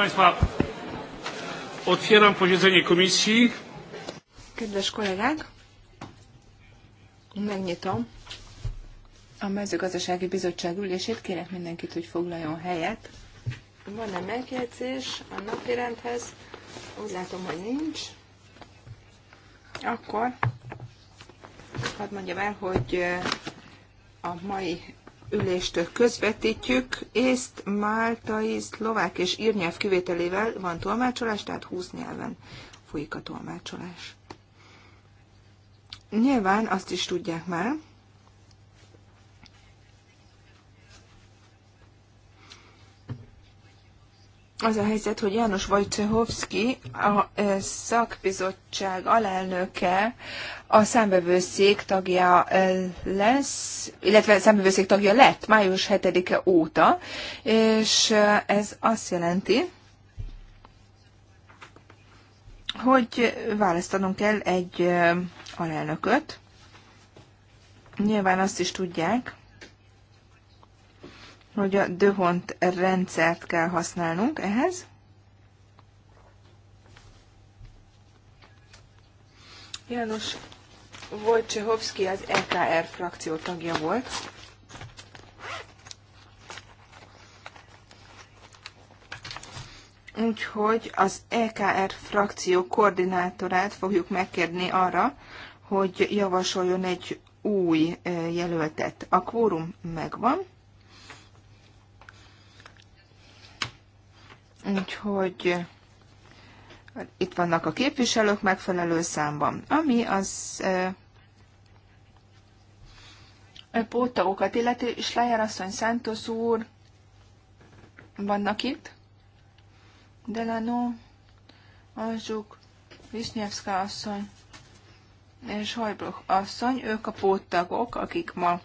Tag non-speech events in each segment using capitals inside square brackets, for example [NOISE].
Państwa, otwieram posiedzenie komisji. Kedves kollégák, megnyitom a mezőgazdasági bizottság ülését. Kérek mindenkit, hogy foglaljon helyet. Van-e megjegyzés a napirendhez? Úgy látom, hogy nincs. Akkor hadd mondjam el, hogy a mai üléstől közvetítjük. Észt, máltai, szlovák és írnyelv kivételével van tolmácsolás, tehát 20 nyelven folyik a tolmácsolás. Nyilván azt is tudják már, az a helyzet, hogy János Wojciechowski, a szakbizottság alelnöke, a számbevőszék tagja lesz, illetve számbevőszék tagja lett május 7-e óta, és ez azt jelenti, hogy választanunk kell egy alelnököt. Nyilván azt is tudják, hogy a Döhont rendszert kell használnunk ehhez. János Wojciechowski az EKR frakció tagja volt. Úgyhogy az EKR frakció koordinátorát fogjuk megkérni arra, hogy javasoljon egy új eh, jelöltet. A kvórum megvan. Úgyhogy itt vannak a képviselők megfelelő számban. Ami az e, póttagokat illeti, és Lejár asszony Szentos úr vannak itt. Delano, Azsuk, Visnyevszka asszony és Hajbrok asszony, ők a póttagok, akik ma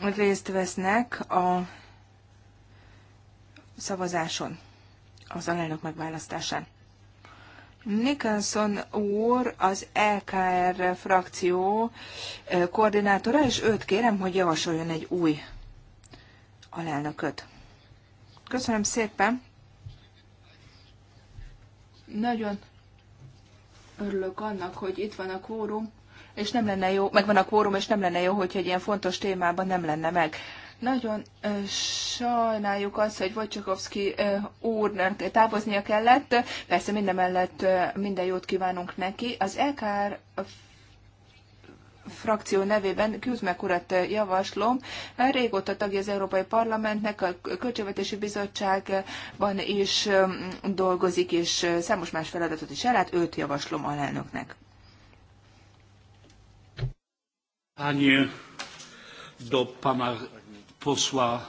részt vesznek a szavazáson az alelnök megválasztásán. Nicholson úr az LKR frakció koordinátora, és őt kérem, hogy javasoljon egy új alelnököt. Köszönöm szépen. Nagyon örülök annak, hogy itt van a kórum, és nem lenne jó, megvan a kórum, és nem lenne jó, hogyha egy ilyen fontos témában nem lenne meg. Nagyon sajnáljuk azt, hogy Wojciechowski úrnak távoznia kellett. Persze minden mellett minden jót kívánunk neki. Az LKR frakció nevében Küzmek urat javaslom. Régóta tagja az Európai Parlamentnek, a Költségvetési Bizottságban is dolgozik, és számos más feladatot is ellát, őt javaslom alelnöknek. Panie do pana posła.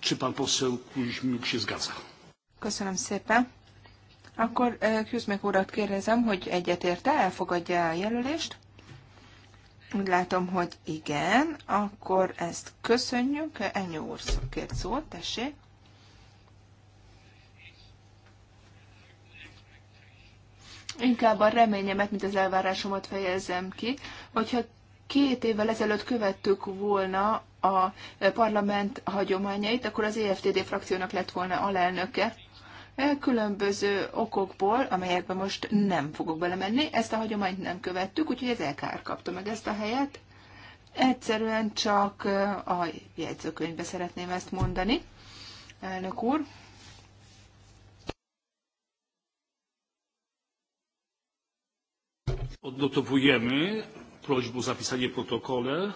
Czy pan poseł Kuźmiuk się zgadza? Köszönöm szépen. Akkor e, Küzmek urat kérdezem, hogy egyetérte, elfogadja a jelölést? Úgy látom, hogy igen. Akkor ezt köszönjük. Ennyi úr kért szót, tessék. Inkább a reményemet, mint az elvárásomat fejezem ki, hogyha két évvel ezelőtt követtük volna a parlament hagyományait, akkor az EFTD frakciónak lett volna alelnöke, e, különböző okokból, amelyekbe most nem fogok belemenni, ezt a hagyományt nem követtük, úgyhogy az LKR e kapta meg ezt a helyet. Egyszerűen csak e, a jegyzőkönyvbe szeretném ezt mondani, elnök úr. Odnotowujemy prośbę o zapisanie protokole.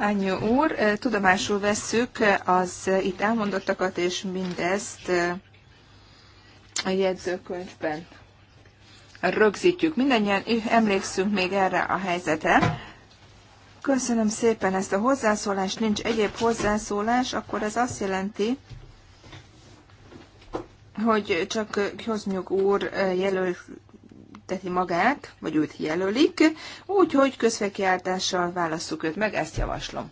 Ányó úr, eh, tudomásul vesszük eh, az itt elmondottakat, és mindezt eh, a jegyzőkönyvben rögzítjük. Mindennyian emlékszünk még erre a helyzetre. Köszönöm szépen ezt a hozzászólást, nincs egyéb hozzászólás, akkor ez azt jelenti, hogy csak Hoznyug úr jelöl, teti magát, vagy őt jelölik, úgyhogy közfekiáltással válasszuk őt meg, ezt javaslom.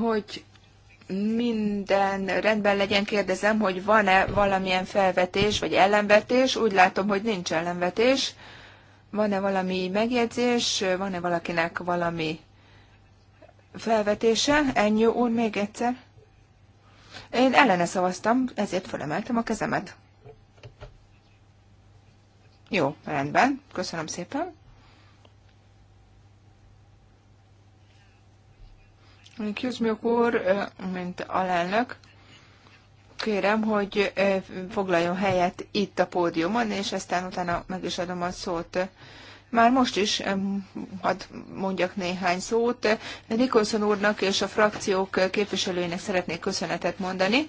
Hogy minden rendben legyen, kérdezem, hogy van-e valamilyen felvetés, vagy ellenvetés. Úgy látom, hogy nincs ellenvetés. Van-e valami megjegyzés, van-e valakinek valami felvetése? Ennyi úr, még egyszer. Én ellene szavaztam, ezért felemeltem a kezemet. Jó, rendben, köszönöm szépen. Kjuzmiuk úr, mint alelnök, kérem, hogy foglaljon helyet itt a pódiumon, és aztán utána meg is adom a szót. Már most is hadd mondjak néhány szót. Nikolson úrnak és a frakciók képviselőinek szeretnék köszönetet mondani.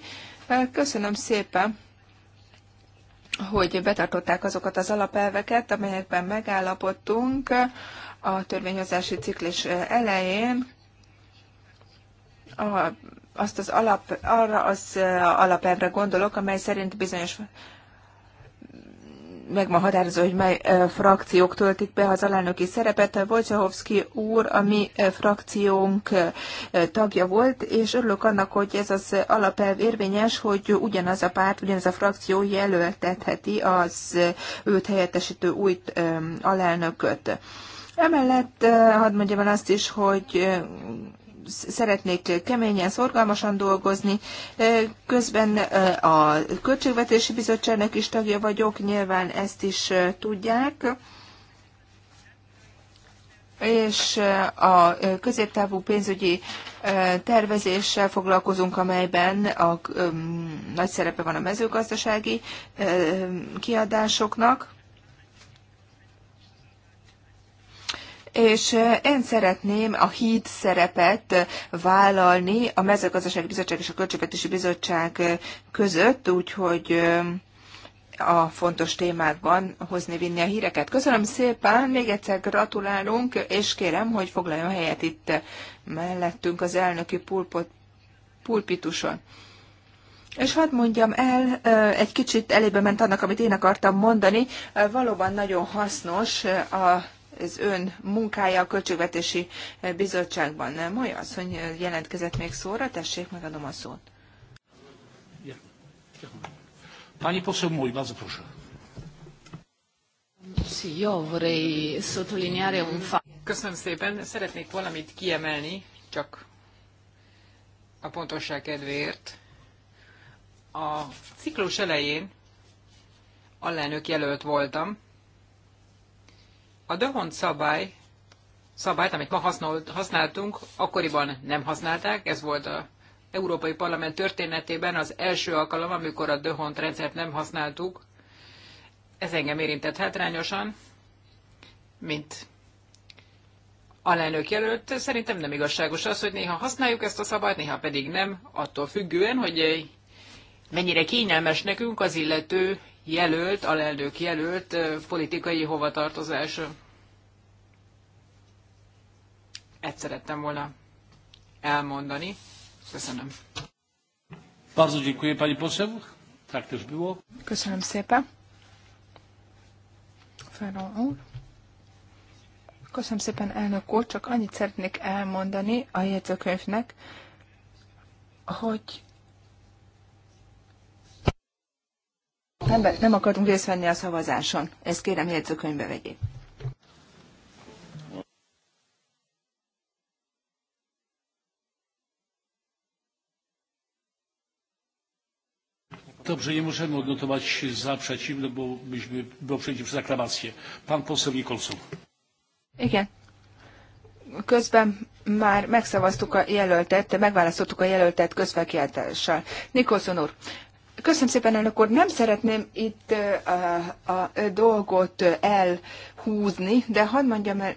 Köszönöm szépen, hogy betartották azokat az alapelveket, amelyekben megállapodtunk a törvényhozási ciklus elején. A azt az alap, arra az alapelvre gondolok, amely szerint bizonyos meg van határozva, hogy mely frakciók töltik be az alelnöki szerepet. Vojcehovszki úr a mi frakciónk tagja volt, és örülök annak, hogy ez az alapelv érvényes, hogy ugyanaz a párt, ugyanaz a frakció jelöltetheti az őt helyettesítő új alelnököt. Emellett hadd mondjam el azt is, hogy szeretnék keményen, szorgalmasan dolgozni. Közben a Költségvetési Bizottságnak is tagja vagyok, nyilván ezt is tudják és a középtávú pénzügyi tervezéssel foglalkozunk, amelyben a, nagy szerepe van a mezőgazdasági kiadásoknak. és én szeretném a híd szerepet vállalni a mezőgazdasági bizottság és a költségvetési bizottság között, úgyhogy a fontos témákban hozni, vinni a híreket. Köszönöm szépen, még egyszer gratulálunk, és kérem, hogy foglaljon helyet itt mellettünk az elnöki pulpot, pulpituson. És hadd mondjam el, egy kicsit elébe ment annak, amit én akartam mondani, valóban nagyon hasznos a az ön munkája a Költségvetési Bizottságban. Maja asszony jelentkezett még szóra, tessék, megadom a szót. Pani poseł Mój, bardzo proszę. Köszönöm szépen. Szeretnék valamit kiemelni, csak a pontosság kedvéért. A ciklus elején alelnök jelölt voltam, a Dehont szabály, szabályt, amit ma használt, használtunk, akkoriban nem használták, ez volt a Európai Parlament történetében az első alkalom, amikor a Dehont rendszert nem használtuk. Ez engem érintett hátrányosan, mint alelnök jelölt. Szerintem nem igazságos az, hogy néha használjuk ezt a szabályt, néha pedig nem, attól függően, hogy mennyire kényelmes nekünk az illető jelölt, alelnök jelölt politikai hovatartozás. Ezt szerettem volna elmondani. Köszönöm. Bardzo dziękuję pani poseł. Tak też było. Köszönöm szépen. Ferron úr. Köszönöm szépen, elnök úr. Csak annyit szeretnék elmondani a jegyzőkönyvnek, hogy Nem, nem akartunk részt venni a szavazáson. Ezt kérem jegyzőkönyvbe vegyék. Dobrze, nie możemy odnotować za przeciw, no bo byśmy było przejdzie przez aklamację. Pan poseł Nikolson. Igen. Közben már megszavaztuk a jelöltet, megválasztottuk a jelöltet közfelkiáltással. Nikolson úr, Köszönöm szépen, elnök úr. Nem szeretném itt a, a, a dolgot elhúzni, de hadd mondjam el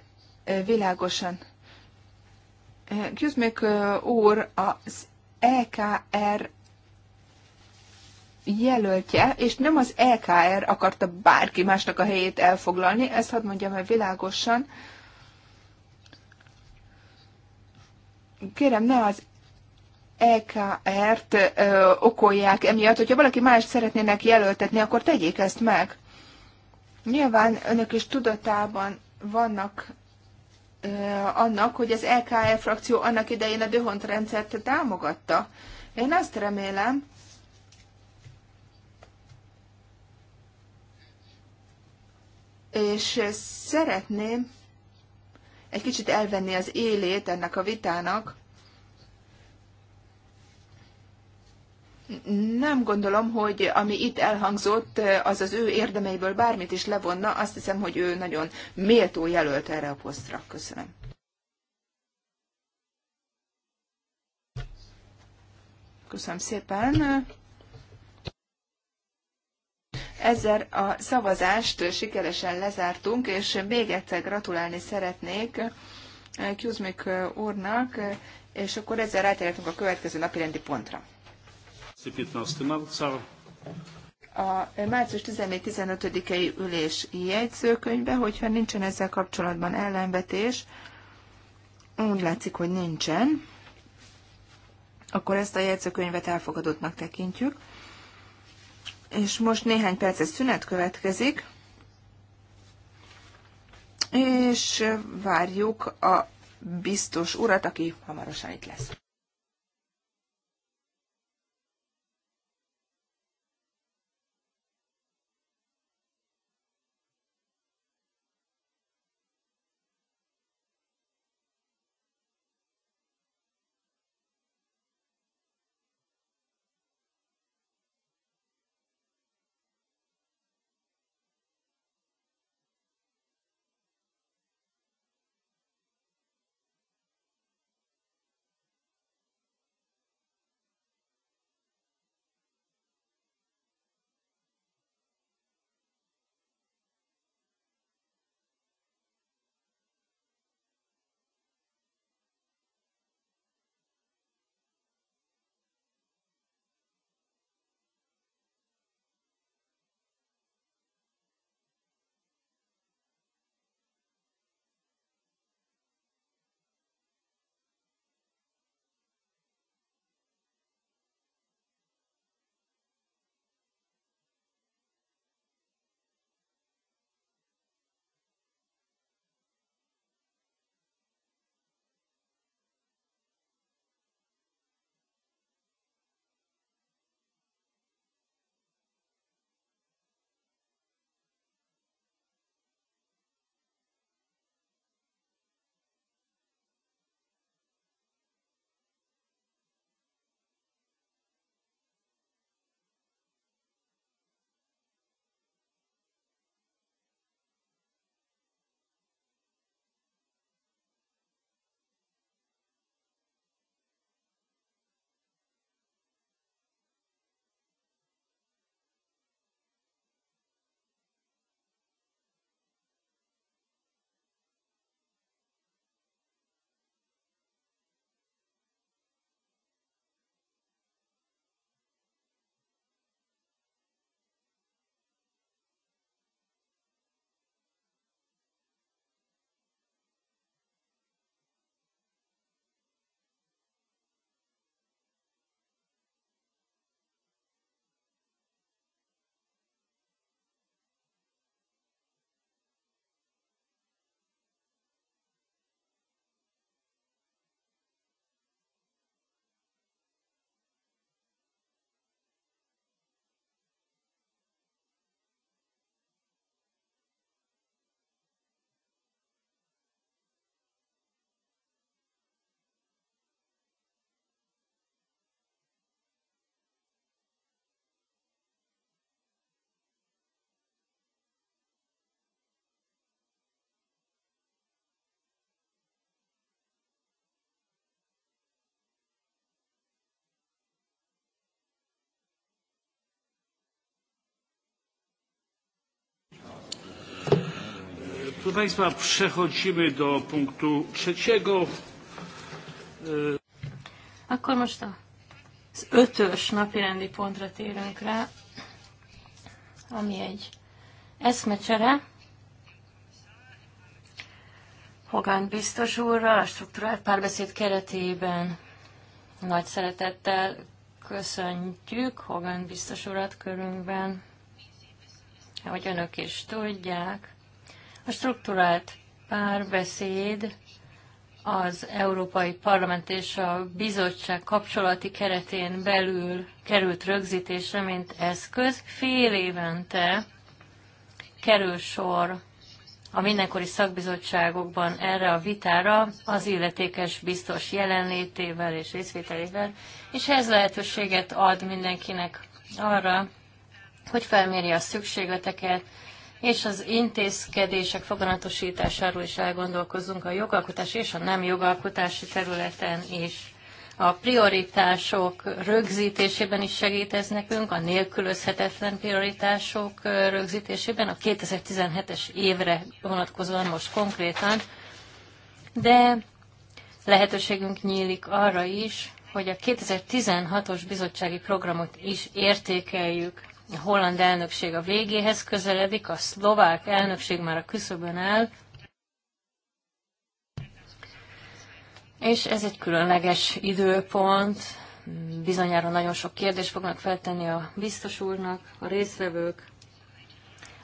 világosan. Küzdmék úr az EKR jelöltje, és nem az EKR akarta bárki másnak a helyét elfoglalni, ezt hadd mondjam el világosan. Kérem, ne az EKR-t okolják emiatt, hogyha valaki más szeretnének jelöltetni, akkor tegyék ezt meg. Nyilván önök is tudatában vannak ö, annak, hogy az EKR frakció annak idején a Döhont rendszert támogatta. Én azt remélem, és szeretném egy kicsit elvenni az élét ennek a vitának, nem gondolom, hogy ami itt elhangzott, az az ő érdemeiből bármit is levonna. Azt hiszem, hogy ő nagyon méltó jelölt erre a posztra. Köszönöm. Köszönöm szépen. Ezzel a szavazást sikeresen lezártunk, és még egyszer gratulálni szeretnék Kuzmik úrnak, és akkor ezzel rátérhetünk a következő napi rendi pontra. 15 marca. A március 14-15-i ülés jegyzőkönyve, hogyha nincsen ezzel kapcsolatban ellenvetés, úgy látszik, hogy nincsen, akkor ezt a jegyzőkönyvet elfogadottnak tekintjük. És most néhány perces szünet következik, és várjuk a biztos urat, aki hamarosan itt lesz. Proszę Państwa, przechodzimy do punktu trzeciego. Akkor most az ötös napirendi pontra térünk rá, ami egy eszmecsere. Hogan biztos úrral a struktúrált párbeszéd keretében nagy szeretettel köszöntjük Hogan biztos urat körünkben. Hogy önök is tudják, a struktúrált párbeszéd az Európai Parlament és a Bizottság kapcsolati keretén belül került rögzítésre, mint eszköz. Fél évente kerül sor a mindenkori szakbizottságokban erre a vitára az illetékes biztos jelenlétével és részvételével, és ez lehetőséget ad mindenkinek arra, hogy felméri a szükségleteket, és az intézkedések foganatosításáról is elgondolkozzunk a jogalkotás és a nem jogalkotási területen is. A prioritások rögzítésében is segít ez nekünk, a nélkülözhetetlen prioritások rögzítésében, a 2017-es évre vonatkozóan most konkrétan, de lehetőségünk nyílik arra is, hogy a 2016-os bizottsági programot is értékeljük a holland elnökség a végéhez közeledik, a szlovák elnökség már a küszöbön áll, és ez egy különleges időpont, bizonyára nagyon sok kérdést fognak feltenni a biztos úrnak, a részvevők,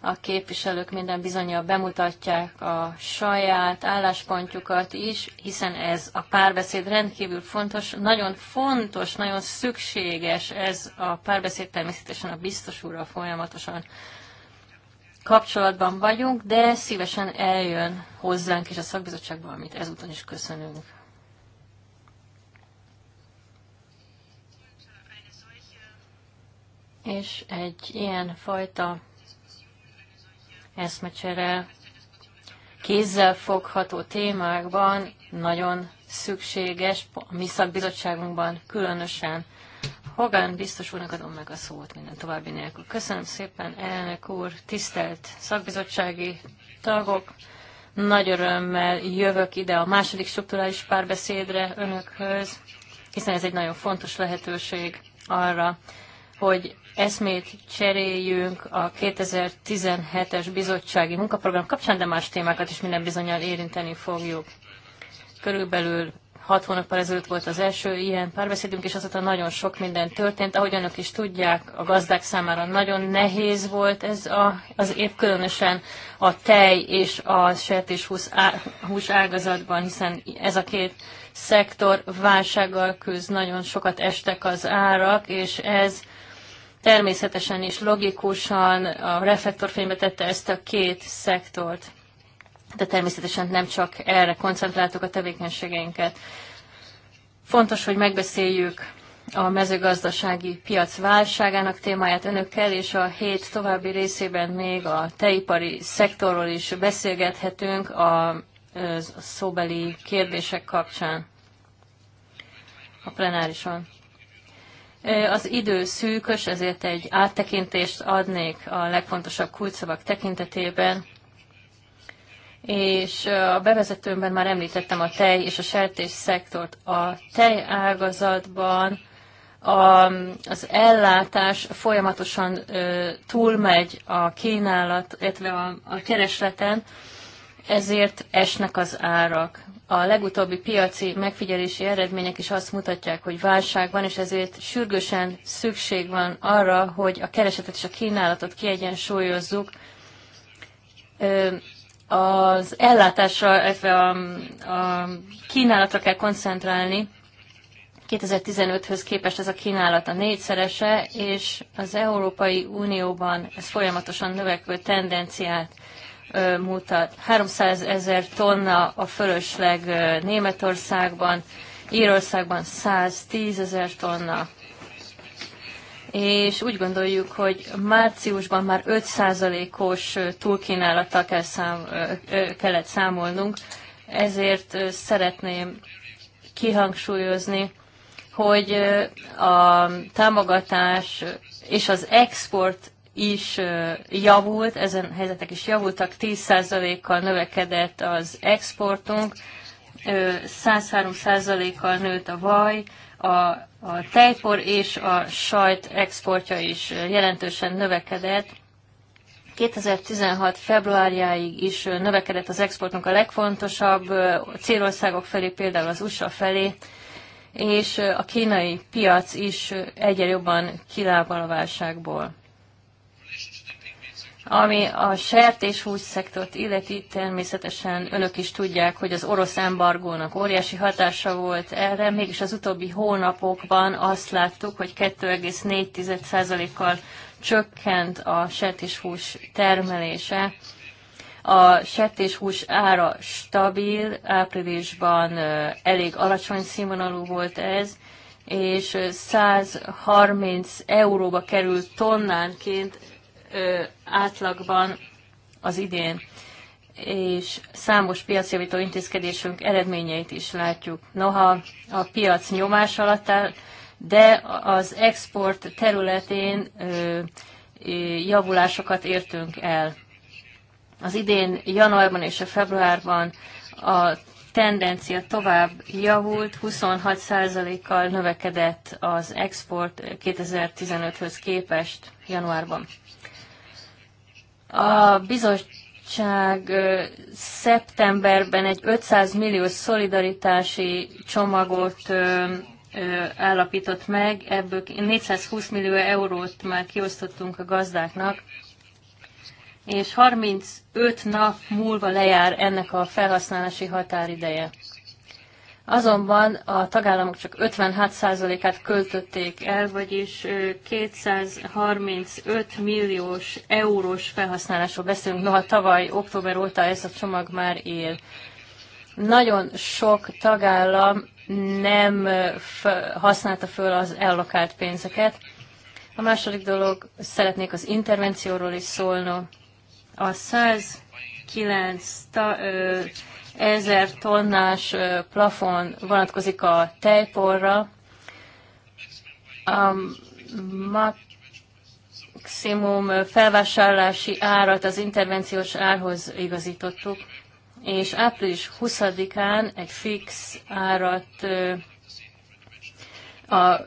a képviselők minden bizonyal bemutatják a saját álláspontjukat is, hiszen ez a párbeszéd rendkívül fontos, nagyon fontos, nagyon szükséges ez a párbeszéd, természetesen a biztos úrral folyamatosan kapcsolatban vagyunk, de szívesen eljön hozzánk és a szakbizottságba, amit ezúton is köszönünk. És egy ilyen fajta eszmecsere kézzel fogható témákban nagyon szükséges, a mi szakbizottságunkban különösen. Hogan biztos úrnak adom meg a szót minden további nélkül. Köszönöm szépen, elnök úr, tisztelt szakbizottsági tagok, nagy örömmel jövök ide a második struktúrális párbeszédre önökhöz, hiszen ez egy nagyon fontos lehetőség arra, hogy eszmét cseréljünk a 2017-es bizottsági munkaprogram kapcsán, de más témákat is minden bizonyal érinteni fogjuk. Körülbelül hat hónappal ezelőtt volt az első ilyen párbeszédünk, és azóta nagyon sok minden történt. Ahogy önök is tudják, a gazdák számára nagyon nehéz volt ez a, az év, különösen a tej és a sertés hús ágazatban, hiszen ez a két szektor válsággal küzd, nagyon sokat estek az árak, és ez természetesen és logikusan a reflektorfénybe tette ezt a két szektort, de természetesen nem csak erre koncentráltuk a tevékenységeinket. Fontos, hogy megbeszéljük a mezőgazdasági piac válságának témáját önökkel, és a hét további részében még a teipari szektorról is beszélgethetünk a szóbeli kérdések kapcsán a plenárison. Az idő szűkös, ezért egy áttekintést adnék a legfontosabb kulcsszavak tekintetében, és a bevezetőmben már említettem a tej és a sertés szektort. A tej ágazatban a, az ellátás folyamatosan ö, túlmegy a kínálat, illetve a, a keresleten, ezért esnek az árak. A legutóbbi piaci megfigyelési eredmények is azt mutatják, hogy válság van, és ezért sürgősen szükség van arra, hogy a keresetet és a kínálatot kiegyensúlyozzuk. Az ellátásra, a, a kínálatra kell koncentrálni. 2015-höz képest ez a kínálat a négyszerese, és az Európai Unióban ez folyamatosan növekvő tendenciát mutat. 300 ezer tonna a fölösleg Németországban, Írországban 110 ezer tonna. És úgy gondoljuk, hogy márciusban már 5%-os túlkínálattal kell szám, kellett számolnunk, ezért szeretném kihangsúlyozni, hogy a támogatás és az export is javult, ezen helyzetek is javultak, 10%-kal növekedett az exportunk, 103%-kal nőtt a vaj, a, a tejpor és a sajt exportja is jelentősen növekedett. 2016. februárjáig is növekedett az exportunk a legfontosabb célországok felé, például az USA felé, és a kínai piac is egyre jobban kilábal a válságból. Ami a sertéshús szektort illeti, természetesen önök is tudják, hogy az orosz embargónak óriási hatása volt erre, mégis az utóbbi hónapokban azt láttuk, hogy 2,4%-kal csökkent a sertéshús termelése. A sertéshús ára stabil, áprilisban elég alacsony színvonalú volt ez, és 130 euróba került tonnánként átlagban az idén, és számos piacjavító intézkedésünk eredményeit is látjuk. Noha a piac nyomás alatt áll, de az export területén javulásokat értünk el. Az idén januárban és a februárban a tendencia tovább javult, 26%-kal növekedett az export 2015-höz képest januárban. A bizottság szeptemberben egy 500 millió szolidaritási csomagot állapított meg, ebből 420 millió eurót már kiosztottunk a gazdáknak, és 35 nap múlva lejár ennek a felhasználási határideje. Azonban a tagállamok csak 56%-át költötték el, vagyis 235 milliós eurós felhasználásról beszélünk, noha tavaly október óta ez a csomag már él. Nagyon sok tagállam nem használta föl az ellokált pénzeket. A második dolog, szeretnék az intervencióról is szólni. A 109 ta, ö, ezer tonnás plafon vonatkozik a tejporra, a maximum felvásárlási árat az intervenciós árhoz igazítottuk, és április 20-án egy fix árat a,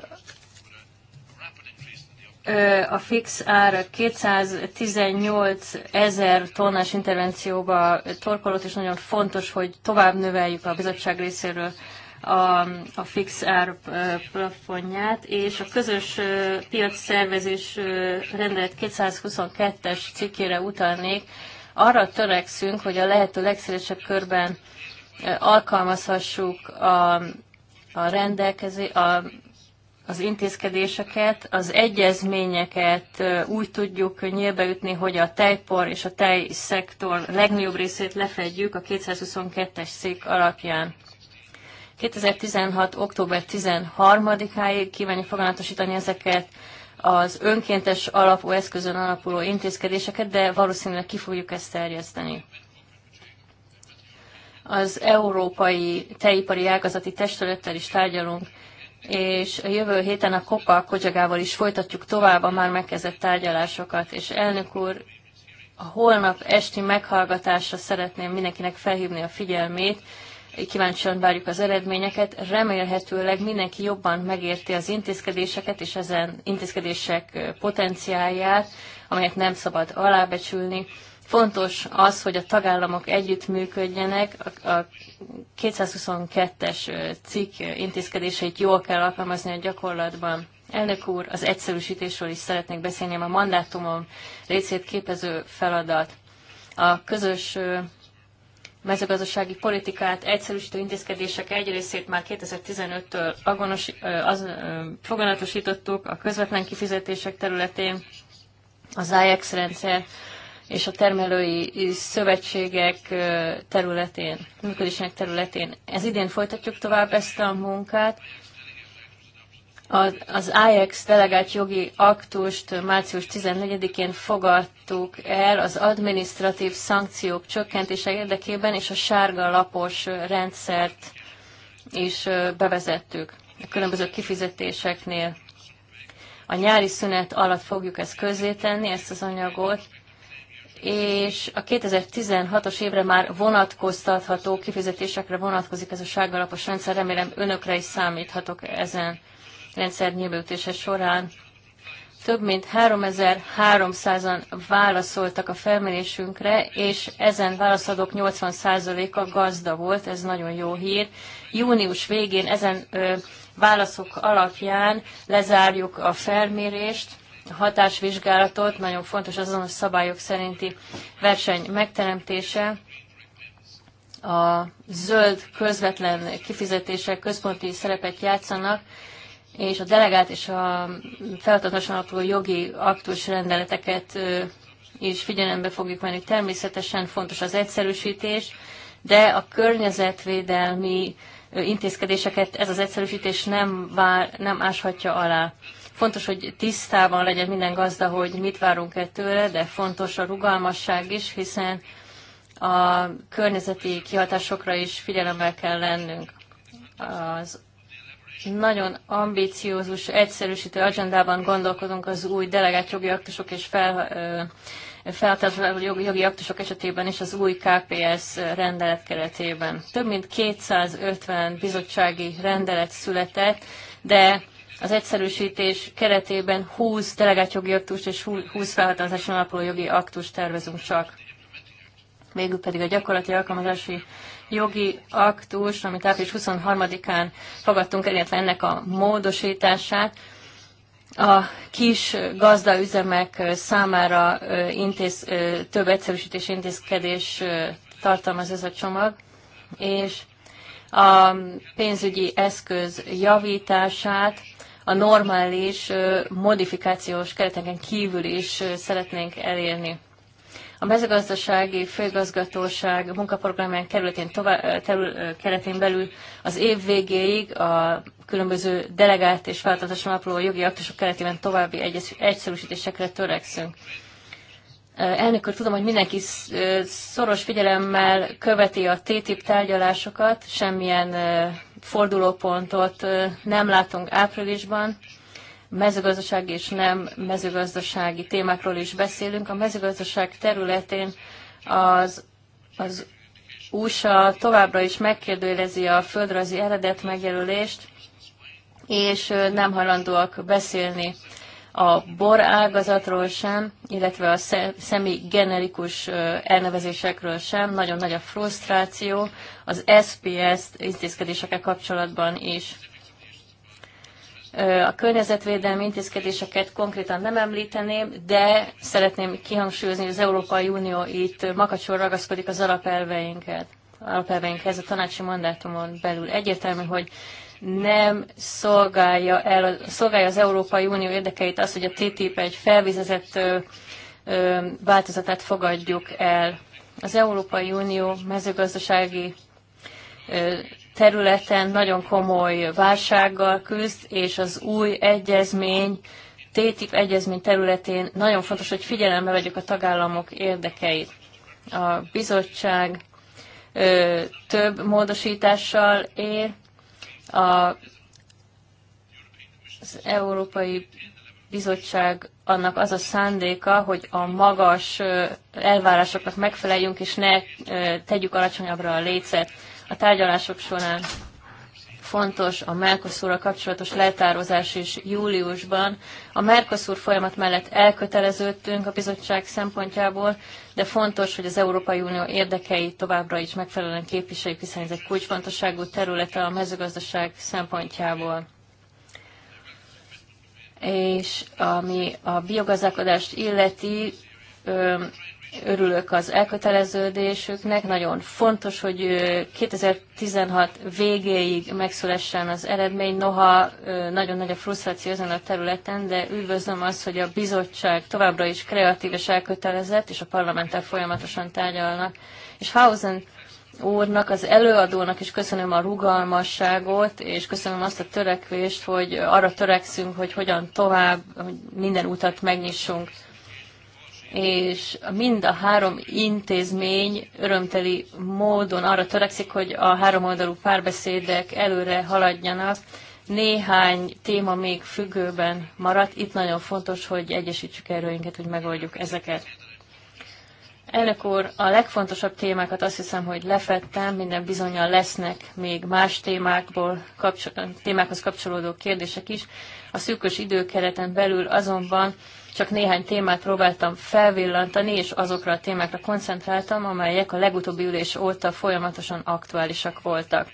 a fix ár 218 ezer tonnás intervencióba torkolott, és nagyon fontos, hogy tovább növeljük a bizottság részéről a, a fix ár plafonját, és a közös piac szervezés rendelet 222-es cikkére utalnék, arra törekszünk, hogy a lehető legszélesebb körben alkalmazhassuk a, a rendelkezés, a az intézkedéseket, az egyezményeket úgy tudjuk nyílbeütni, hogy a tejpor és a tejszektor legnagyobb részét lefedjük a 222-es szék alapján. 2016. október 13-áig kívánjuk foganatosítani ezeket az önkéntes alapú eszközön alapuló intézkedéseket, de valószínűleg ki fogjuk ezt terjeszteni az Európai Tejipari Ágazati Testülettel is tárgyalunk és a jövő héten a Kopa Kocsagával is folytatjuk tovább a már megkezdett tárgyalásokat, és elnök úr, a holnap esti meghallgatásra szeretném mindenkinek felhívni a figyelmét, kíváncsian várjuk az eredményeket. Remélhetőleg mindenki jobban megérti az intézkedéseket és ezen intézkedések potenciáját, amelyet nem szabad alábecsülni. Fontos az, hogy a tagállamok együttműködjenek, a 222-es cikk intézkedéseit jól kell alkalmazni a gyakorlatban. Elnök úr, az egyszerűsítésről is szeretnék beszélni, a mandátumom részét képező feladat. A közös mezőgazdasági politikát egyszerűsítő intézkedések egy részét már 2015-től agonos, az, foganatosítottuk a közvetlen kifizetések területén, az IX rendszer és a termelői szövetségek területén, működésének területén. Ez idén folytatjuk tovább ezt a munkát. Az IEX delegált jogi aktust március 14-én fogadtuk el az administratív szankciók csökkentése érdekében, és a sárga lapos rendszert is bevezettük a különböző kifizetéseknél. A nyári szünet alatt fogjuk ezt közzétenni, ezt az anyagot, és a 2016-os évre már vonatkoztatható kifizetésekre vonatkozik ez a ságalapos rendszer. Remélem önökre is számíthatok ezen rendszer nyilvőtése során. Több mint 3300-an válaszoltak a felmérésünkre, és ezen válaszadók 80%-a gazda volt, ez nagyon jó hír. Június végén ezen ö, válaszok alapján lezárjuk a felmérést, hatásvizsgálatot, nagyon fontos azonos szabályok szerinti verseny megteremtése, a zöld közvetlen kifizetések központi szerepet játszanak, és a delegált és a feladatosan alapuló jogi aktus rendeleteket is figyelembe fogjuk venni. Természetesen fontos az egyszerűsítés, de a környezetvédelmi intézkedéseket ez az egyszerűsítés nem, vár, nem áshatja alá. Fontos, hogy tisztában legyen minden gazda, hogy mit várunk ettől, de fontos a rugalmasság is, hiszen a környezeti kihatásokra is figyelemmel kell lennünk. Az nagyon ambiciózus, egyszerűsítő agendában gondolkodunk az új delegált jogi aktusok és fel, feltartó jogi, jogi aktusok esetében és az új KPS rendelet keretében. Több mint 250 bizottsági rendelet született, de az egyszerűsítés keretében 20 delegált jogi aktust és 20 felhatalmazáson alapuló jogi aktust tervezünk csak. Végül pedig a gyakorlati alkalmazási jogi aktus, amit április 23-án fogadtunk el, illetve ennek a módosítását, a kis gazdaüzemek számára intéz, több egyszerűsítés intézkedés tartalmaz ez a csomag, és a pénzügyi eszköz javítását, a normális modifikációs kereteken kívül is szeretnénk elérni. A mezőgazdasági főgazgatóság munkaprogramján kerületén, tovább, terül, keretén belül az év végéig a különböző delegált és feladatosan alapuló jogi aktusok keretében további egyszerűsítésekre törekszünk. Elnök úr, tudom, hogy mindenki szoros figyelemmel követi a TTIP tárgyalásokat, semmilyen fordulópontot nem látunk áprilisban, mezőgazdasági és nem mezőgazdasági témákról is beszélünk. A mezőgazdaság területén az, az USA továbbra is megkérdőjelezi a földrajzi eredet megjelölést, és nem hajlandóak beszélni a bor ágazatról sem, illetve a személy generikus elnevezésekről sem. Nagyon nagy a frusztráció az SPS intézkedésekkel kapcsolatban is. A környezetvédelmi intézkedéseket konkrétan nem említeném, de szeretném kihangsúlyozni, hogy az Európai Unió itt makacsor ragaszkodik az alapelveinket alapelveinkhez a tanácsi mandátumon belül. Egyértelmű, hogy nem szolgálja, el, szolgálja az Európai Unió érdekeit az, hogy a TTIP egy felvizezett változatát fogadjuk el. Az Európai Unió mezőgazdasági területen nagyon komoly válsággal küzd, és az új egyezmény, TTIP egyezmény területén nagyon fontos, hogy figyelembe vegyük a tagállamok érdekeit. A bizottság több módosítással él, a, az Európai Bizottság annak az a szándéka, hogy a magas elvárásoknak megfeleljünk, és ne tegyük alacsonyabbra a lécet a tárgyalások során fontos a Mercosurra kapcsolatos letározás is júliusban. A Mercosur folyamat mellett elköteleződtünk a bizottság szempontjából, de fontos, hogy az Európai Unió érdekei továbbra is megfelelően képviseljük, hiszen ez egy kulcsfontosságú területe a mezőgazdaság szempontjából és ami a biogazdálkodást illeti, örülök az elköteleződésüknek. Nagyon fontos, hogy 2016 végéig megszülessen az eredmény. Noha nagyon nagy a frusztráció ezen a területen, de üdvözlöm azt, hogy a bizottság továbbra is kreatív és elkötelezett, és a parlamenttel folyamatosan tárgyalnak. És Hausen úrnak, az előadónak is köszönöm a rugalmasságot, és köszönöm azt a törekvést, hogy arra törekszünk, hogy hogyan tovább, hogy minden utat megnyissunk és mind a három intézmény örömteli módon arra törekszik, hogy a háromoldalú párbeszédek előre haladjanak. Néhány téma még függőben maradt. Itt nagyon fontos, hogy egyesítsük erőinket, hogy megoldjuk ezeket. Elnök úr, a legfontosabb témákat azt hiszem, hogy lefettem, minden bizonyal lesznek még más témákból, kapcsol- témákhoz kapcsolódó kérdések is. A szűkös időkereten belül azonban csak néhány témát próbáltam felvillantani, és azokra a témákra koncentráltam, amelyek a legutóbbi ülés óta folyamatosan aktuálisak voltak.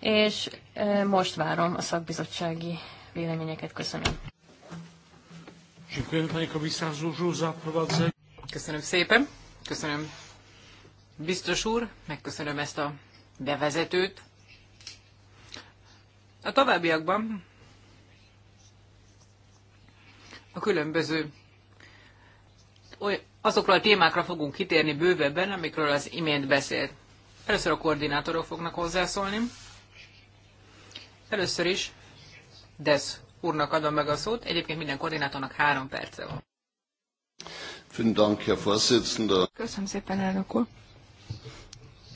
És most várom a szakbizottsági véleményeket. Köszönöm. Köszönöm szépen. Köszönöm biztos úr, megköszönöm ezt a bevezetőt. A továbbiakban a különböző azokról a témákra fogunk kitérni bővebben, amikről az imént beszélt. Először a koordinátorok fognak hozzászólni. Először is Desz úrnak adom meg a szót, egyébként minden koordinátornak három perce van. Köszönöm szépen, elnök úr.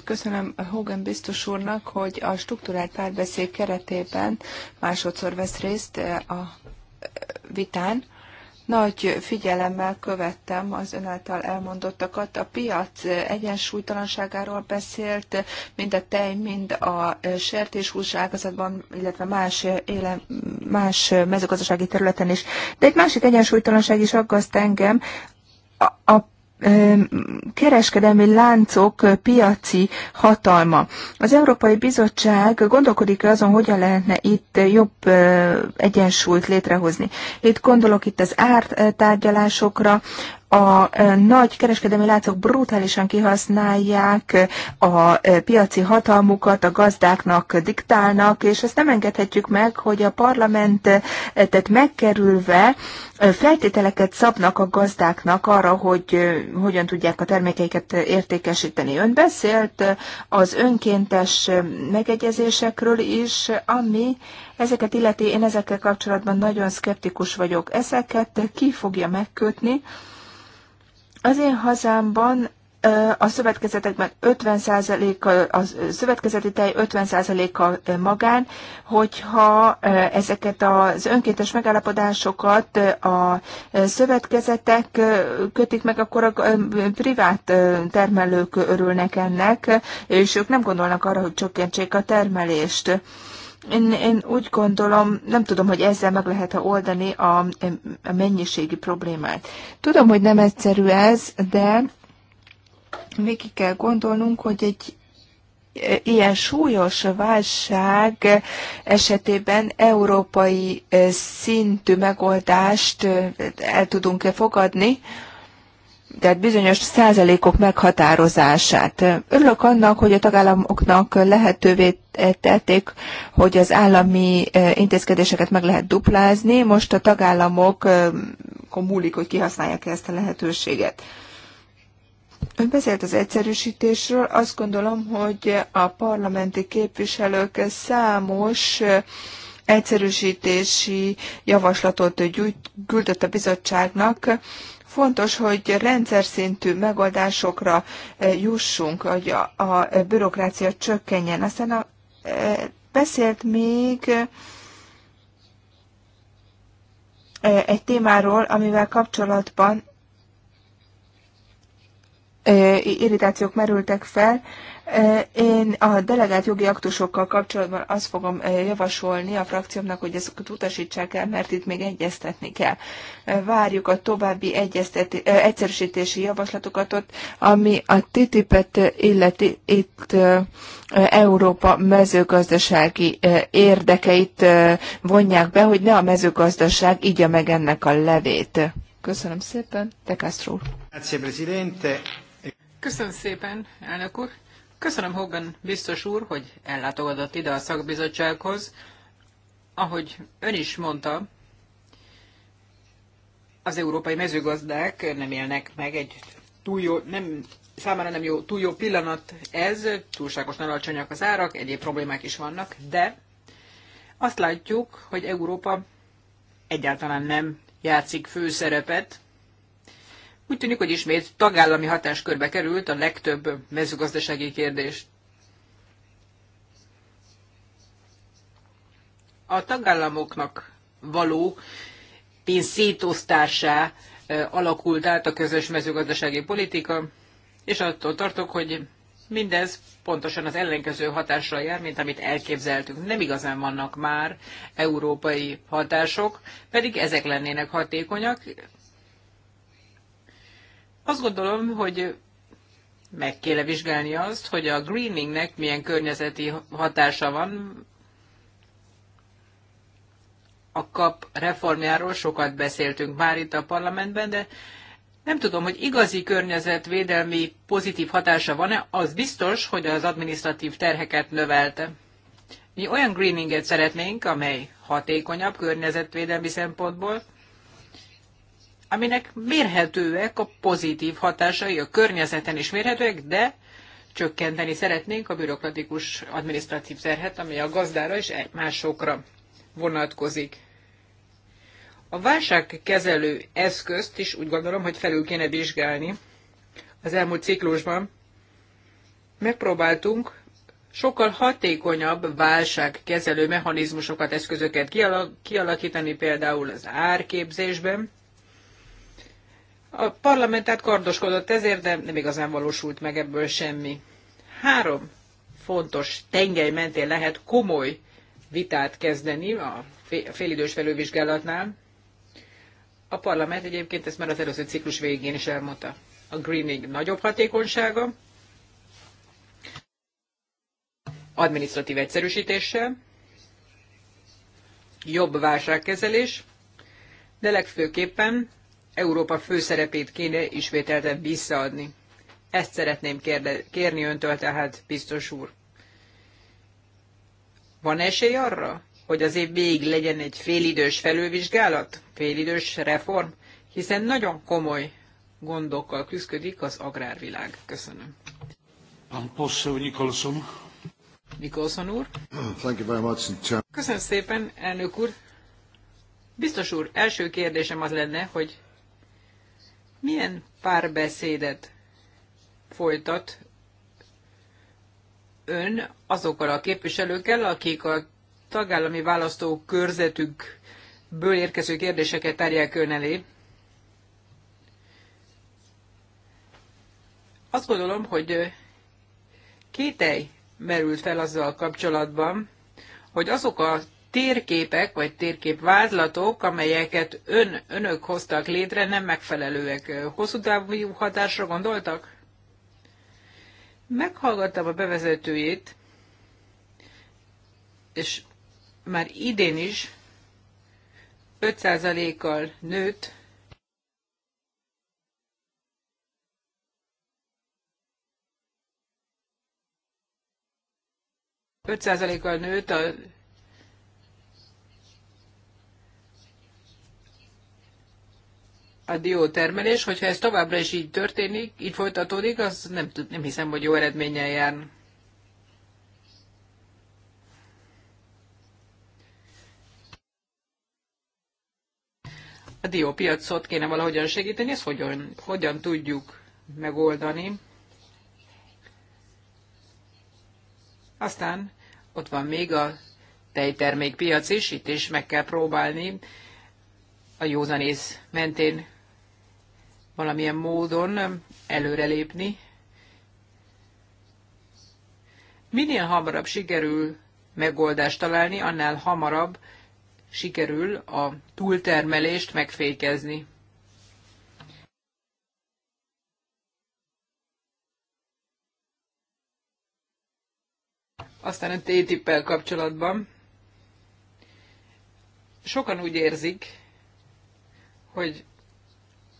Köszönöm Hogan biztos úrnak, hogy a struktúrált párbeszéd keretében másodszor vesz részt eh, a eh, vitán nagy figyelemmel követtem az ön által elmondottakat. A piac egyensúlytalanságáról beszélt, mind a tej, mind a sertéshús ágazatban, illetve más, éle, más mezőgazdasági területen is. De egy másik egyensúlytalanság is aggaszt engem. A, a kereskedelmi láncok piaci hatalma. Az Európai Bizottság gondolkodik azon, hogyan lehetne itt jobb egyensúlyt létrehozni. Itt gondolok itt az ártárgyalásokra, a e, nagy kereskedelmi látszók brutálisan kihasználják a e, piaci hatalmukat, a gazdáknak diktálnak, és ezt nem engedhetjük meg, hogy a parlamentet megkerülve e, feltételeket szabnak a gazdáknak arra, hogy hogyan tudják a termékeiket értékesíteni. Ön beszélt az önkéntes megegyezésekről is, ami ezeket illeti, én ezekkel kapcsolatban nagyon szkeptikus vagyok. Ezeket ki fogja megkötni, az én hazámban a szövetkezetekben 50% a szövetkezeti tej 50%-a magán, hogyha ezeket az önkéntes megállapodásokat a szövetkezetek kötik meg, akkor a privát termelők örülnek ennek, és ők nem gondolnak arra, hogy csökkentsék a termelést. Én, én úgy gondolom, nem tudom, hogy ezzel meg lehet-e oldani a, a mennyiségi problémát. Tudom, hogy nem egyszerű ez, de végig kell gondolnunk, hogy egy e, ilyen súlyos válság esetében európai e, szintű megoldást e, el tudunk-e fogadni, tehát bizonyos százalékok meghatározását. Örülök annak, hogy a tagállamoknak lehetővé tették, hogy az állami eh, intézkedéseket meg lehet duplázni, most a tagállamok eh, múlik, hogy kihasználják ezt a lehetőséget. Ön beszélt az egyszerűsítésről. Azt gondolom, hogy a parlamenti képviselők számos eh, egyszerűsítési javaslatot gyűjt, küldött a bizottságnak, Fontos, hogy rendszer szintű megoldásokra eh, jussunk, hogy a, a bürokrácia csökkenjen. Aztán a, eh, beszélt még eh, egy témáról, amivel kapcsolatban irritációk merültek fel, én a delegált jogi aktusokkal kapcsolatban azt fogom javasolni a frakciómnak, hogy ezeket utasítsák el, mert itt még egyeztetni kell. Várjuk a további egyszerűsítési javaslatokat ott, ami a TTIP-et illeti itt Európa mezőgazdasági érdekeit vonják be, hogy ne a mezőgazdaság igya meg ennek a levét. Köszönöm szépen, De Castro. Köszönöm szépen, elnök úr. Köszönöm Hogan biztos úr, hogy ellátogatott ide a szakbizottsághoz. Ahogy ön is mondta, az európai mezőgazdák nem élnek meg egy túl jó, nem, számára nem jó, túl jó pillanat ez, túlságosan alacsonyak az árak, egyéb problémák is vannak, de azt látjuk, hogy Európa egyáltalán nem játszik főszerepet úgy tűnik, hogy ismét tagállami hatáskörbe került a legtöbb mezőgazdasági kérdés. A tagállamoknak való pénz szétosztásá alakult át a közös mezőgazdasági politika, és attól tartok, hogy mindez pontosan az ellenkező hatással jár, mint amit elképzeltünk. Nem igazán vannak már európai hatások, pedig ezek lennének hatékonyak, azt gondolom, hogy meg kéne vizsgálni azt, hogy a greeningnek milyen környezeti hatása van. A kap reformjáról sokat beszéltünk már itt a parlamentben, de nem tudom, hogy igazi környezetvédelmi pozitív hatása van-e, az biztos, hogy az administratív terheket növelte. Mi olyan greeninget szeretnénk, amely hatékonyabb környezetvédelmi szempontból, aminek mérhetőek a pozitív hatásai, a környezeten is mérhetőek, de csökkenteni szeretnénk a bürokratikus adminisztratív terhet, ami a gazdára és másokra vonatkozik. A válságkezelő eszközt is úgy gondolom, hogy felül kéne vizsgálni. Az elmúlt ciklusban megpróbáltunk sokkal hatékonyabb válságkezelő mechanizmusokat, eszközöket kialakítani, például az árképzésben, a parlament tehát kardoskodott ezért, de nem igazán valósult meg ebből semmi. Három fontos tengely mentén lehet komoly vitát kezdeni a félidős felővizsgálatnál. A parlament egyébként ezt már az előző ciklus végén is elmondta. A greening nagyobb hatékonysága, administratív egyszerűsítéssel, jobb válságkezelés, de legfőképpen Európa főszerepét kéne ismételten visszaadni. Ezt szeretném kérde- kérni öntől, tehát biztos úr. Van esély arra, hogy az év végig legyen egy félidős felülvizsgálat, félidős reform, hiszen nagyon komoly gondokkal küzdik az agrárvilág. Köszönöm. Nicholson. Nicholson úr. Thank you very much. Köszönöm szépen, elnök úr. Biztos úr, első kérdésem az lenne, hogy milyen párbeszédet folytat ön azokkal a képviselőkkel, akik a tagállami választó körzetükből érkező kérdéseket tárják ön elé? Azt gondolom, hogy kételj merült fel azzal kapcsolatban, hogy azok a térképek vagy térképvázlatok, amelyeket ön, önök hoztak létre, nem megfelelőek. Hosszú távú hatásra gondoltak? Meghallgattam a bevezetőjét, és már idén is 5%-kal nőtt kal nőtt a a diótermelés, hogyha ez továbbra is így történik, így folytatódik, az nem, nem hiszem, hogy jó eredménnyel jár. A diópiacot kéne valahogyan segíteni, ezt hogyan, hogyan tudjuk megoldani. Aztán ott van még a tejtermékpiac is, itt is meg kell próbálni a józanész mentén valamilyen módon előrelépni. Minél hamarabb sikerül megoldást találni, annál hamarabb sikerül a túltermelést megfékezni. Aztán a TTIP-el kapcsolatban. Sokan úgy érzik, hogy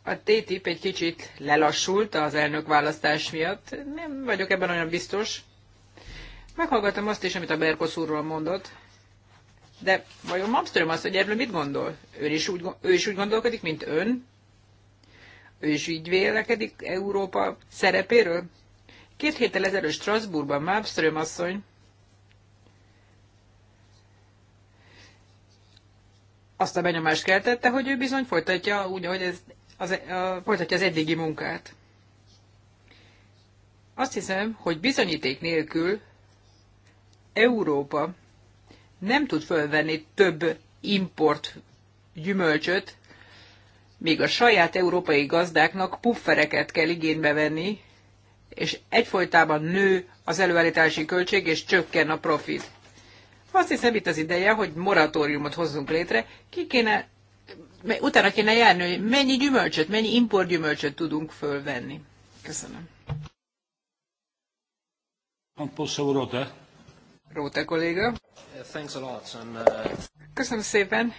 a TTIP egy kicsit lelassult az elnök választás miatt. Nem vagyok ebben olyan biztos. Meghallgattam azt is, amit a úrról mondott. De vajon Malmström azt, hogy erről mit gondol? Ő is, úgy, ő is úgy gondolkodik, mint ön? Ő is így vélekedik Európa szerepéről? Két héttel ezelőtt Strasbourgban Malmström asszony azt a benyomást keltette, hogy ő bizony folytatja úgy, ahogy ez az, a, folytatja az eddigi munkát. Azt hiszem, hogy bizonyíték nélkül Európa nem tud fölvenni több import gyümölcsöt, még a saját európai gazdáknak puffereket kell igénybe venni, és egyfolytában nő az előállítási költség, és csökken a profit. Azt hiszem itt az ideje, hogy moratóriumot hozzunk létre, ki kéne utána kéne járni, hogy mennyi gyümölcsöt, mennyi import tudunk fölvenni. Köszönöm. Róta. kolléga. Thanks a lot. Uh, Köszönöm szépen.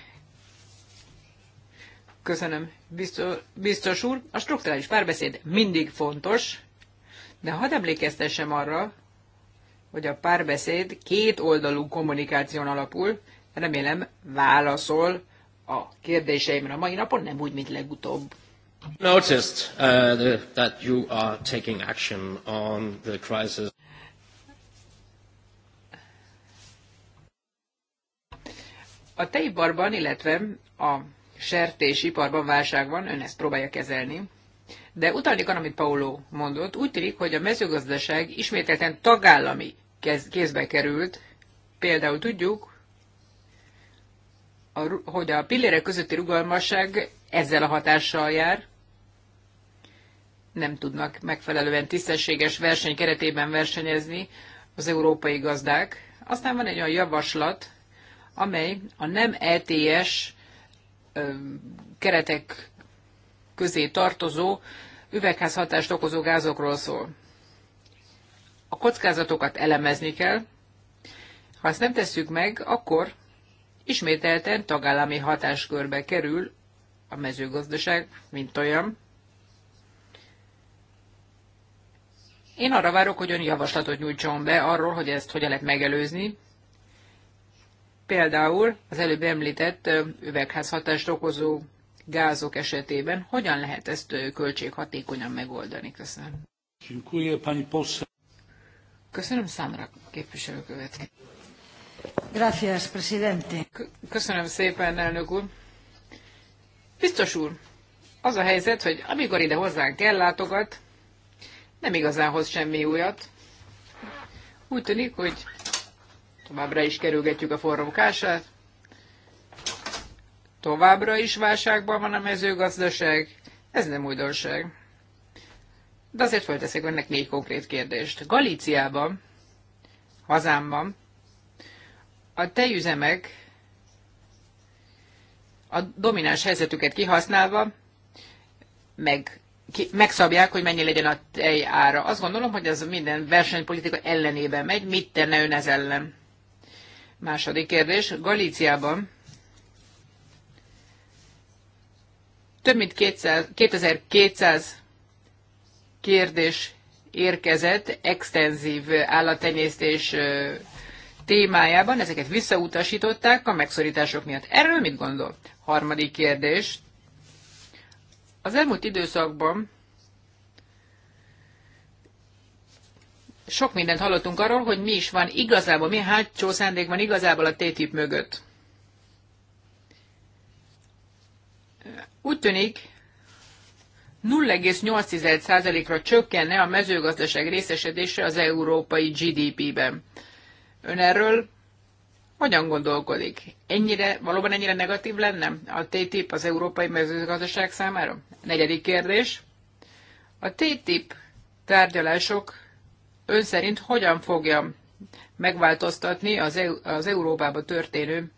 Köszönöm, biztos, biztos úr. A strukturális párbeszéd mindig fontos, de hadd emlékeztessem arra, hogy a párbeszéd két oldalú kommunikáción alapul, remélem válaszol a kérdéseimre a mai napon, nem úgy, mint legutóbb. Noticed uh, the, that you are taking action on the crisis. A tejiparban, illetve a sertésiparban válság van, ön ezt próbálja kezelni. De utalnék arra, amit Paulo mondott, úgy tűnik, hogy a mezőgazdaság ismételten tagállami kézbe került. Például tudjuk, a, hogy a pillérek közötti rugalmasság ezzel a hatással jár, nem tudnak megfelelően tisztességes verseny keretében versenyezni az európai gazdák. Aztán van egy olyan javaslat, amely a nem ETS keretek közé tartozó üvegházhatást okozó gázokról szól. A kockázatokat elemezni kell. Ha ezt nem tesszük meg, akkor ismételten tagállami hatáskörbe kerül a mezőgazdaság, mint olyan. Én arra várok, hogy ön javaslatot nyújtson be arról, hogy ezt hogyan lehet megelőzni. Például az előbb említett üvegházhatást okozó gázok esetében hogyan lehet ezt költséghatékonyan megoldani? Köszönöm. Köszönöm számra, képviselő következő. Gracias, presidente. Köszönöm szépen, elnök úr. Biztos úr, az a helyzet, hogy amikor ide hozzánk ellátogat, nem igazán hoz semmi újat. Úgy tűnik, hogy továbbra is kerülgetjük a forró kását, továbbra is válságban van a mezőgazdaság, ez nem újdonság. De azért fölteszek önnek négy konkrét kérdést. Galíciában, hazámban, a tejüzemek a domináns helyzetüket kihasználva meg, ki, megszabják, hogy mennyi legyen a tej ára. Azt gondolom, hogy ez minden versenypolitika ellenében megy. Mit tenne ön ez ellen? Második kérdés. Galíciában több mint 200, 2200 kérdés érkezett extenzív állattenyésztés témájában, ezeket visszautasították a megszorítások miatt. Erről mit gondol? Harmadik kérdés. Az elmúlt időszakban sok mindent hallottunk arról, hogy mi is van igazából, mi hátsó szándék van igazából a TTIP mögött. Úgy tűnik, 0,8%-ra csökkenne a mezőgazdaság részesedése az európai GDP-ben. Ön erről hogyan gondolkodik? Ennyire, valóban ennyire negatív lenne a TTIP az európai mezőgazdaság számára? Negyedik kérdés. A TTIP tárgyalások ön szerint hogyan fogja megváltoztatni az, EU, az Európába történő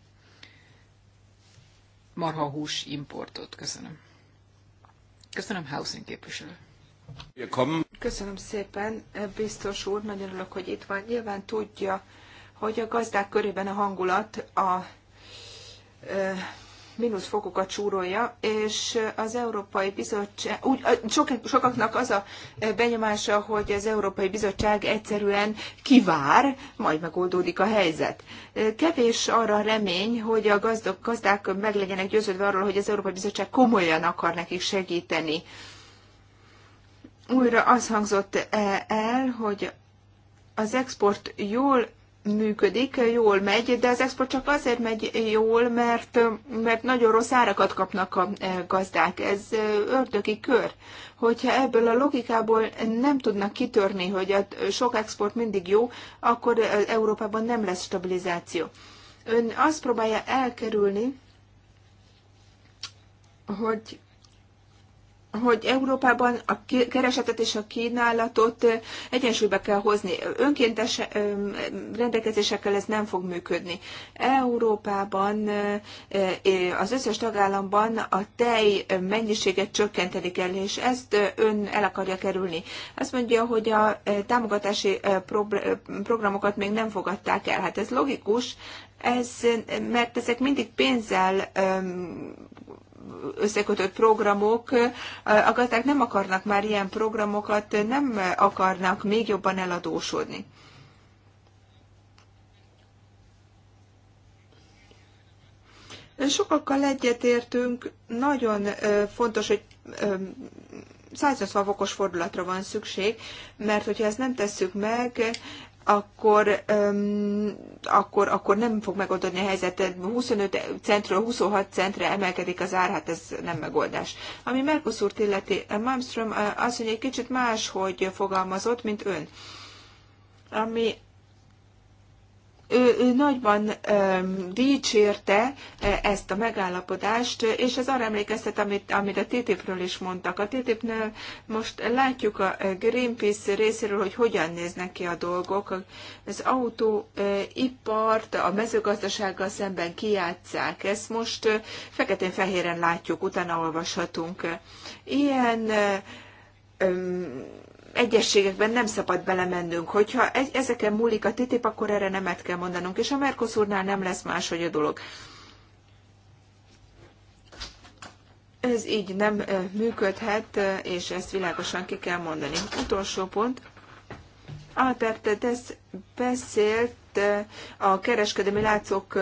marhahús importot? Köszönöm. Köszönöm, Housing képviselő. Köszönöm szépen, biztos úr, nagyon örülök, hogy itt van. Nyilván tudja, hogy a gazdák körében a hangulat a mínuszfokokat súrolja, és az Európai Bizottság, úgy, sok, sokaknak az a benyomása, hogy az Európai Bizottság egyszerűen kivár, majd megoldódik a helyzet. Kevés arra remény, hogy a gazdag, gazdák meg legyenek győződve arról, hogy az Európai Bizottság komolyan akar nekik segíteni. Újra az hangzott e, el, hogy az export jól működik, jól megy, de az export csak azért megy jól, mert, mert nagyon rossz árakat kapnak a eh, gazdák. Ez eh, ördögi kör. Hogyha ebből a logikából nem tudnak kitörni, hogy a sok export mindig jó, akkor eh, Európában nem lesz stabilizáció. Ön azt próbálja elkerülni, hogy hogy Európában a keresetet és a kínálatot egyensúlyba kell hozni. Önkéntes rendelkezésekkel ez nem fog működni. Európában az összes tagállamban a tej mennyiséget csökkenteni el, és ezt ön el akarja kerülni. Azt mondja, hogy a támogatási programokat még nem fogadták el. Hát ez logikus, ez, mert ezek mindig pénzzel összekötött programok, a gazdák nem akarnak már ilyen programokat, nem akarnak még jobban eladósodni. Sokakkal egyetértünk, nagyon fontos, hogy 180 fokos fordulatra van szükség, mert hogyha ezt nem tesszük meg, akkor, um, akkor, akkor nem fog megoldani a helyzetet. 25 centről 26 centre emelkedik az ár, hát ez nem megoldás. Ami Mercosur-t illeti, eh, Malmström eh, azt mondja, egy kicsit más, hogy fogalmazott, mint ön. Ami ő, ő nagyban öm, dicsérte ezt a megállapodást, és ez arra emlékeztet, amit, amit a TTIP-ről is mondtak. A TTIP-nél most látjuk a Greenpeace részéről, hogy hogyan néznek ki a dolgok. Az autóipart a mezőgazdasággal szemben kiátszák. Ezt most feketén-fehéren látjuk, utána olvashatunk. Ilyen öm, egyességekben nem szabad belemennünk. Hogyha ezeken múlik a TTIP, akkor erre nemet kell mondanunk, és a Mercosurnál nem lesz máshogy a dolog. Ez így nem működhet, és ezt világosan ki kell mondani. Utolsó pont. Albert Tesz beszélt a kereskedelmi látszók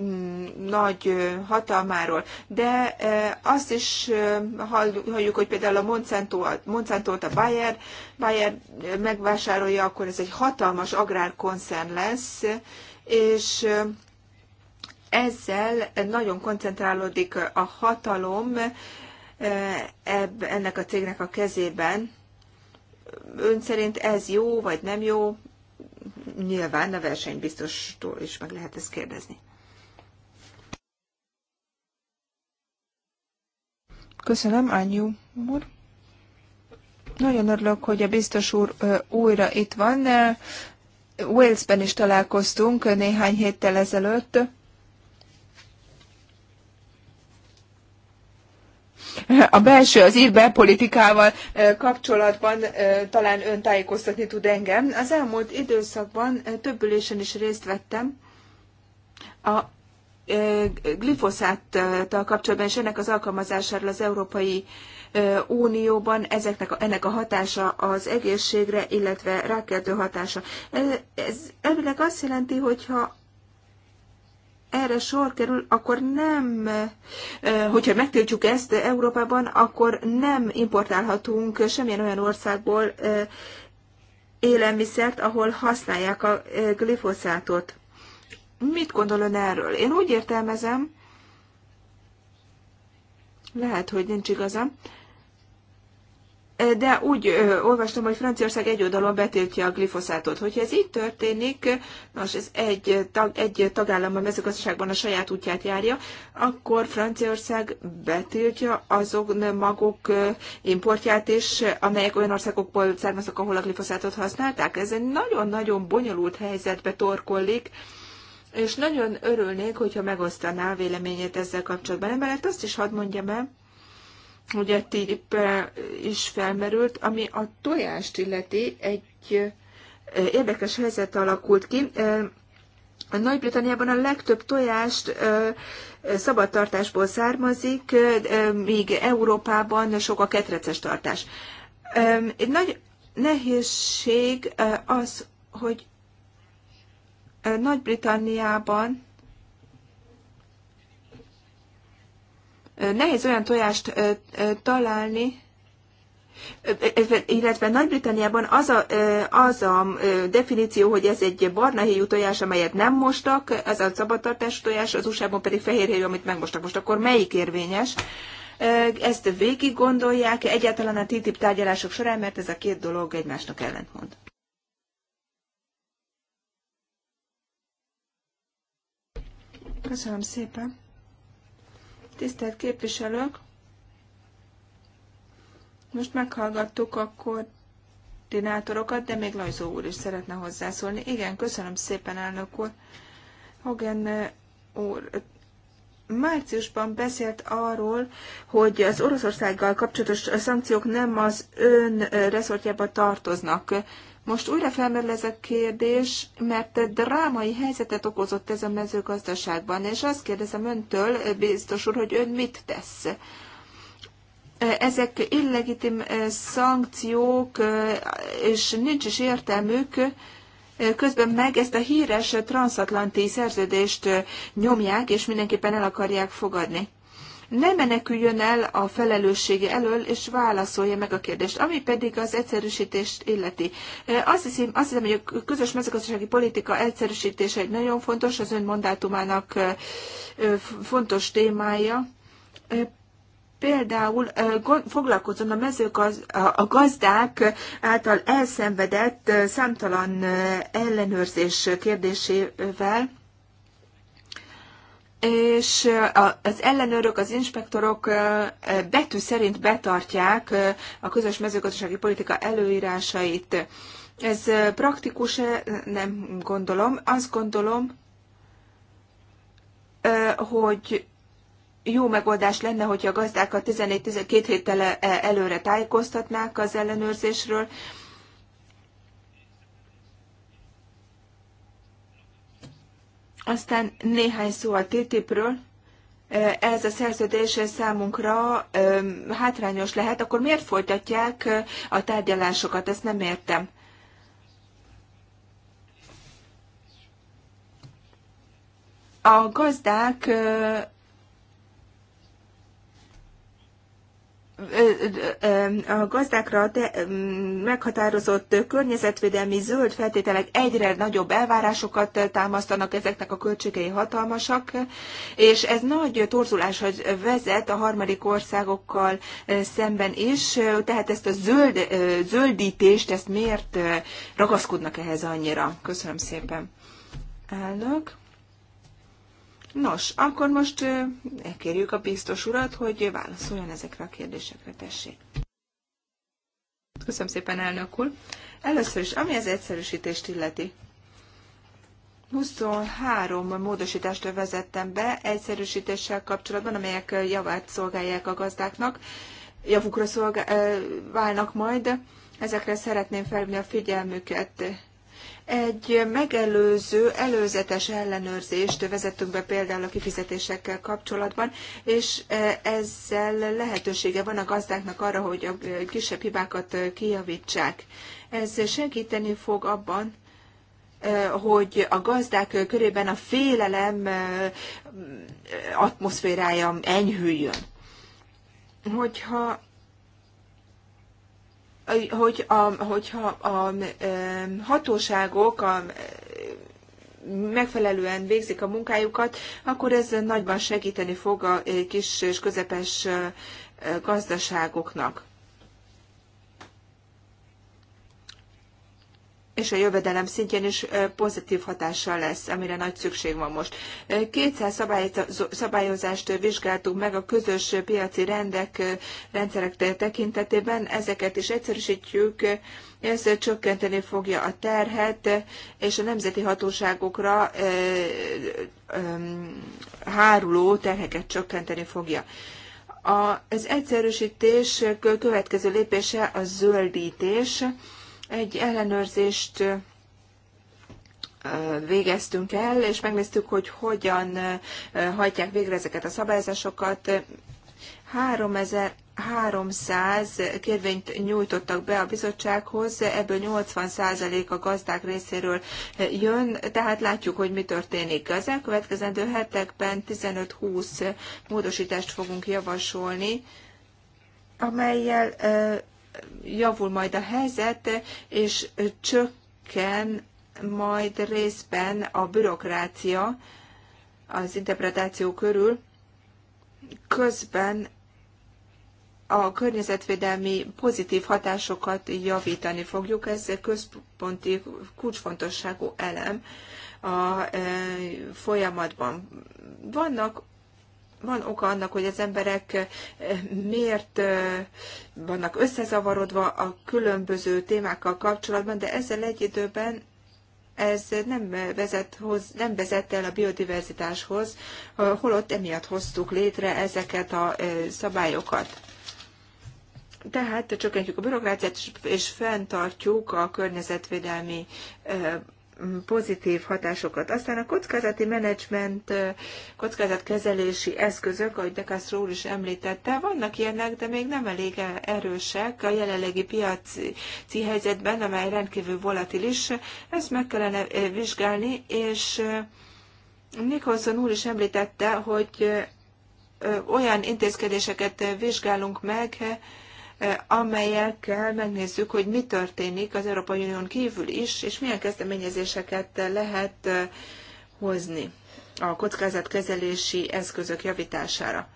Mm, nagy hatalmáról. De azt is halljuk, hogy például a Monsanto, monsanto a Bayer, Bayer megvásárolja, akkor ez egy hatalmas agrárkoncern lesz, és ezzel nagyon koncentrálódik a hatalom ennek a cégnek a kezében. Ön szerint ez jó, vagy nem jó? Nyilván a versenybiztostól is meg lehet ezt kérdezni. Köszönöm, Ányú úr. Nagyon örülök, hogy a biztos úr újra itt van. Walesben is találkoztunk néhány héttel ezelőtt. A belső, az ír belpolitikával kapcsolatban talán ön tájékoztatni tud engem. Az elmúlt időszakban többülésen is részt vettem. A glifoszáttal kapcsolatban és ennek az alkalmazásáról az Európai Unióban ezeknek a, ennek a hatása az egészségre, illetve rákkeltő hatása. Ez, ez elvileg azt jelenti, hogyha erre sor kerül, akkor nem, hogyha megtiltjuk ezt Európában, akkor nem importálhatunk semmilyen olyan országból élelmiszert, ahol használják a glifoszátot. Mit gondol ön erről? Én úgy értelmezem, lehet, hogy nincs igazam, de úgy ö, olvastam, hogy Franciaország egy oldalon betiltja a glifoszátot. Hogyha ez így történik, nos, ez egy, tag, egy tagállam a mezőgazdaságban a saját útját járja, akkor Franciaország betiltja azok magok importját is, amelyek olyan országokból származnak, ahol a glifoszátot használták. Ez egy nagyon-nagyon bonyolult helyzetbe torkollik és nagyon örülnék, hogyha megosztaná a véleményét ezzel kapcsolatban. Emellett azt is hadd mondjam el, hogy a TTIP eh, is felmerült, ami a tojást illeti egy eh, érdekes helyzet alakult ki. Eh, a Nagy-Britanniában a legtöbb tojást szabadtartásból származik, míg Európában sok a ketreces tartás. Egy nagy nehézség az, hogy nagy-Britanniában nehéz olyan tojást találni, illetve Nagy-Britanniában az a, az a definíció, hogy ez egy barna héjú tojás, amelyet nem mostak, ez a szabadtartás tojás, az usa pedig fehér héjú, amit megmostak. Most akkor melyik érvényes? Ezt végig gondolják, egyáltalán a TTIP tárgyalások során, mert ez a két dolog egymásnak ellentmond. Köszönöm szépen. Tisztelt képviselők! Most meghallgattuk a koordinátorokat, de még Lajzó úr is szeretne hozzászólni. Igen, köszönöm szépen, elnök úr. Hogan úr, márciusban beszélt arról, hogy az Oroszországgal kapcsolatos szankciók nem az ön reszortjába tartoznak. Most újra felmerül ez a kérdés, mert drámai helyzetet okozott ez a mezőgazdaságban, és azt kérdezem öntől, biztos úr, hogy ön mit tesz? Ezek illegitim eh, szankciók, eh, és nincs is értelmük, eh, közben meg ezt a híres transatlanti szerződést nyomják, és mindenképpen el akarják fogadni ne meneküljön el a felelőssége elől, és válaszolja meg a kérdést. Ami pedig az egyszerűsítést illeti. Azt hiszem, azt hiszem hogy a közös mezőgazdasági politika egyszerűsítése egy nagyon fontos, az ön mandátumának fontos témája például foglalkozom a mezőgaz, a gazdák által elszenvedett számtalan ellenőrzés kérdésével, és az ellenőrök, az inspektorok betű szerint betartják a közös mezőgazdasági politika előírásait. Ez praktikus, e nem gondolom. Azt gondolom, hogy jó megoldás lenne, hogyha a gazdákat 14-12 héttel előre tájékoztatnák az ellenőrzésről, Aztán néhány szó a TTIP-ről. Ez a szerződés számunkra hátrányos lehet, akkor miért folytatják a tárgyalásokat? Ezt nem értem. A gazdák a gazdákra te, meghatározott környezetvédelmi zöld feltételek egyre nagyobb elvárásokat támasztanak, ezeknek a költségei hatalmasak, és ez nagy torzuláshoz vezet a harmadik országokkal szemben is, tehát ezt a zöld, zöldítést, ezt miért ragaszkodnak ehhez annyira? Köszönöm szépen. Elnök. Nos, akkor most kérjük a biztos urat, hogy válaszoljon ezekre a kérdésekre, tessék. Köszönöm szépen, elnök úr. Először is, ami az egyszerűsítést illeti. 23 módosítást vezettem be egyszerűsítéssel kapcsolatban, amelyek javát szolgálják a gazdáknak, javukra szolgálnak majd. Ezekre szeretném felhívni a figyelmüket. Egy megelőző, előzetes ellenőrzést vezettünk be például a kifizetésekkel kapcsolatban, és e, ezzel lehetősége van a gazdáknak arra, hogy a kisebb hibákat e, kijavítsák. Ez segíteni fog abban, e, hogy a gazdák körében a félelem atmoszférája enyhüljön. Hogyha hogy a, hogyha a hatóságok a, megfelelően végzik a munkájukat, akkor ez nagyban segíteni fog a kis és közepes gazdaságoknak. és a jövedelem szintjén is pozitív hatással lesz, amire nagy szükség van most. 200 szabályozást vizsgáltuk meg a közös piaci rendek, rendszerek tekintetében, ezeket is egyszerűsítjük, ez csökkenteni fogja a terhet, és a nemzeti hatóságokra háruló terheket csökkenteni fogja. Az egyszerűsítés következő lépése a zöldítés, egy ellenőrzést végeztünk el, és megnéztük, hogy hogyan hajtják végre ezeket a szabályozásokat. 3000 300 kérvényt nyújtottak be a bizottsághoz, ebből 80% a gazdák részéről jön, tehát látjuk, hogy mi történik. Az elkövetkezendő hetekben 15-20 módosítást fogunk javasolni, amelyel javul majd a helyzet, és csökken majd részben a bürokrácia az interpretáció körül, közben a környezetvédelmi pozitív hatásokat javítani fogjuk. Ez központi kulcsfontosságú elem a e, folyamatban. Vannak van oka annak, hogy az emberek eh, miért eh, vannak összezavarodva a különböző témákkal kapcsolatban, de ezzel egy időben ez nem vezet, hoz, nem vezet el a biodiverzitáshoz, eh, holott emiatt hoztuk létre ezeket a szabályokat. Tehát csökkentjük a bürokráciát, és fenntartjuk a környezetvédelmi pozitív hatásokat. Aztán a kockázati menedzsment, kockázatkezelési eszközök, ahogy De Castro úr is említette, vannak ilyenek, de még nem elég e- erősek a jelenlegi piaci helyzetben, amely rendkívül volatilis. Ezt meg kellene vizsgálni, és Nicholson úr is említette, hogy olyan intézkedéseket vizsgálunk meg, E, amelyekkel megnézzük, hogy mi történik az Európai Unión kívül is, és milyen kezdeményezéseket lehet e, hozni a kockázatkezelési eszközök javítására.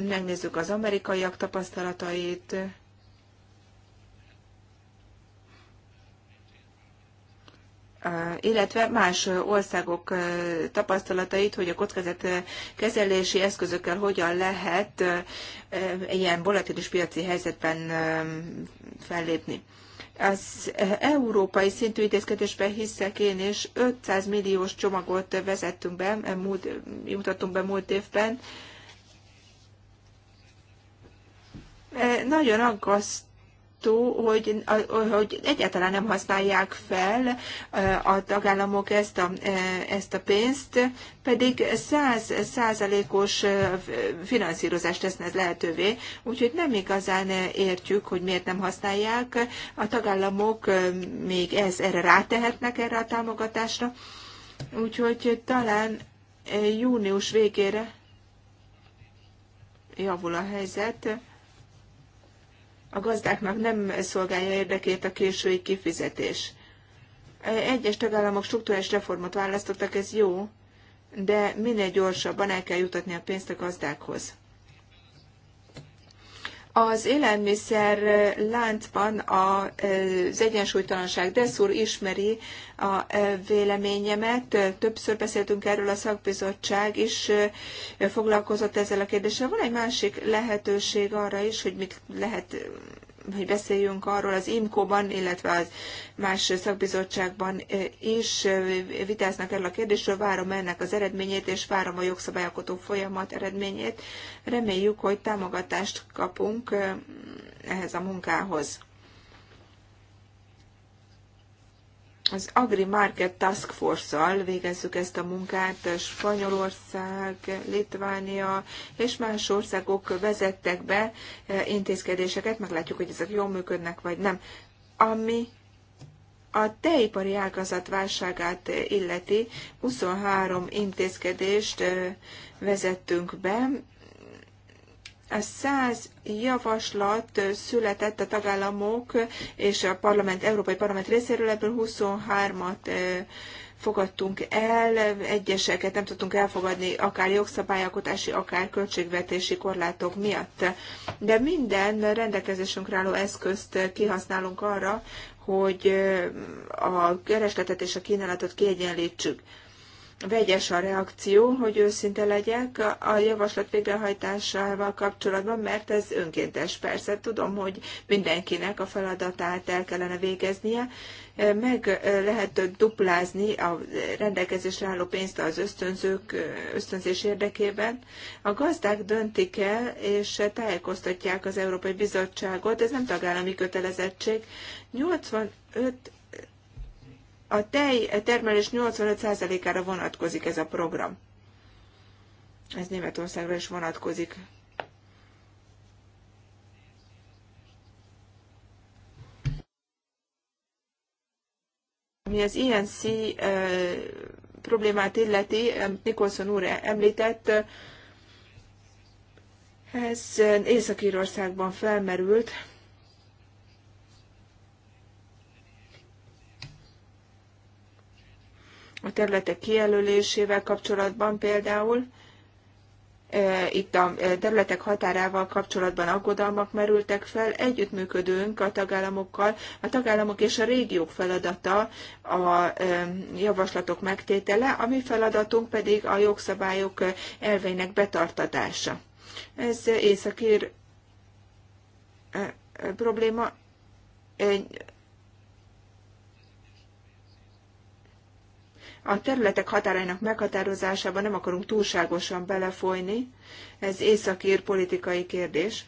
Megnézzük az amerikaiak tapasztalatait, illetve más országok tapasztalatait, hogy a kockázat kezelési eszközökkel hogyan lehet ilyen volatilis piaci helyzetben fellépni. Az európai szintű intézkedésben hiszek én és 500 milliós csomagot vezettünk be, múlt, mutattunk be múlt évben. Nagyon aggaszt látható, hogy, hogy egyáltalán nem használják fel a tagállamok ezt a, ezt a pénzt, pedig 100 százalékos finanszírozást tesznek lehetővé, úgyhogy nem igazán értjük, hogy miért nem használják. A tagállamok még ez, erre rátehetnek erre a támogatásra, úgyhogy talán június végére javul a helyzet a gazdáknak nem szolgálja érdekét a késői kifizetés. Egyes tagállamok struktúrás reformot választottak, ez jó, de minél gyorsabban el kell jutatni a pénzt a gazdákhoz. Az élelmiszer láncban az egyensúlytalanság Deszúr ismeri a véleményemet. Többször beszéltünk erről, a szakbizottság is foglalkozott ezzel a kérdéssel. Van egy másik lehetőség arra is, hogy mit lehet hogy beszéljünk arról az IMCO-ban, illetve az más szakbizottságban eh, is eh, vitáznak erről a kérdésről. Várom ennek az eredményét, és várom a jogszabályalkotó folyamat eredményét. Reméljük, hogy támogatást kapunk eh, ehhez a munkához. az Agri Market Task Force-szal végezzük ezt a munkát. Spanyolország, Litvánia és más országok vezettek be e, intézkedéseket, meglátjuk, hogy ezek jól működnek, vagy nem. Ami a tejipari ágazat válságát illeti 23 intézkedést e, vezettünk be, száz javaslat született a tagállamok és a parlament, Európai Parlament részéről, ebből 23-at fogadtunk el, egyeseket nem tudtunk elfogadni, akár jogszabályalkotási, akár költségvetési korlátok miatt. De minden rendelkezésünkre álló eszközt kihasználunk arra, hogy a keresletet és a kínálatot kiegyenlítsük vegyes a reakció, hogy őszinte legyek a javaslat végrehajtásával kapcsolatban, mert ez önkéntes. Persze tudom, hogy mindenkinek a feladatát el kellene végeznie, meg lehet duplázni a rendelkezésre álló pénzt az ösztönzők ösztönzés érdekében. A gazdák döntik el, és tájékoztatják az Európai Bizottságot, ez nem tagállami kötelezettség. 85 a tej termelés 85%-ára vonatkozik ez a program. Ez Németországra is vonatkozik. Ami az INC problémát illeti, amit Nikolson úr említett, ez Észak-Írországban felmerült, a területek kijelölésével kapcsolatban például, e, itt a e, területek határával kapcsolatban aggodalmak merültek fel, együttműködünk a tagállamokkal. A tagállamok és a régiók feladata a e, javaslatok megtétele, a mi feladatunk pedig a jogszabályok elveinek betartatása. Ez északír probléma A területek határainak meghatározásában nem akarunk túlságosan belefolyni, ez északír politikai kérdés.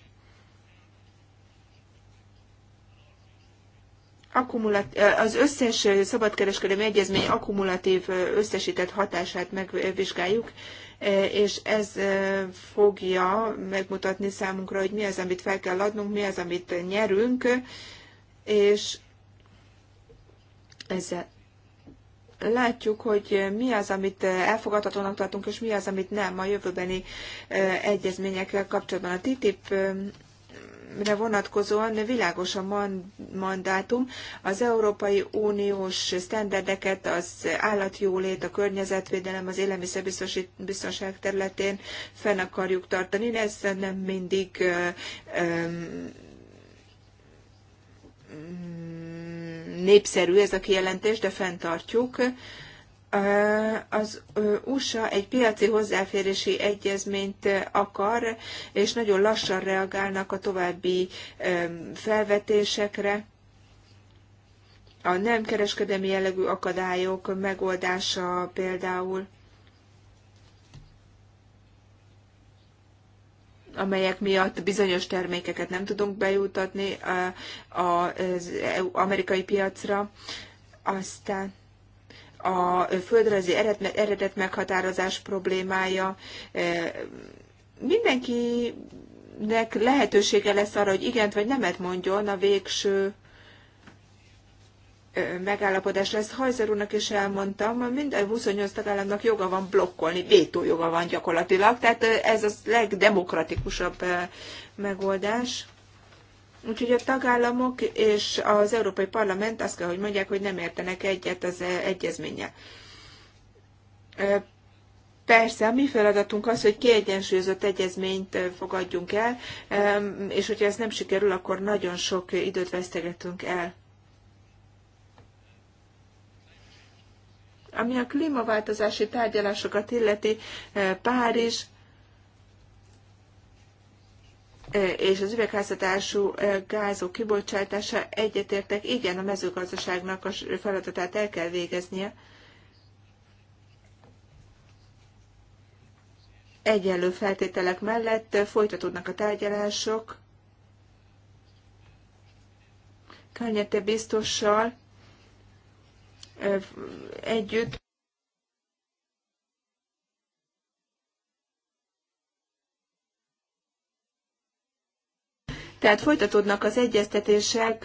az összes szabadkereskedelmi egyezmény akkumulatív összesített hatását megvizsgáljuk, és ez fogja megmutatni számunkra, hogy mi az, amit fel kell adnunk, mi az, amit nyerünk, és ezzel látjuk, hogy mi az, amit eh, elfogadhatónak tartunk, és mi az, amit nem a jövőbeni eh, egyezményekkel kapcsolatban. A TTIP mire eh, vonatkozóan világos a mandátum, az Európai Uniós sztenderdeket, az állatjólét, a környezetvédelem, az élelmiszerbiztonság területén fenn akarjuk tartani, ez nem mindig népszerű ez a kijelentés, de fenntartjuk. Az USA egy piaci hozzáférési egyezményt akar, és nagyon lassan reagálnak a további felvetésekre a nem kereskedelmi jellegű akadályok megoldása például amelyek miatt bizonyos termékeket nem tudunk bejutatni eh, az amerikai piacra. Aztán a földrajzi eredet meghatározás problémája. Eh, mindenkinek lehetősége lesz arra, hogy igent vagy nemet mondjon a végső megállapodás lesz. Hajzer úrnak is elmondtam, minden 28 tagállamnak joga van blokkolni, vétójoga van gyakorlatilag, tehát ez a legdemokratikusabb megoldás. Úgyhogy a tagállamok és az Európai Parlament azt kell, hogy mondják, hogy nem értenek egyet az egyezménye. Persze, a mi feladatunk az, hogy kiegyensúlyozott egyezményt fogadjunk el, és hogyha ez nem sikerül, akkor nagyon sok időt vesztegetünk el. Ami a klímaváltozási tárgyalásokat illeti, eh, Párizs eh, és az üvegházhatású eh, gázok kibocsátása egyetértek, igen, a mezőgazdaságnak a feladatát el kell végeznie. Egyenlő feltételek mellett folytatódnak a tárgyalások. Kanyete biztossal együtt. Tehát folytatódnak az egyeztetések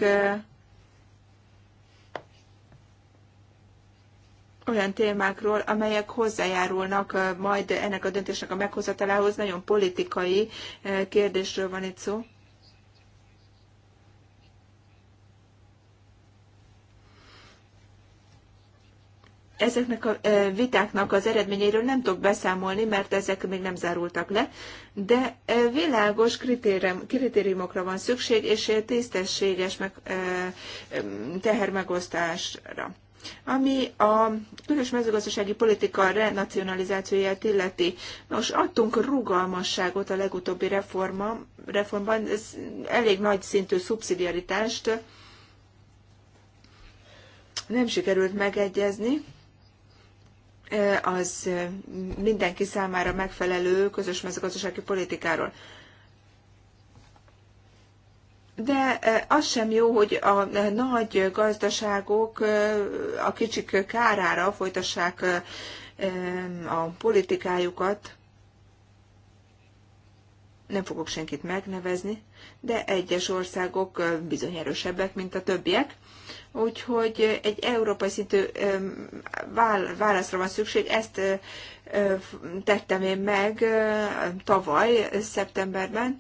olyan témákról, amelyek hozzájárulnak majd ennek a döntésnek a meghozatalához. Nagyon politikai kérdésről van itt szó. ezeknek a vitáknak az eredményeiről nem tudok beszámolni, mert ezek még nem zárultak le, de világos kritérium, kritériumokra van szükség, és tisztességes meg, tehermegosztásra. Ami a különös mezőgazdasági politika renacionalizációját illeti, nos, adtunk rugalmasságot a legutóbbi reforma, reformban, ez elég nagy szintű szubszidiaritást, nem sikerült megegyezni, az mindenki számára megfelelő közös mezőgazdasági politikáról. De az sem jó, hogy a nagy gazdaságok a kicsik kárára folytassák a politikájukat. Nem fogok senkit megnevezni, de egyes országok bizony erősebbek, mint a többiek. Úgyhogy egy európai szintű válaszra van szükség. Ezt tettem én meg tavaly, szeptemberben,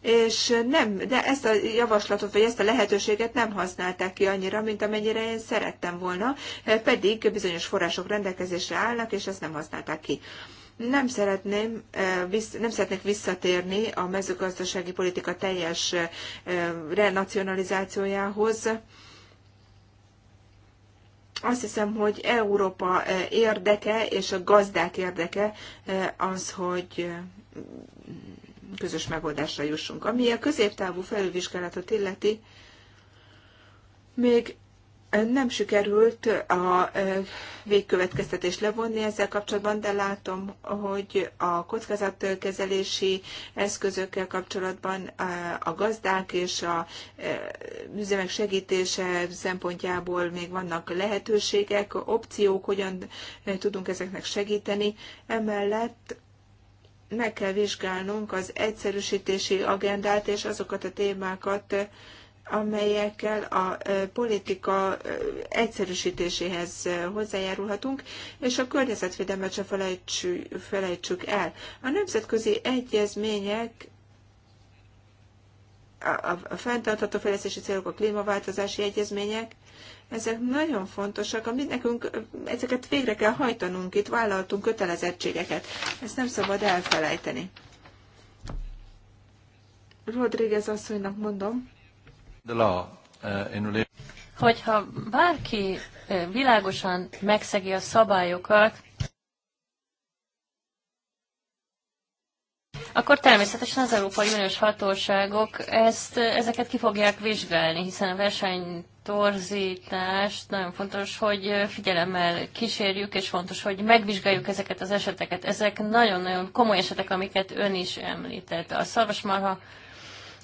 és nem, de ezt a javaslatot, vagy ezt a lehetőséget nem használták ki annyira, mint amennyire én szerettem volna, pedig bizonyos források rendelkezésre állnak, és ezt nem használták ki. Nem, szeretném, nem szeretnék visszatérni a mezőgazdasági politika teljes renacionalizációjához, azt hiszem, hogy Európa eh, érdeke és a gazdák érdeke eh, az, hogy eh, közös megoldásra jussunk. Ami a középtávú felülvizsgálatot illeti, még nem sikerült a végkövetkeztetést levonni ezzel kapcsolatban, de látom, hogy a kockázatkezelési eszközökkel kapcsolatban a gazdák és a üzemek segítése szempontjából még vannak lehetőségek, opciók, hogyan tudunk ezeknek segíteni. Emellett meg kell vizsgálnunk az egyszerűsítési agendát és azokat a témákat, amelyekkel a politika egyszerűsítéséhez hozzájárulhatunk, és a környezetvédelmet se felejtsük el. A nemzetközi egyezmények a fenntartható fejlesztési célok, a klímaváltozási egyezmények, ezek nagyon fontosak, amit nekünk ezeket végre kell hajtanunk, itt vállaltunk kötelezettségeket. Ezt nem szabad elfelejteni. Rodríguez asszonynak mondom, the law uh, in relation hogyha bárki világosan megszegi a szabályokat, akkor természetesen az Európai Uniós hatóságok ezt, ezeket ki fogják vizsgálni, hiszen a versenytorzítást nagyon fontos, hogy figyelemmel kísérjük, és fontos, hogy megvizsgáljuk ezeket az eseteket. Ezek nagyon-nagyon komoly esetek, amiket ön is említett. A szarvasmarha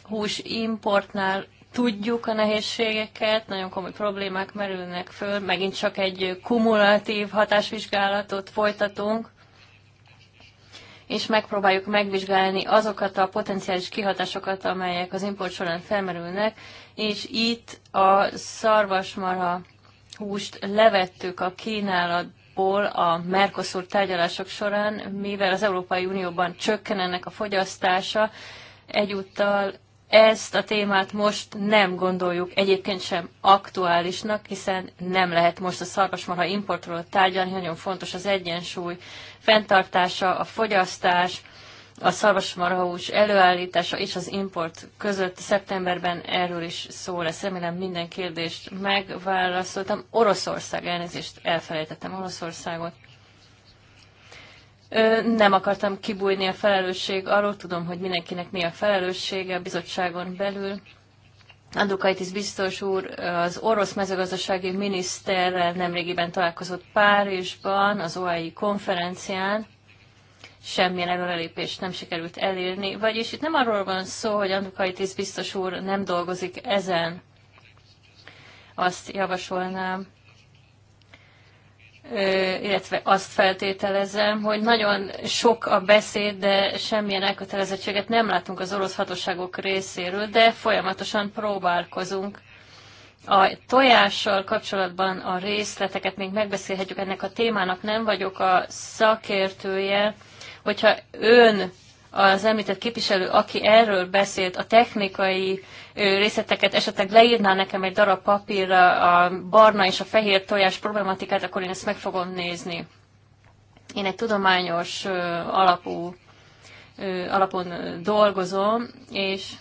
hús importnál tudjuk a nehézségeket, nagyon komoly problémák merülnek föl, megint csak egy kumulatív hatásvizsgálatot folytatunk, és megpróbáljuk megvizsgálni azokat a potenciális kihatásokat, amelyek az import során felmerülnek, és itt a szarvasmarha húst levettük a kínálatból a Mercosur tárgyalások során, mivel az Európai Unióban csökken ennek a fogyasztása, egyúttal ezt a témát most nem gondoljuk egyébként sem aktuálisnak, hiszen nem lehet most a szarvasmarha importról tárgyalni, nagyon fontos az egyensúly fenntartása, a fogyasztás, a szarvasmarhaús előállítása és az import között szeptemberben erről is szó lesz. Remélem minden kérdést megválaszoltam. Oroszország, elnézést elfelejtettem Oroszországot. Nem akartam kibújni a felelősség, arról tudom, hogy mindenkinek mi a felelőssége a bizottságon belül. Andukaitis biztos úr az orosz mezőgazdasági miniszterrel nemrégiben találkozott Párizsban, az OAI konferencián, semmilyen előrelépést nem sikerült elérni. Vagyis itt nem arról van szó, hogy Andukaitis biztos úr nem dolgozik ezen. Azt javasolnám, illetve azt feltételezem, hogy nagyon sok a beszéd, de semmilyen elkötelezettséget nem látunk az orosz hatóságok részéről, de folyamatosan próbálkozunk. A tojással kapcsolatban a részleteket még megbeszélhetjük, ennek a témának nem vagyok a szakértője. Hogyha ön az említett képviselő, aki erről beszélt, a technikai részleteket esetleg leírná nekem egy darab papírra a barna és a fehér tojás problematikát, akkor én ezt meg fogom nézni. Én egy tudományos alapú alapon dolgozom, és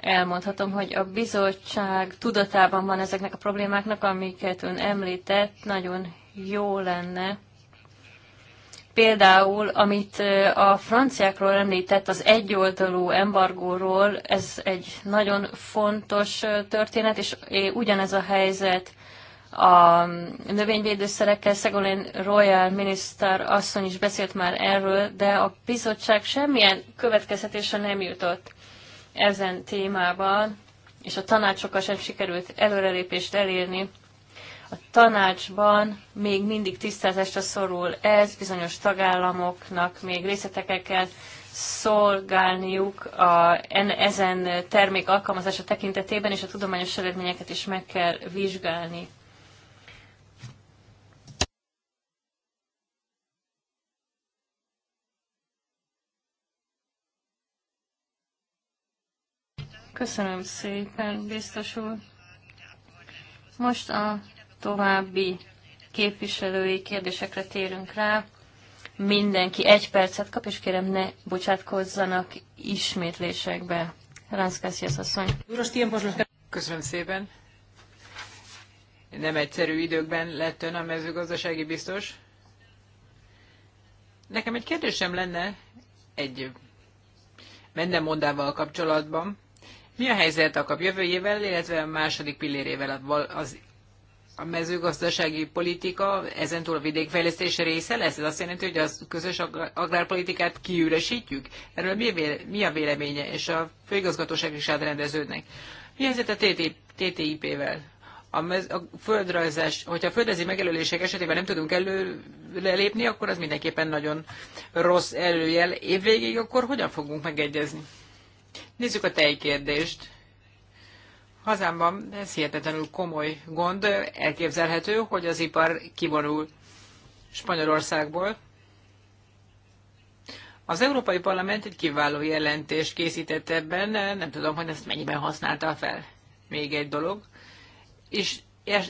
elmondhatom, hogy a bizottság tudatában van ezeknek a problémáknak, amiket ön említett, nagyon jó lenne, Például, amit a franciákról említett, az egyoldalú embargóról, ez egy nagyon fontos történet, és ugyanez a helyzet a növényvédőszerekkel. Szegolén Royal miniszter asszony is beszélt már erről, de a bizottság semmilyen következtetése nem jutott ezen témában, és a tanácsokkal sem sikerült előrelépést elérni a tanácsban még mindig tisztázásra szorul ez, bizonyos tagállamoknak még részleteket kell szolgálniuk a, en, ezen termék alkalmazása tekintetében, és a tudományos eredményeket is meg kell vizsgálni. Köszönöm szépen, biztos úr. Most a további képviselői kérdésekre térünk rá. Mindenki egy percet kap, és kérem ne bocsátkozzanak ismétlésekbe. Ránszkásziasz asszony. Köszönöm szépen. Nem egyszerű időkben lett ön a mezőgazdasági biztos. Nekem egy kérdésem lenne egy mendemondával kapcsolatban. Mi a helyzet a kap jövőjével, illetve a második pillérével, az a mezőgazdasági politika ezentúl a vidékfejlesztés része lesz? Ez azt jelenti, hogy a közös agrárpolitikát kiüresítjük? Erről mi, mi a véleménye, és a főigazgatóság is átrendeződnek? Mi helyzet a TTIP-vel? A, mez, a földrajzás, hogyha a földrajzi megelőlések esetében nem tudunk előlépni, akkor az mindenképpen nagyon rossz előjel. Évvégig akkor hogyan fogunk megegyezni? Nézzük a tejkérdést. Hazámban ez hihetetlenül komoly gond, elképzelhető, hogy az ipar kivonul Spanyolországból. Az Európai Parlament egy kiváló jelentést készített ebben, nem tudom, hogy ezt mennyiben használta fel. Még egy dolog. És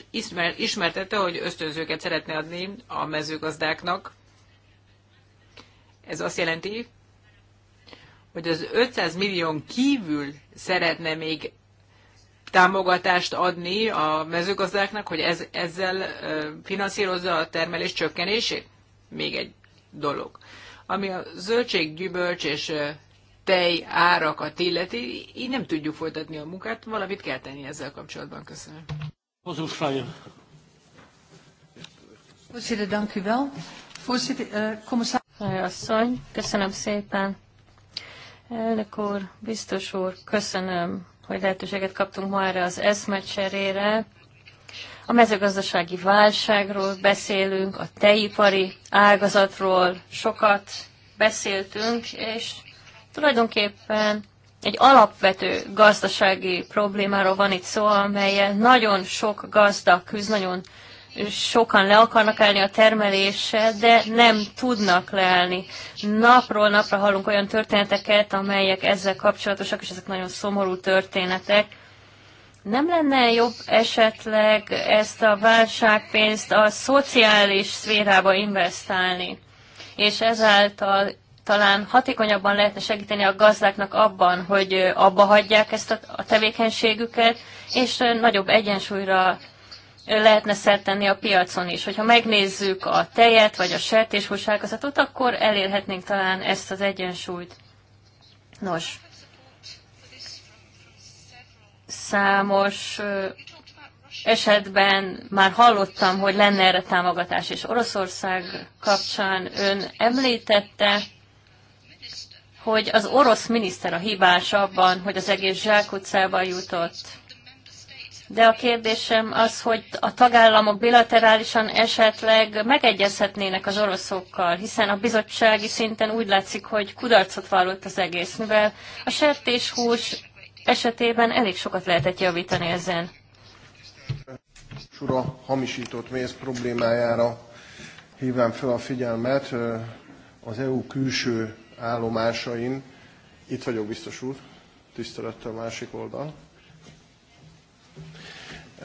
ismer, ismertette, hogy ösztönzőket szeretne adni a mezőgazdáknak. Ez azt jelenti, hogy az 500 millió kívül szeretne még támogatást adni a mezőgazdáknak, hogy ez, ezzel finanszírozza a termelés csökkenését? Még egy dolog. Ami a zöldség, gyümölcs és tej árakat illeti, így nem tudjuk folytatni a munkát, valamit kell tenni ezzel kapcsolatban. Köszönöm. Eh, asszony, köszönöm szépen. Elnök úr, biztos úr, köszönöm hogy lehetőséget kaptunk ma erre az eszmecserére. A mezőgazdasági válságról beszélünk, a tejipari ágazatról sokat beszéltünk, és tulajdonképpen egy alapvető gazdasági problémáról van itt szó, amelyen nagyon sok gazda küzd, nagyon sokan le akarnak állni a termelése, de nem tudnak leállni. Napról napra hallunk olyan történeteket, amelyek ezzel kapcsolatosak, és ezek nagyon szomorú történetek. Nem lenne jobb esetleg ezt a válságpénzt a szociális szférába investálni, és ezáltal talán hatékonyabban lehetne segíteni a gazdáknak abban, hogy abba hagyják ezt a, tevékenységüket, és nagyobb egyensúlyra lehetne szert tenni a piacon is. Hogyha megnézzük a tejet vagy a sertéshúságazatot, akkor elérhetnénk talán ezt az egyensúlyt. Nos, számos esetben már hallottam, hogy lenne erre támogatás, és Oroszország kapcsán ön említette, hogy az orosz miniszter a hibás abban, hogy az egész zsákutcába jutott de a kérdésem az, hogy a tagállamok bilaterálisan esetleg megegyezhetnének az oroszokkal, hiszen a bizottsági szinten úgy látszik, hogy kudarcot vallott az egész, mivel a sertéshús esetében elég sokat lehetett javítani ezen. Sura hamisított méz problémájára hívám fel a figyelmet az EU külső állomásain. Itt vagyok biztos úr, tisztelettel másik oldal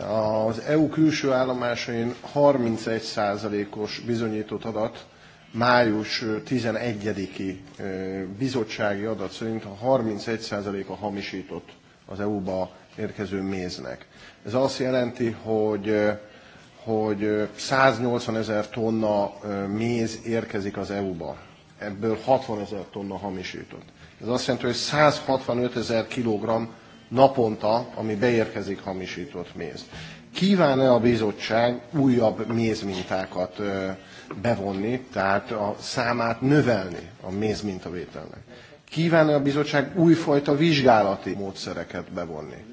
az EU külső állomásain 31%-os bizonyított adat május 11-i bizottsági adat szerint a 31%-a hamisított az EU-ba érkező méznek. Ez azt jelenti, hogy, hogy 180 ezer tonna méz érkezik az EU-ba. Ebből 60 ezer tonna hamisított. Ez azt jelenti, hogy 165 ezer kilogramm naponta, ami beérkezik hamisított méz. Kíván-e a bizottság újabb mézmintákat bevonni, tehát a számát növelni a mézmintavételnek? Kíván-e a bizottság újfajta vizsgálati módszereket bevonni?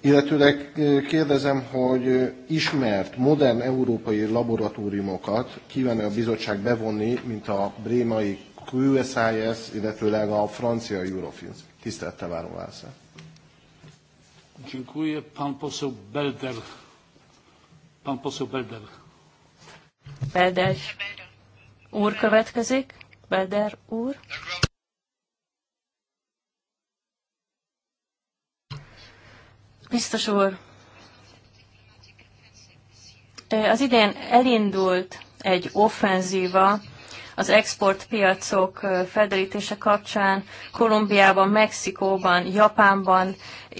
Illetőleg kérdezem, hogy ismert, modern európai laboratóriumokat kíván-e a bizottság bevonni, mint a brémai QSIS, illetőleg a francia Eurofins. Tisztelettel várom válaszát. Dziękuję. Pan poseł Belder. Pan poseł Belder. Belder úr következik. Belder úr. Biztos úr, az idén elindult egy offenzíva az exportpiacok felderítése kapcsán Kolumbiában, Mexikóban, Japánban,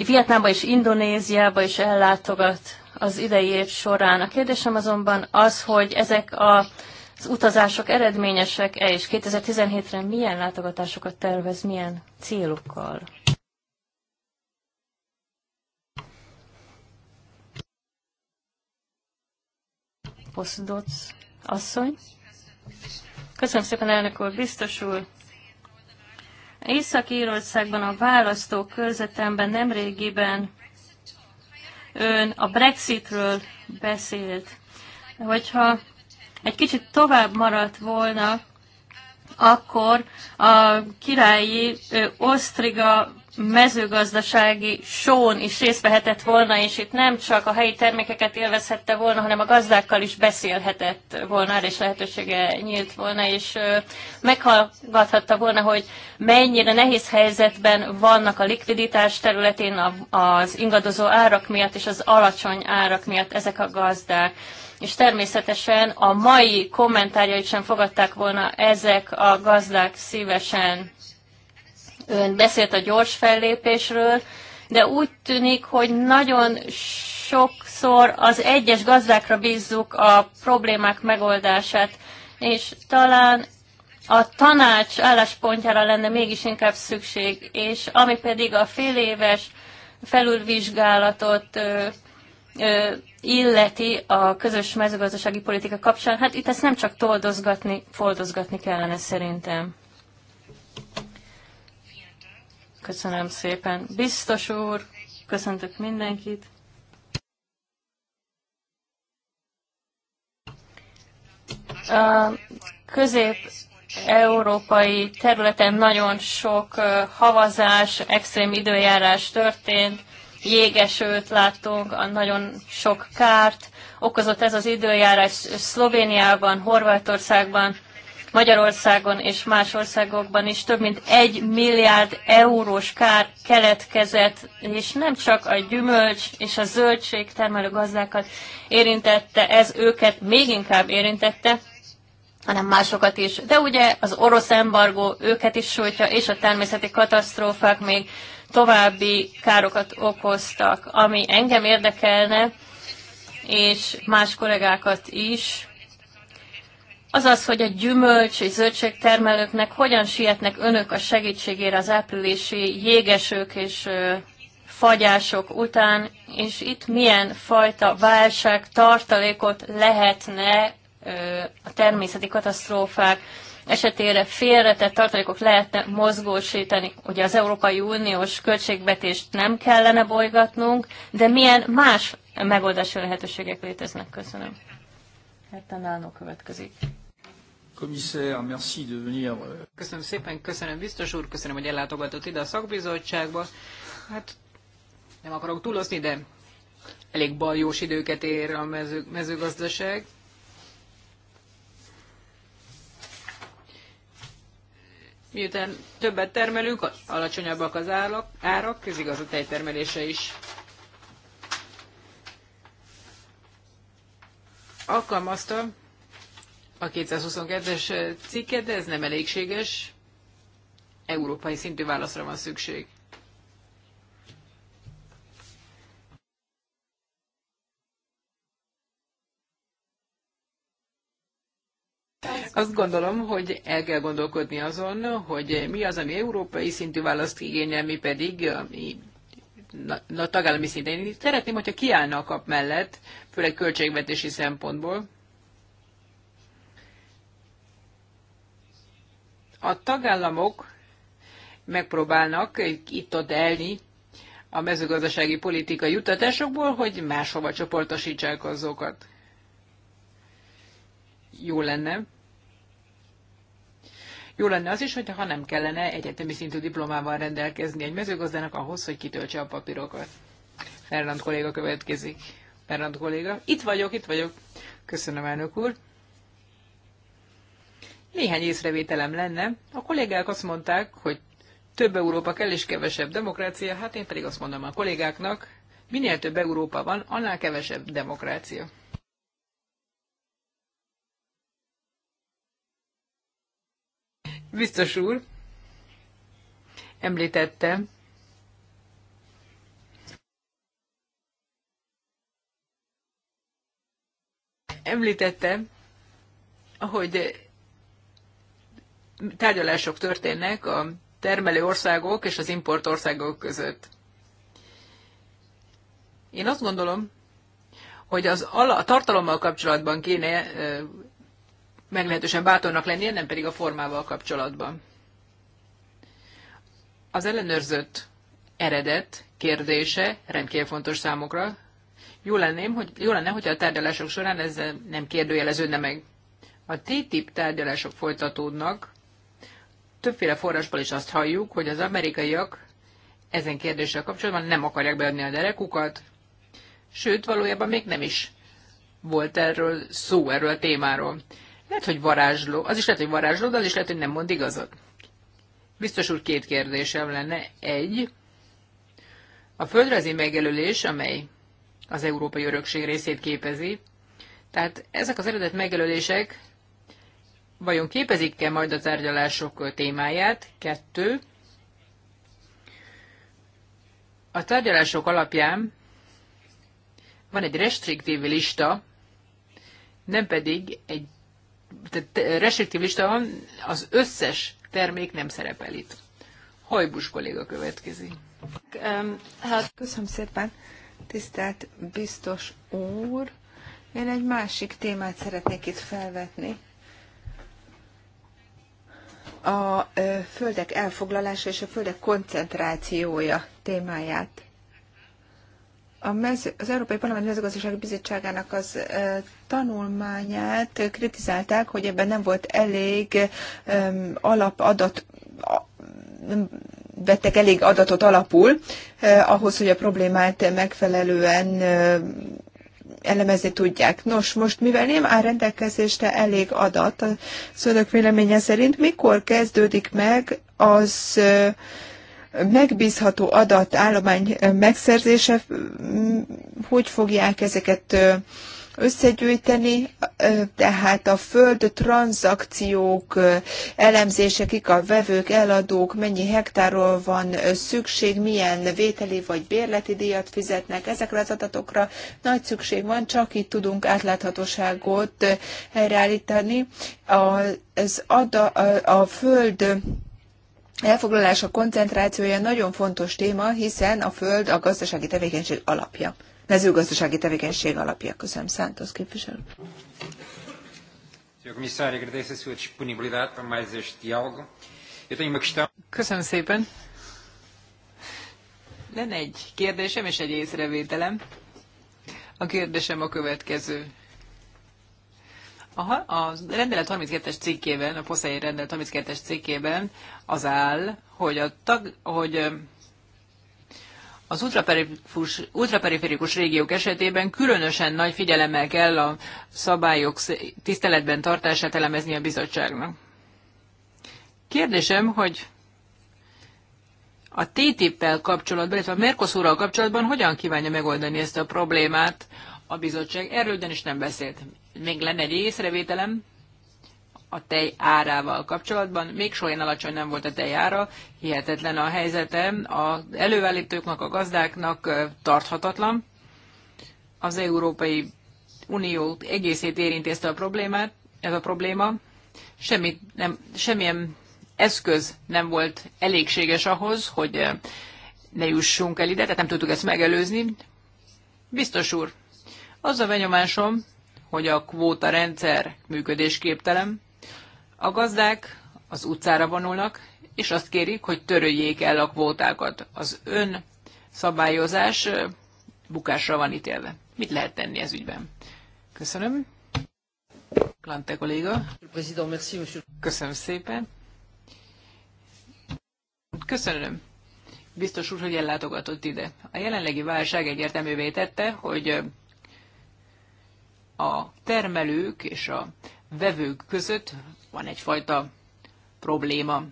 Vietnámban és Indonéziában is ellátogat az idei év során. A kérdésem azonban az, hogy ezek a az utazások eredményesek-e, és 2017-re milyen látogatásokat tervez, milyen célokkal? Poszdoc asszony. Köszönöm szépen, elnök úr, biztos úr. Észak-Írországban a választók körzetemben nemrégiben ön a Brexitről beszélt. Hogyha egy kicsit tovább maradt volna, akkor a királyi ö, osztriga mezőgazdasági són is részt vehetett volna, és itt nem csak a helyi termékeket élvezhette volna, hanem a gazdákkal is beszélhetett volna, és lehetősége nyílt volna, és meghallgathatta volna, hogy mennyire nehéz helyzetben vannak a likviditás területén az ingadozó árak miatt és az alacsony árak miatt ezek a gazdák és természetesen a mai kommentárjait sem fogadták volna ezek a gazdák szívesen Ön beszélt a gyors fellépésről, de úgy tűnik, hogy nagyon sokszor az egyes gazdákra bízzuk a problémák megoldását, és talán a tanács álláspontjára lenne mégis inkább szükség, és ami pedig a fél éves felülvizsgálatot ö, ö, illeti a közös mezőgazdasági politika kapcsán, hát itt ezt nem csak toldozgatni, foldozgatni kellene szerintem. Köszönöm szépen. Biztos úr, köszöntök mindenkit. A közép-európai területen nagyon sok havazás, extrém időjárás történt, jégesőt láttunk, a nagyon sok kárt okozott ez az időjárás Szlovéniában, Horvátországban, Magyarországon és más országokban is több mint egy milliárd eurós kár keletkezett, és nem csak a gyümölcs és a zöldség termelő gazdákat érintette, ez őket még inkább érintette, hanem másokat is. De ugye az orosz embargó őket is sújtja, és a természeti katasztrófák még további károkat okoztak. Ami engem érdekelne, és más kollégákat is, az az, hogy a gyümölcs és zöldségtermelőknek hogyan sietnek önök a segítségére az áprilisi jégesők és fagyások után, és itt milyen fajta válság tartalékot lehetne a természeti katasztrófák esetére félretett tartalékok lehetne mozgósítani. Ugye az Európai Uniós költségvetést nem kellene bolygatnunk, de milyen más megoldási lehetőségek léteznek? Köszönöm. Hát a következik. Commissaire, merci de venir. Euh, köszönöm szépen, köszönöm biztos úr, köszönöm, hogy ellátogatott ide a szakbizottságba. Hát nem akarok túlozni, de elég baljós időket ér a mező, mezőgazdaság. Miután többet termelünk, alacsonyabbak az állak, árak, ez a tejtermelése is. Alkalmaztam, a 222-es cikket, de ez nem elégséges. Európai szintű válaszra van szükség. Azt gondolom, hogy el kell gondolkodni azon, hogy mi az, ami európai szintű választ igényel, mi pedig, ami na, na, tagállami szinten. Én szeretném, hogyha kiállna a kap mellett, főleg költségvetési szempontból. A tagállamok megpróbálnak itt-ott elni a mezőgazdasági politika juttatásokból, hogy máshova csoportosítsák azokat. Jó lenne. Jó lenne az is, hogyha nem kellene egyetemi szintű diplomával rendelkezni egy mezőgazdának ahhoz, hogy kitöltse a papírokat. Ferrand kolléga következik. Ferrand kolléga. Itt vagyok, itt vagyok. Köszönöm, elnök úr. Néhány észrevételem lenne. A kollégák azt mondták, hogy több Európa kell és kevesebb demokrácia, hát én pedig azt mondom a kollégáknak, minél több Európa van, annál kevesebb demokrácia. Biztos úr említette, említette, hogy tárgyalások történnek a termelő országok és az import országok között. Én azt gondolom, hogy az ala, a tartalommal kapcsolatban kéne ö, meglehetősen bátornak lenni, nem pedig a formával kapcsolatban. Az ellenőrzött eredet kérdése rendkívül fontos számokra. Jó, lenném, hogy, jó lenne, hogyha a tárgyalások során ez nem kérdőjeleződne meg. A TTIP tárgyalások folytatódnak, többféle forrásból is azt halljuk, hogy az amerikaiak ezen kérdéssel kapcsolatban nem akarják beadni a derekukat, sőt, valójában még nem is volt erről szó, erről a témáról. Lehet, hogy varázsló, az is lehet, hogy varázsló, de az is lehet, hogy nem mond igazat. Biztos úr két kérdésem lenne. Egy, a földrajzi megjelölés, amely az európai örökség részét képezi, tehát ezek az eredet megjelölések vajon képezik-e majd a tárgyalások témáját? Kettő. A tárgyalások alapján van egy restriktív lista, nem pedig egy tehát restriktív lista van, az összes termék nem szerepel itt. Hajbus kolléga következik. Um, hát köszönöm szépen, tisztelt biztos úr. Én egy másik témát szeretnék itt felvetni a földek elfoglalása és a földek koncentrációja témáját. A mező, az Európai Parlament mezőgazdasági bizottságának az e, tanulmányát kritizálták, hogy ebben nem volt elég e, alapadat, nem vettek elég adatot alapul e, ahhoz, hogy a problémát megfelelően e, elemezni tudják. Nos, most mivel nem áll rendelkezésre elég adat, a szülők véleménye szerint mikor kezdődik meg az megbízható adatállomány megszerzése, hm, hogy fogják ezeket összegyűjteni, tehát a föld tranzakciók elemzések, a vevők, eladók, mennyi hektáról van szükség, milyen vételi vagy bérleti díjat fizetnek. Ezekre az adatokra nagy szükség van, csak így tudunk átláthatóságot helyreállítani. Az ada, a föld elfoglalása koncentrációja nagyon fontos téma, hiszen a föld a gazdasági tevékenység alapja mezőgazdasági tevékenység alapja. Köszönöm, Szántos képviselő. Köszönöm szépen. Lenne egy kérdésem és egy észrevételem. A kérdésem a következő. Aha, a rendelet 32-es cikkében, a poszai rendelet 32-es cikkében az áll, hogy a, tag, hogy az ultraperiférikus, régiók esetében különösen nagy figyelemmel kell a szabályok tiszteletben tartását elemezni a bizottságnak. Kérdésem, hogy a TTIP-pel kapcsolatban, illetve a Mercosurral kapcsolatban hogyan kívánja megoldani ezt a problémát a bizottság? Erről is nem beszélt. Még lenne egy észrevételem a tej árával kapcsolatban. Még soha alacsony nem volt a tej ára, hihetetlen a helyzete. Az előállítóknak, a gazdáknak tarthatatlan. Az Európai Unió egészét érinti ezt a problémát, ez a probléma. Semmi, nem, semmilyen eszköz nem volt elégséges ahhoz, hogy ne jussunk el ide, tehát nem tudtuk ezt megelőzni. Biztos úr, az a benyomásom, hogy a kvóta rendszer működésképtelen, a gazdák az utcára vonulnak, és azt kérik, hogy töröljék el a kvótákat. Az ön szabályozás bukásra van ítélve. Mit lehet tenni ez ügyben? Köszönöm. Klante kolléga. Köszönöm szépen. Köszönöm. Biztos úr, hogy ellátogatott ide. A jelenlegi válság egyértelművé tette, hogy a termelők és a vevők között van egyfajta probléma.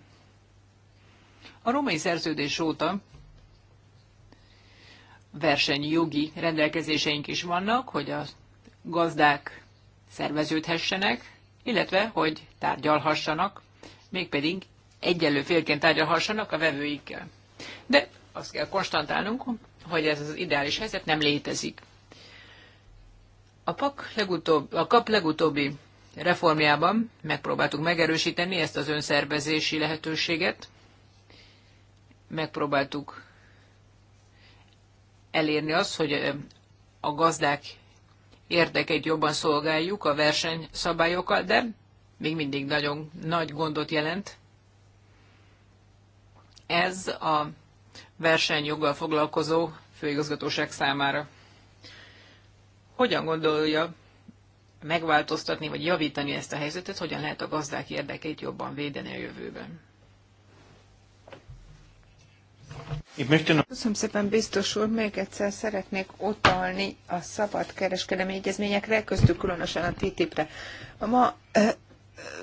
A római szerződés óta versenyjogi rendelkezéseink is vannak, hogy a gazdák szerveződhessenek, illetve hogy tárgyalhassanak, mégpedig egyenlő félként tárgyalhassanak a vevőikkel. De azt kell konstantálnunk, hogy ez az ideális helyzet nem létezik. A, PAK legutóbb, a KAP legutóbbi reformjában megpróbáltuk megerősíteni ezt az önszervezési lehetőséget, megpróbáltuk elérni azt, hogy eh, a gazdák érdekeit jobban szolgáljuk a versenyszabályokkal, de még mindig nagyon nagy gondot jelent. Ez a versenyjoggal foglalkozó főigazgatóság számára. Hogyan gondolja megváltoztatni vagy javítani ezt a helyzetet, hogyan lehet a gazdák érdekeit jobban védeni a jövőben. Köszönöm szépen, biztos úr. Még egyszer szeretnék utalni a szabad kereskedelmi egyezményekre, köztük különösen a TTIP-re. Ma ö,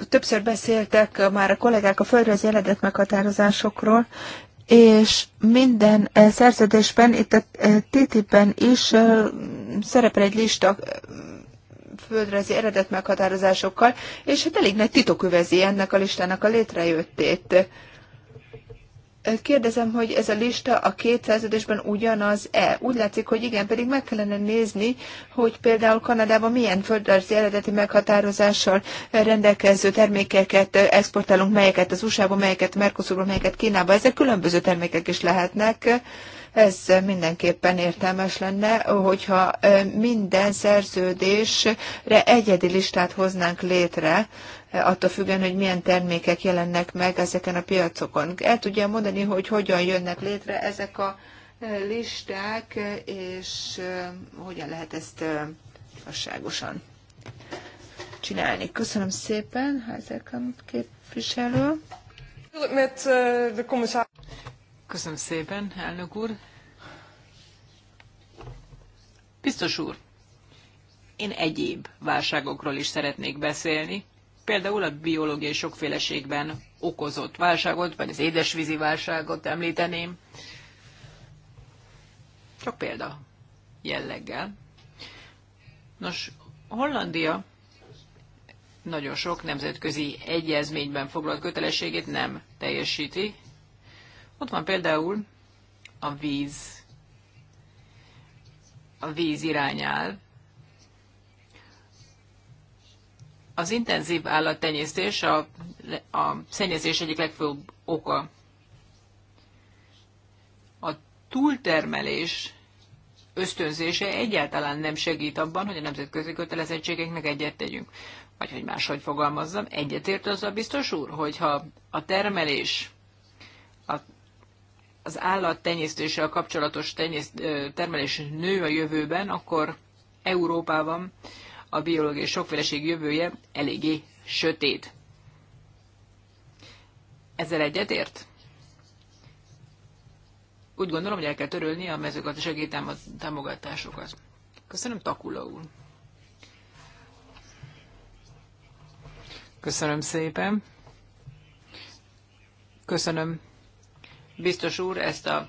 többször beszéltek már a kollégák a földrajzi eredet meghatározásokról, és minden szerződésben, itt a TTIP-ben is szerepel egy lista földrajzi eredet meghatározásokkal, és hát elég nagy titok övezi ennek a listának a létrejöttét. Kérdezem, hogy ez a lista a két szerződésben ugyanaz-e? Úgy látszik, hogy igen, pedig meg kellene nézni, hogy például Kanadában milyen földrajzi eredeti meghatározással rendelkező termékeket exportálunk, melyeket az USA-ba, melyeket Mercosurba, melyeket Kínába. Ezek különböző termékek is lehetnek ez mindenképpen értelmes lenne, hogyha minden szerződésre egyedi listát hoznánk létre, attól függően, hogy milyen termékek jelennek meg ezeken a piacokon. El tudja mondani, hogy hogyan jönnek létre ezek a listák, és hogyan lehet ezt igazságosan csinálni. Köszönöm szépen, Heizelkamp képviselő. Met de commissaris. Köszönöm szépen, elnök úr. Biztos úr, én egyéb válságokról is szeretnék beszélni, például a biológiai sokféleségben okozott válságot, vagy az édesvízi válságot említeném. Csak példa jelleggel. Nos, Hollandia nagyon sok nemzetközi egyezményben foglalt kötelességét nem teljesíti, ott van például a víz, a víz irányál. Az intenzív állattenyésztés a, a szennyezés egyik legfőbb oka. A túltermelés ösztönzése egyáltalán nem segít abban, hogy a nemzetközi kötelezettségeknek egyet tegyünk. Vagy hogy máshogy fogalmazzam, egyetért az a biztos úr, hogyha a termelés, a az állattenyésztéssel kapcsolatos tenyészt, termelés nő a jövőben, akkor Európában a biológiai sokféleség jövője eléggé sötét. Ezzel egyetért? Úgy gondolom, hogy el kell törölni a mezőgazdasági támogatásokat. Köszönöm, Takula úr. Köszönöm szépen. Köszönöm biztos úr ezt a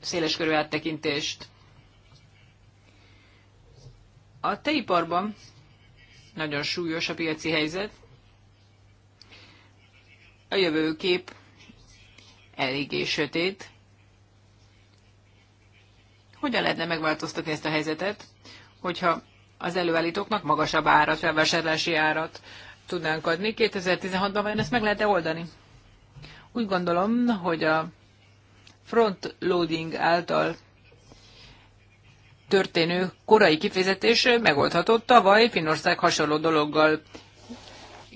széleskörű áttekintést. A teiparban nagyon súlyos a piaci helyzet. A jövőkép eléggé sötét. Hogyan lehetne megváltoztatni ezt a helyzetet, hogyha az előállítóknak magasabb árat, felvásárlási árat tudnánk adni? 2016-ban vajon ezt meg lehet-e oldani? Úgy gondolom, hogy a front loading által történő korai kifizetés megoldható, tavaly Finország hasonló dologgal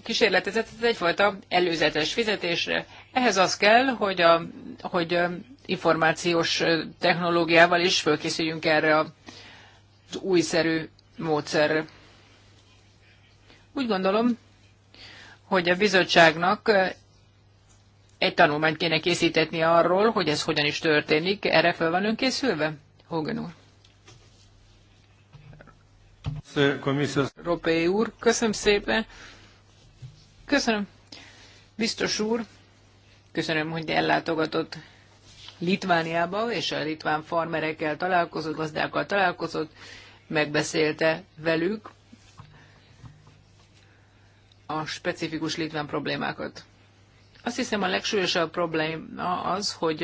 kísérletezett, ez egyfajta előzetes fizetésre. Ehhez az kell, hogy, a, hogy információs technológiával is fölkészüljünk erre az újszerű módszerre. Úgy gondolom, hogy a bizottságnak egy tanulmányt kéne készítetni arról, hogy ez hogyan is történik. Erre fel van készülve? Hogan úr. Ropé úr, köszönöm szépen. Köszönöm. Biztos úr, köszönöm, hogy ellátogatott Litvániába, és a litván farmerekkel találkozott, gazdákkal találkozott, megbeszélte velük a specifikus litván problémákat. Azt hiszem a legsúlyosabb probléma az, hogy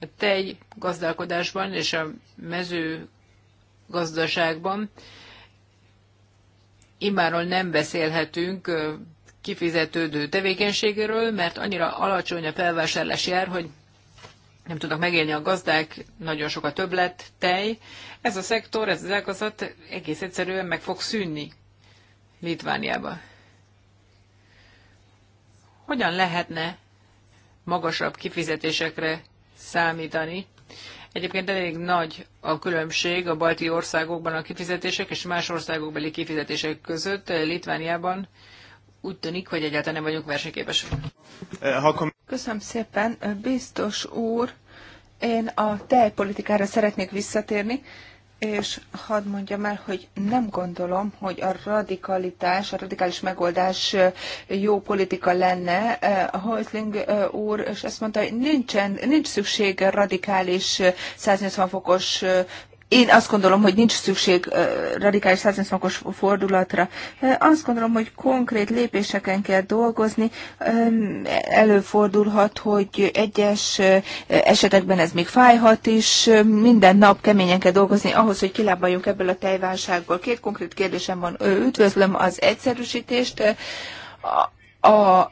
a tej gazdálkodásban és a mező gazdaságban immáról nem beszélhetünk kifizetődő tevékenységéről, mert annyira alacsony a felvásárlási ár, hogy nem tudnak megélni a gazdák, nagyon sok a többlet, tej. Ez a szektor, ez az ágazat egész egyszerűen meg fog szűnni Litvániában hogyan lehetne magasabb kifizetésekre számítani. Egyébként elég nagy a különbség a balti országokban a kifizetések és más országokbeli kifizetések között. Litvániában úgy tűnik, hogy egyáltalán nem vagyunk versenyképesek. Köszönöm szépen, biztos úr. Én a tejpolitikára szeretnék visszatérni és hadd mondjam el, hogy nem gondolom, hogy a radikalitás, a radikális megoldás jó politika lenne. A Heusling úr és ezt mondta, hogy nincsen, nincs szükség radikális 180 fokos én azt gondolom, hogy nincs szükség radikális 180 os fordulatra. Azt gondolom, hogy konkrét lépéseken kell dolgozni. Előfordulhat, hogy egyes esetekben ez még fájhat is. Minden nap keményen kell dolgozni ahhoz, hogy kilábaljunk ebből a tejválságból. Két konkrét kérdésem van. Üdvözlöm az egyszerűsítést. A, a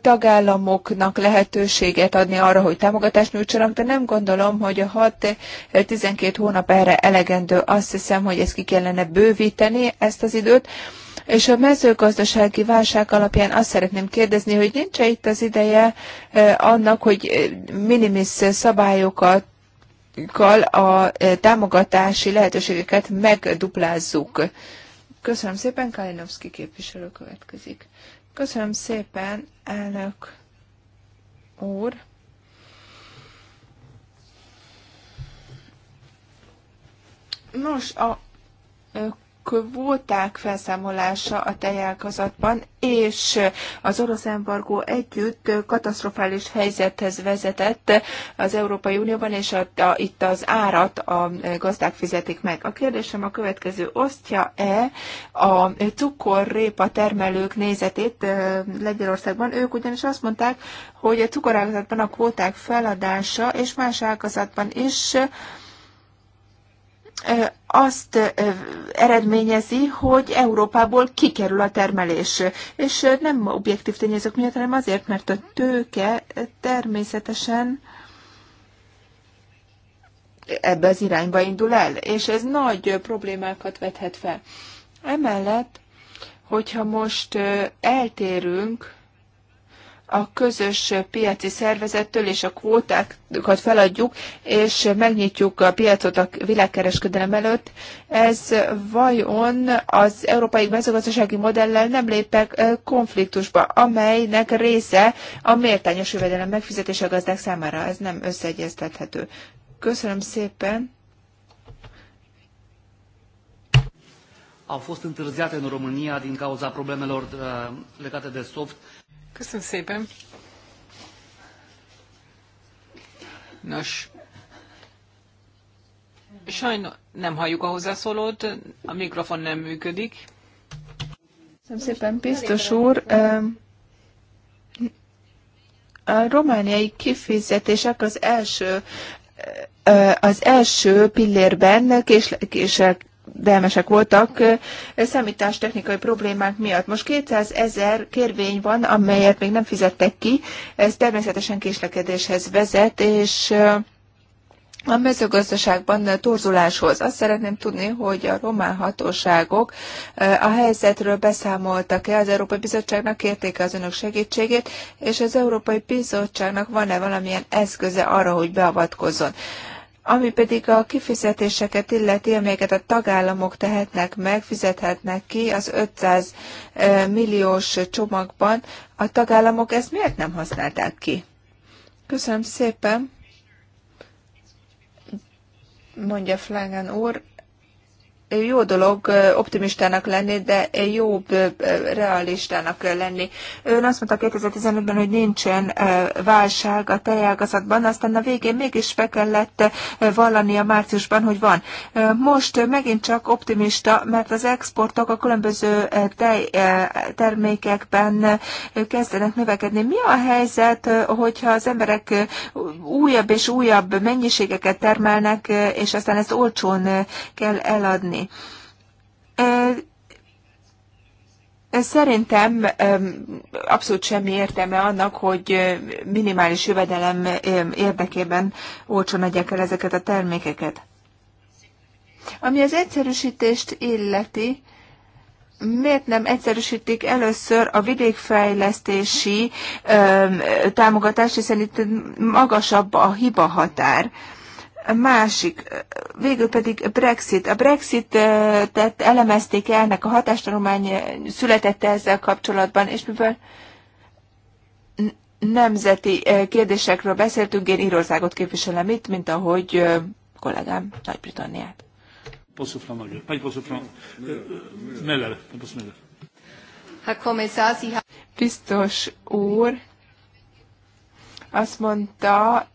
tagállamoknak lehetőséget adni arra, hogy támogatást nyújtsanak, de nem gondolom, hogy a 6-12 hónap erre elegendő. Azt hiszem, hogy ezt ki kellene bővíteni, ezt az időt. És a mezőgazdasági válság alapján azt szeretném kérdezni, hogy nincs -e itt az ideje eh, annak, hogy eh, minimis szabályokat a eh, támogatási lehetőségeket megduplázzuk. Köszönöm szépen, Kalinowski képviselő következik. Köszönöm szépen, elnök úr. Nos, a kvóták felszámolása a tejágazatban és az orosz embargó együtt katasztrofális helyzethez vezetett az Európai Unióban, és a, a, itt az árat a gazdák fizetik meg. A kérdésem a következő. Osztja-e a cukorrépa termelők nézetét Lengyelországban? Ők ugyanis azt mondták, hogy a cukorágazatban a kvóták feladása, és más ágazatban is azt eredményezi, hogy Európából kikerül a termelés. És nem objektív tényezők miatt, hanem azért, mert a tőke természetesen ebbe az irányba indul el, és ez nagy problémákat vethet fel. Emellett, hogyha most eltérünk a közös piaci szervezettől, és a kvótákat feladjuk, és megnyitjuk a piacot a világkereskedelem előtt. Ez vajon az európai mezőgazdasági modellel nem lépek konfliktusba, amelynek része a méltányos jövedelem megfizetése a gazdák számára. Ez nem összeegyeztethető. Köszönöm szépen! au fost întârziate în România din cauza problemelor uh, legate de soft Köszönöm szépen. Nos, sajnos nem halljuk a hozzászólót, a mikrofon nem működik. Köszönöm szépen, biztos úr. A romániai kifizetések az első e, e, az első pillérben késlek, késlek, delmesek voltak számítástechnikai problémák miatt. Most 200 ezer kérvény van, amelyet még nem fizettek ki. Ez természetesen késlekedéshez vezet, és a mezőgazdaságban torzuláshoz. Azt szeretném tudni, hogy a román hatóságok a helyzetről beszámoltak-e, az Európai Bizottságnak kérték az önök segítségét, és az Európai Bizottságnak van-e valamilyen eszköze arra, hogy beavatkozzon. Ami pedig a kifizetéseket illeti, amelyeket a tagállamok tehetnek meg, fizethetnek ki az 500 milliós csomagban, a tagállamok ezt miért nem használták ki? Köszönöm szépen, mondja Flangen úr jó dolog optimistának lenni, de jobb realistának lenni. Ön azt mondta 2015-ben, hogy nincsen válság a tejágazatban, aztán a végén mégis be kellett vallani a márciusban, hogy van. Most megint csak optimista, mert az exportok a különböző termékekben kezdenek növekedni. Mi a helyzet, hogyha az emberek újabb és újabb mennyiségeket termelnek, és aztán ezt olcsón kell eladni? Szerintem abszolút semmi értelme annak, hogy minimális jövedelem érdekében olcsón adják el ezeket a termékeket. Ami az egyszerűsítést illeti, miért nem egyszerűsítik először a vidékfejlesztési ö, támogatást, hiszen itt magasabb a hiba határ. Ö, a másik, végül pedig Brexit. A Brexit-et elemezték el, ennek a hatástanulmány született ezzel kapcsolatban, és mivel nemzeti eh, kérdésekről beszéltünk, én Írországot képviselem itt, mint ahogy eh, kollégám Nagy-Britanniát. Eh, Biztos úr azt mondta,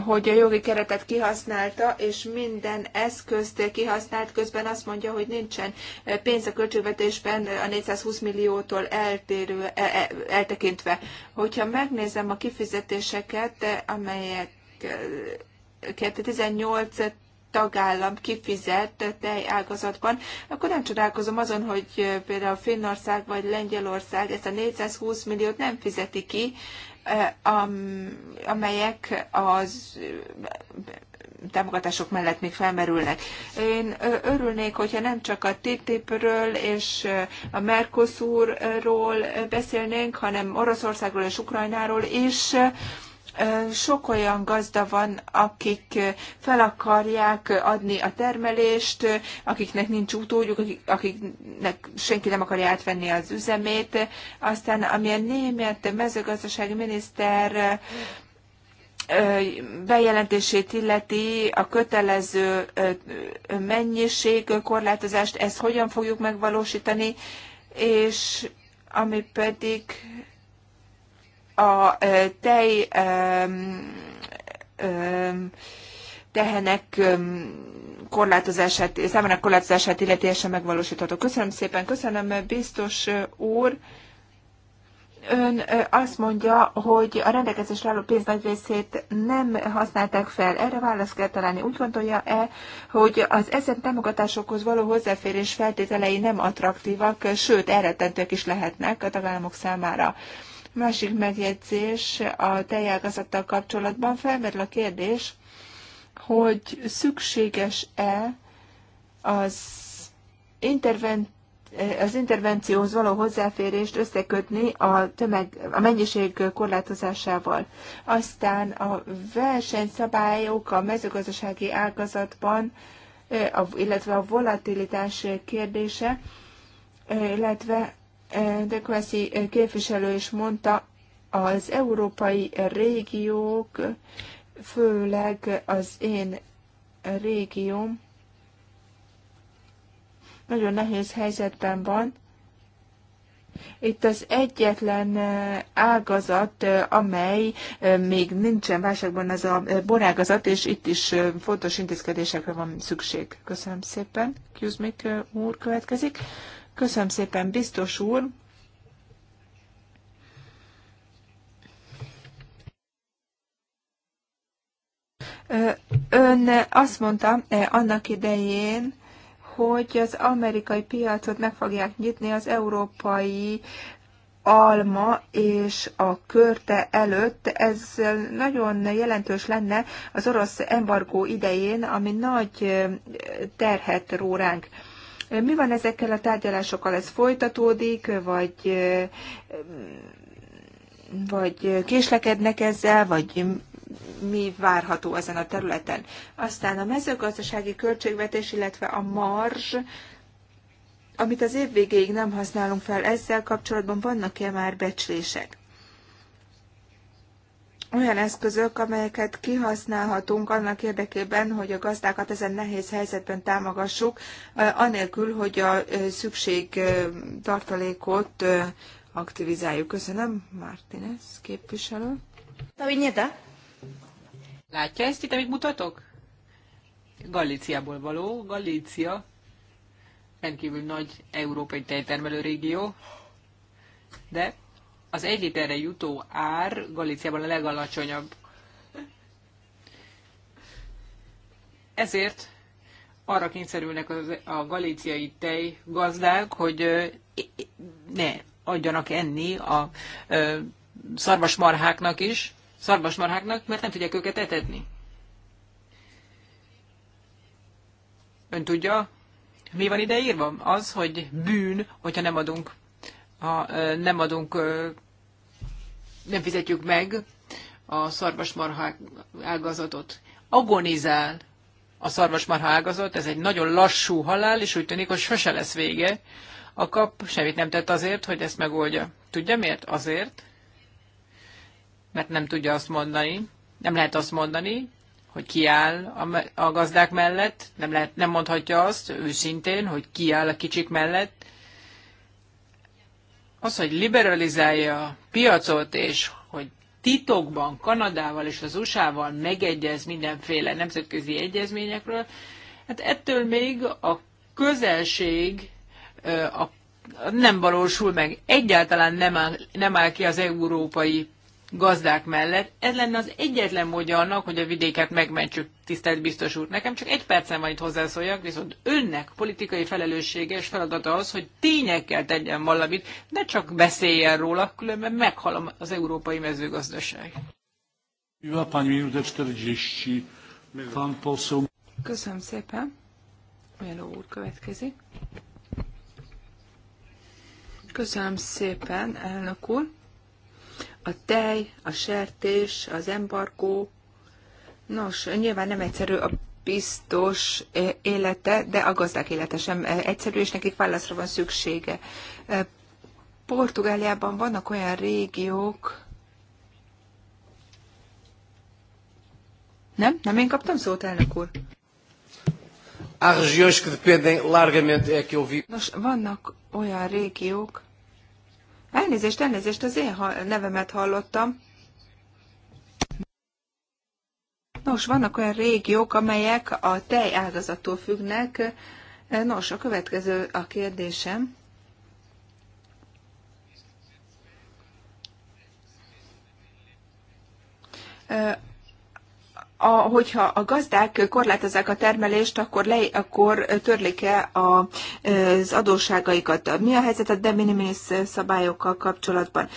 hogy a jogi keretet kihasználta, és minden eszközt kihasznált, közben azt mondja, hogy nincsen pénz a költségvetésben a 420 milliótól eltérő, e, e, eltekintve. Hogyha megnézem a kifizetéseket, amelyek 2018 tagállam kifizet tejágazatban, akkor nem csodálkozom azon, hogy például Finnország vagy Lengyelország ezt a 420 milliót nem fizeti ki, Eh, amelyek az támogatások mellett még felmerülnek. Én örülnék, hogyha nem csak a TTIP-ről és a Mercosurról beszélnénk, hanem Oroszországról és Ukrajnáról is, sok olyan gazda van, akik fel akarják adni a termelést, akiknek nincs utódjuk, akiknek senki nem akarja átvenni az üzemét. Aztán, amilyen német mezőgazdasági miniszter bejelentését illeti a kötelező mennyiség korlátozást, ezt hogyan fogjuk megvalósítani, és ami pedig a tej tehenek korlátozását, számának korlátozását illetésen megvalósítható. Köszönöm szépen, köszönöm biztos úr. Ön azt mondja, hogy a rendelkezésre álló pénz nagy részét nem használták fel. Erre választ kell találni. Úgy gondolja-e, hogy az ezen támogatásokhoz való hozzáférés feltételei nem attraktívak, sőt, elrettentőek is lehetnek a tagállamok számára? Másik megjegyzés a tejágazattal kapcsolatban felmerül a kérdés, hogy szükséges-e az, interven, az intervencióhoz való hozzáférést összekötni a, tömeg, a mennyiség korlátozásával. Aztán a versenyszabályok a mezőgazdasági ágazatban, eh, illetve a volatilitás kérdése, eh, illetve de Kveszi képviselő is mondta, az európai régiók, főleg az én régióm, nagyon nehéz helyzetben van. Itt az egyetlen ágazat, amely még nincsen válságban, az a borágazat, és itt is fontos intézkedésekre van szükség. Köszönöm szépen. Kuzmik úr következik. Köszönöm szépen, biztos úr! Ön azt mondta eh, annak idején, hogy az amerikai piacot meg fogják nyitni az európai alma és a körte előtt. Ez nagyon jelentős lenne az orosz embargó idején, ami nagy eh, terhet ró ránk. Mi van ezekkel a tárgyalásokkal? Ez folytatódik, vagy vagy késlekednek ezzel, vagy mi várható ezen a területen. Aztán a mezőgazdasági költségvetés, illetve a marzs, amit az év végéig nem használunk fel, ezzel kapcsolatban vannak-e már becslések? olyan eszközök, amelyeket kihasználhatunk annak érdekében, hogy a gazdákat ezen nehéz helyzetben támogassuk, anélkül, hogy a szükség tartalékot aktivizáljuk. Köszönöm, Martínez képviselő. Látja ezt itt, amit mutatok? Galíciából való. Galícia rendkívül nagy európai tejtermelő régió, de az egy literre jutó ár Galíciában a legalacsonyabb. Ezért arra kényszerülnek az, a galíciai tej gazdák, hogy ne adjanak enni a szarvasmarháknak is, szarvasmarháknak, mert nem tudják őket etetni. Ön tudja, mi van ide írva? Az, hogy bűn, hogyha nem adunk, ha nem adunk nem fizetjük meg a szarvasmarha ágazatot. Agonizál a szarvasmarha ágazat, ez egy nagyon lassú halál, és úgy tűnik, hogy sose lesz vége. A kap semmit nem tett azért, hogy ezt megoldja. Tudja miért? Azért, mert nem tudja azt mondani, nem lehet azt mondani, hogy kiáll a, gazdák mellett, nem, lehet, nem mondhatja azt őszintén, hogy kiáll a kicsik mellett, az, hogy liberalizálja a piacot, és hogy titokban Kanadával és az USA-val megegyez mindenféle nemzetközi egyezményekről, hát ettől még a közelség a nem valósul meg, egyáltalán nem áll, nem áll ki az európai gazdák mellett. Ez lenne az egyetlen módja annak, hogy a vidéket megmentsük, tisztelt biztos úr. Nekem csak egy percen van itt hozzászóljak, viszont önnek politikai felelőssége és feladata az, hogy tényekkel tegyen valamit, ne csak beszéljen róla, különben meghalom az európai mezőgazdaság. Köszönöm szépen. Meló úr következik. Köszönöm szépen, elnök úr a tej, a sertés, az embargó. Nos, nyilván nem egyszerű a biztos élete, de a gazdák élete sem egyszerű, és nekik válaszra van szüksége. Portugáliában vannak olyan régiók, Nem? Nem én kaptam szót, elnök úr? Há regiões que dependem largamente é que eu vi. Nos, vannak olyan régiók, Elnézést, elnézést, az én nevemet hallottam. Nos, vannak olyan régiók, amelyek a tej ágazattól függnek. Nos, a következő a kérdésem a, hogyha a gazdák korlátozzák a termelést, akkor, le, akkor törlik el a, az adósságaikat. Mi a helyzet a de minimis szabályokkal kapcsolatban?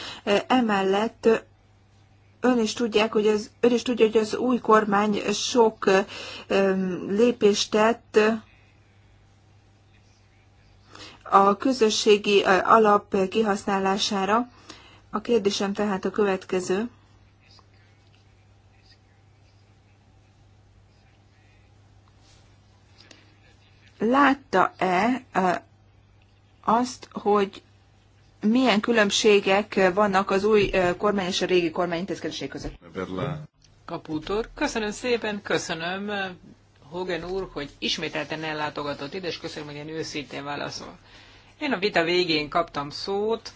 Emellett ön is, tudják, hogy az, ön is tudja, hogy az új kormány sok lépést tett a közösségi alap kihasználására. A kérdésem tehát a következő látta-e azt, hogy milyen különbségek vannak az új kormány és a régi kormány intézkedései között? Kapútor, köszönöm szépen, köszönöm Hogan úr, hogy ismételten ellátogatott ide, és köszönöm, hogy ilyen őszintén válaszol. Én a vita végén kaptam szót,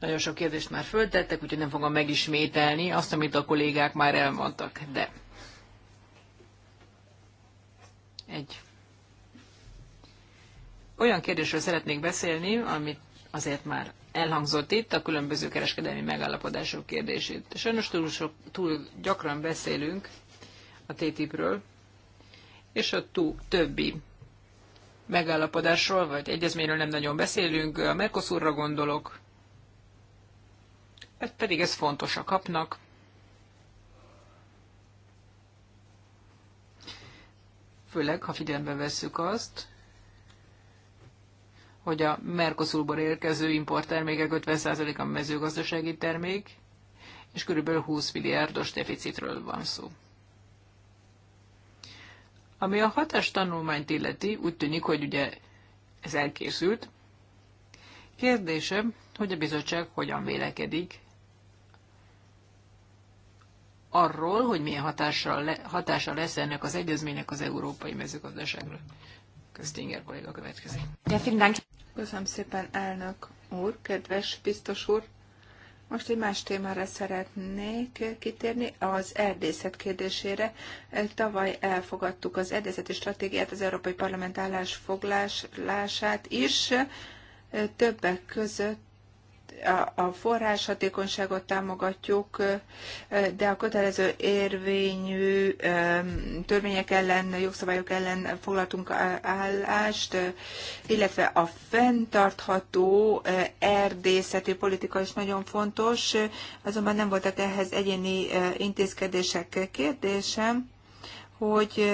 nagyon sok kérdést már föltettek, úgyhogy nem fogom megismételni azt, amit a kollégák már elmondtak, de egy olyan kérdésről szeretnék beszélni, amit azért már elhangzott itt, a különböző kereskedelmi megállapodások kérdését. Sajnos túl, sok, túl gyakran beszélünk a TTIP-ről, és a túl többi megállapodásról vagy egyezményről nem nagyon beszélünk, a Mercosurra gondolok, hát pedig ez fontos a kapnak. főleg ha figyelembe vesszük azt, hogy a Mercosurból érkező importtermékek 50% a mezőgazdasági termék, és körülbelül 20 milliárdos deficitről van szó. Ami a hatás tanulmányt illeti, úgy tűnik, hogy ugye ez elkészült. Kérdésem, hogy a bizottság hogyan vélekedik arról, hogy milyen hatással le, hatása lesz ennek az egyezménynek az európai mezőgazdaságra. Köztinger kolléga következik. Köszönöm szépen, elnök úr, kedves biztos úr. Most egy más témára szeretnék kitérni, az erdészet kérdésére. Tavaly elfogadtuk az erdészeti stratégiát, az Európai Parlament állásfoglását is, többek között a forráshatékonyságot támogatjuk, de a kötelező érvényű törvények ellen, jogszabályok ellen foglaltunk állást, illetve a fenntartható erdészeti politika is nagyon fontos, azonban nem voltak ehhez egyéni intézkedések kérdésem, hogy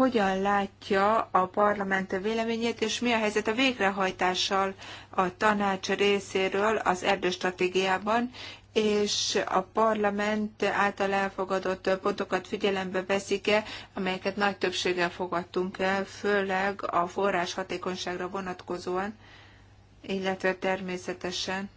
hogyan látja a parlament véleményét, és mi a helyzet a végrehajtással a tanács részéről az erdőstratégiában, és a parlament által elfogadott pontokat figyelembe veszik-e, amelyeket nagy többséggel fogadtunk el, főleg a forrás hatékonyságra vonatkozóan, illetve természetesen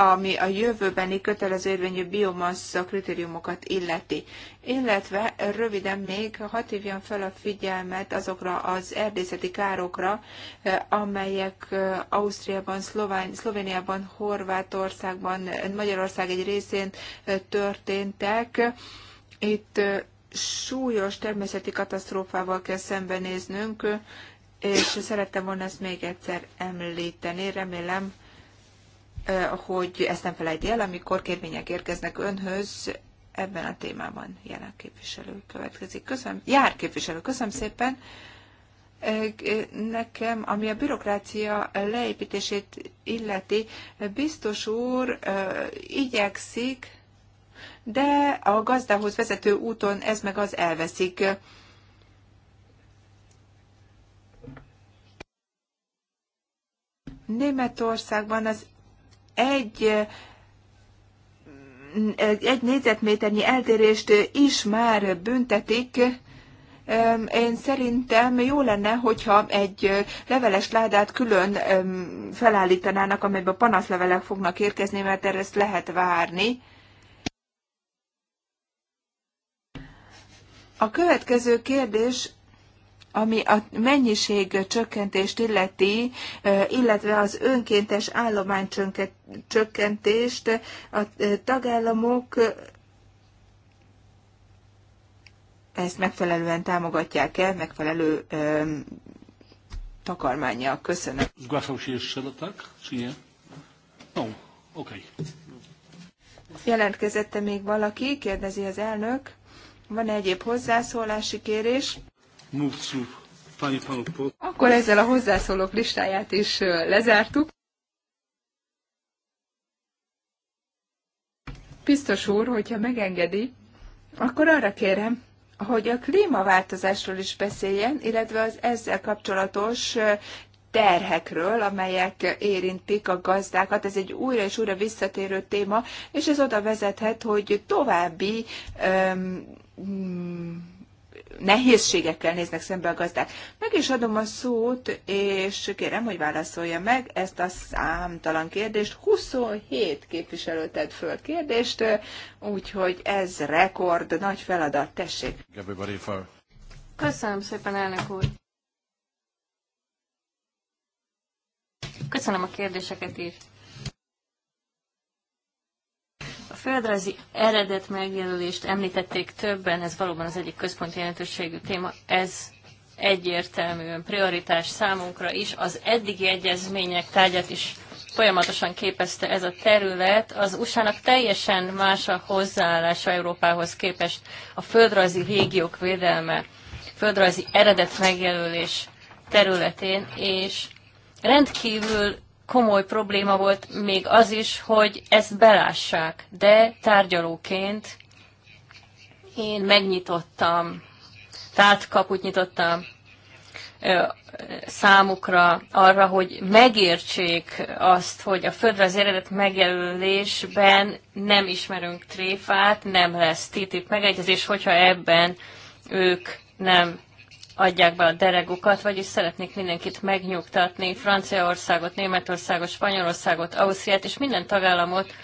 ami a jövőbeni kötelező érvényű biomassa kritériumokat illeti. Illetve röviden még hat hívjam fel a figyelmet azokra az erdészeti károkra, eh, amelyek eh, Ausztriában, Szlovány, Szlovéniában, Horvátországban, Magyarország egy részén eh, történtek. Itt súlyos természeti katasztrófával kell szembenéznünk, és szerettem volna ezt még egyszer említeni. Remélem, Eh, hogy ezt nem felejti el, amikor kérvények érkeznek önhöz ebben a témában jelen képviselő következik. Köszönöm, jár képviselő, köszönöm szépen. Eh, eh, nekem, ami a bürokrácia leépítését illeti, biztos úr igyekszik, de a gazdához vezető úton ez meg az elveszik. Németországban az egy egy négyzetméternyi eltérést is már büntetik, én szerintem jó lenne, hogyha egy leveles ládát külön felállítanának, amelyben panaszlevelek fognak érkezni, mert erre ezt lehet várni. A következő kérdés ami a mennyiség csökkentést illeti, illetve az önkéntes állomány csökkentést, a tagállamok ezt megfelelően támogatják el, megfelelő öm, takarmányjal. Köszönöm. Jelentkezette még valaki, kérdezi az elnök. Van -e egyéb hozzászólási kérés? Akkor ezzel a hozzászólók listáját is lezártuk. Biztos úr, hogyha megengedi, akkor arra kérem, hogy a klímaváltozásról is beszéljen, illetve az ezzel kapcsolatos terhekről, amelyek érintik a gazdákat. Ez egy újra és újra visszatérő téma, és ez oda vezethet, hogy további öm, nehézségekkel néznek szembe a gazdák. Meg is adom a szót, és kérem, hogy válaszolja meg ezt a számtalan kérdést. 27 képviselő tett föl kérdést, úgyhogy ez rekord, nagy feladat, tessék. Köszönöm szépen, elnök úr. Köszönöm a kérdéseket is. földrajzi eredet megjelölést említették többen, ez valóban az egyik központi jelentőségű téma, ez egyértelműen prioritás számunkra is. Az eddigi egyezmények tárgyát is folyamatosan képezte ez a terület. Az USA-nak teljesen más a hozzáállása Európához képest a földrajzi régiók védelme, földrajzi eredet megjelölés területén, és rendkívül komoly probléma volt még az is, hogy ezt belássák, de tárgyalóként én megnyitottam, kaput nyitottam számukra arra, hogy megértsék azt, hogy a földrajz eredet megjelölésben nem ismerünk tréfát, nem lesz TTIP megegyezés, hogyha ebben ők nem adják be a deregukat, vagyis szeretnék mindenkit megnyugtatni, Franciaországot, Németországot, Spanyolországot, Ausztriát és minden tagállamot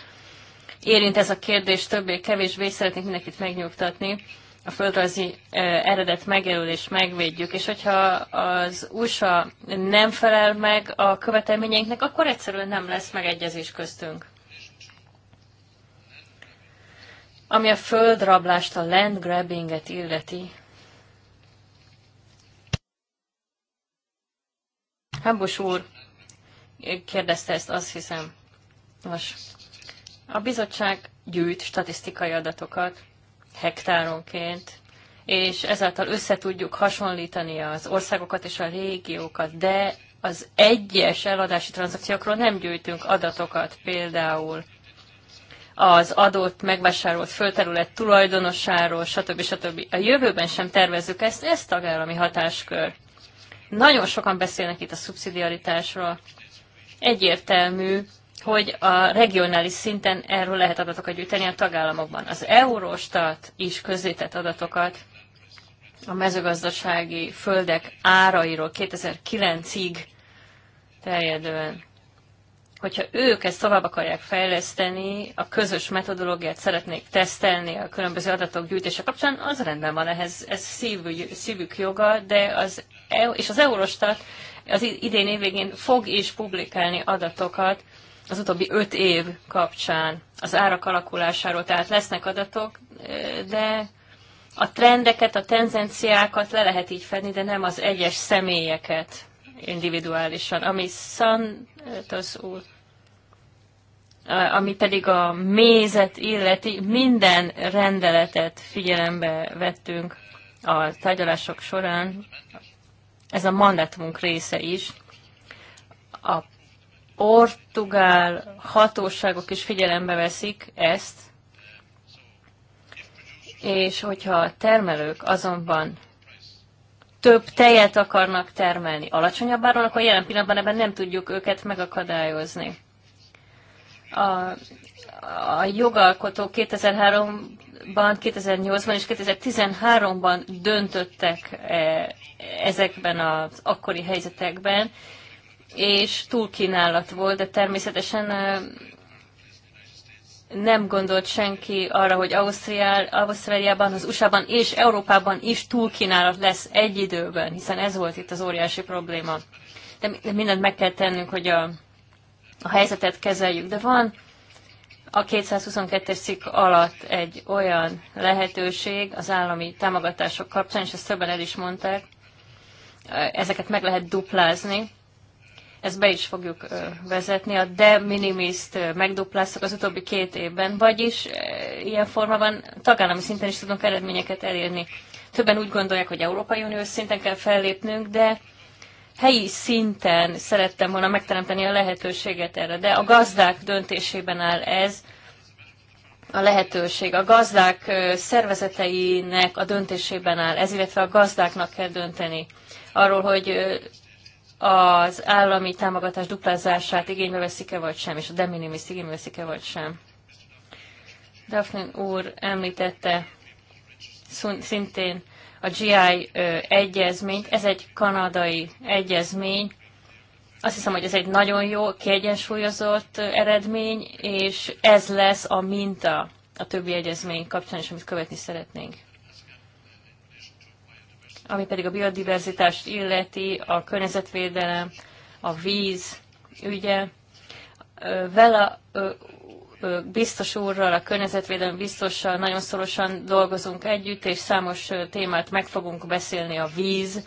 érint ez a kérdés többé-kevésbé, szeretnék mindenkit megnyugtatni a földrajzi eredet és megvédjük, és hogyha az USA nem felel meg a követelményeinknek, akkor egyszerűen nem lesz megegyezés köztünk. Ami a földrablást, a land grabbinget illeti, Hábos úr kérdezte ezt, azt hiszem. Nos, a bizottság gyűjt statisztikai adatokat hektáronként, és ezáltal összetudjuk hasonlítani az országokat és a régiókat, de az egyes eladási tranzakciókról nem gyűjtünk adatokat, például az adott, megvásárolt földterület tulajdonosáról, stb. stb. A jövőben sem tervezzük ezt, ez tagállami hatáskör. Nagyon sokan beszélnek itt a szubszidiaritásról. Egyértelmű, hogy a regionális szinten erről lehet adatokat gyűjteni a tagállamokban. Az Eurostat is közzétett adatokat a mezőgazdasági földek árairól 2009-ig terjedően hogyha ők ezt tovább akarják fejleszteni, a közös metodológiát szeretnék tesztelni a különböző adatok gyűjtése kapcsán, az rendben van, ehhez ez szívügy, szívük joga, de az, e és az Eurostat az idén évvégén fog is publikálni adatokat az utóbbi öt év kapcsán az árak alakulásáról, tehát lesznek adatok, de a trendeket, a tendenciákat le lehet így fedni, de nem az egyes személyeket individuálisan. Ami az úr ami pedig a mézet illeti, minden rendeletet figyelembe vettünk a tárgyalások során. Ez a mandátumunk része is. A portugál hatóságok is figyelembe veszik ezt, és hogyha a termelők azonban több tejet akarnak termelni alacsonyabb áron, akkor jelen pillanatban ebben nem tudjuk őket megakadályozni. A, a jogalkotók 2003-ban, 2008-ban és 2013-ban döntöttek e, ezekben az akkori helyzetekben, és túlkínálat volt, de természetesen nem gondolt senki arra, hogy Ausztráliában, az USA-ban és Európában is túlkínálat lesz egy időben, hiszen ez volt itt az óriási probléma. De mindent meg kell tennünk, hogy a, a helyzetet kezeljük. De van a 222-es cikk alatt egy olyan lehetőség az állami támogatások kapcsán, és ezt többen el is mondták, ezeket meg lehet duplázni, ezt be is fogjuk vezetni, a de minimiszt megdupláztuk az utóbbi két évben, vagyis ilyen formában tagállami szinten is tudunk eredményeket elérni. Többen úgy gondolják, hogy Európai Unió szinten kell fellépnünk, de helyi szinten szerettem volna megteremteni a lehetőséget erre, de a gazdák döntésében áll ez, a lehetőség. A gazdák szervezeteinek a döntésében áll ez, illetve a gazdáknak kell dönteni arról, hogy az állami támogatás duplázását igénybe veszik-e vagy sem, és a de minimis igénybe veszik-e vagy sem. Daphne úr említette szintén a GI egyezményt, ez egy kanadai egyezmény, azt hiszem, hogy ez egy nagyon jó, kiegyensúlyozott eredmény, és ez lesz a minta a többi egyezmény kapcsán is, amit követni szeretnénk. Ami pedig a biodiverzitást illeti, a környezetvédelem, a víz ügye. Vele biztos úrral, a környezetvédelem biztossal nagyon szorosan dolgozunk együtt, és számos témát meg fogunk beszélni a víz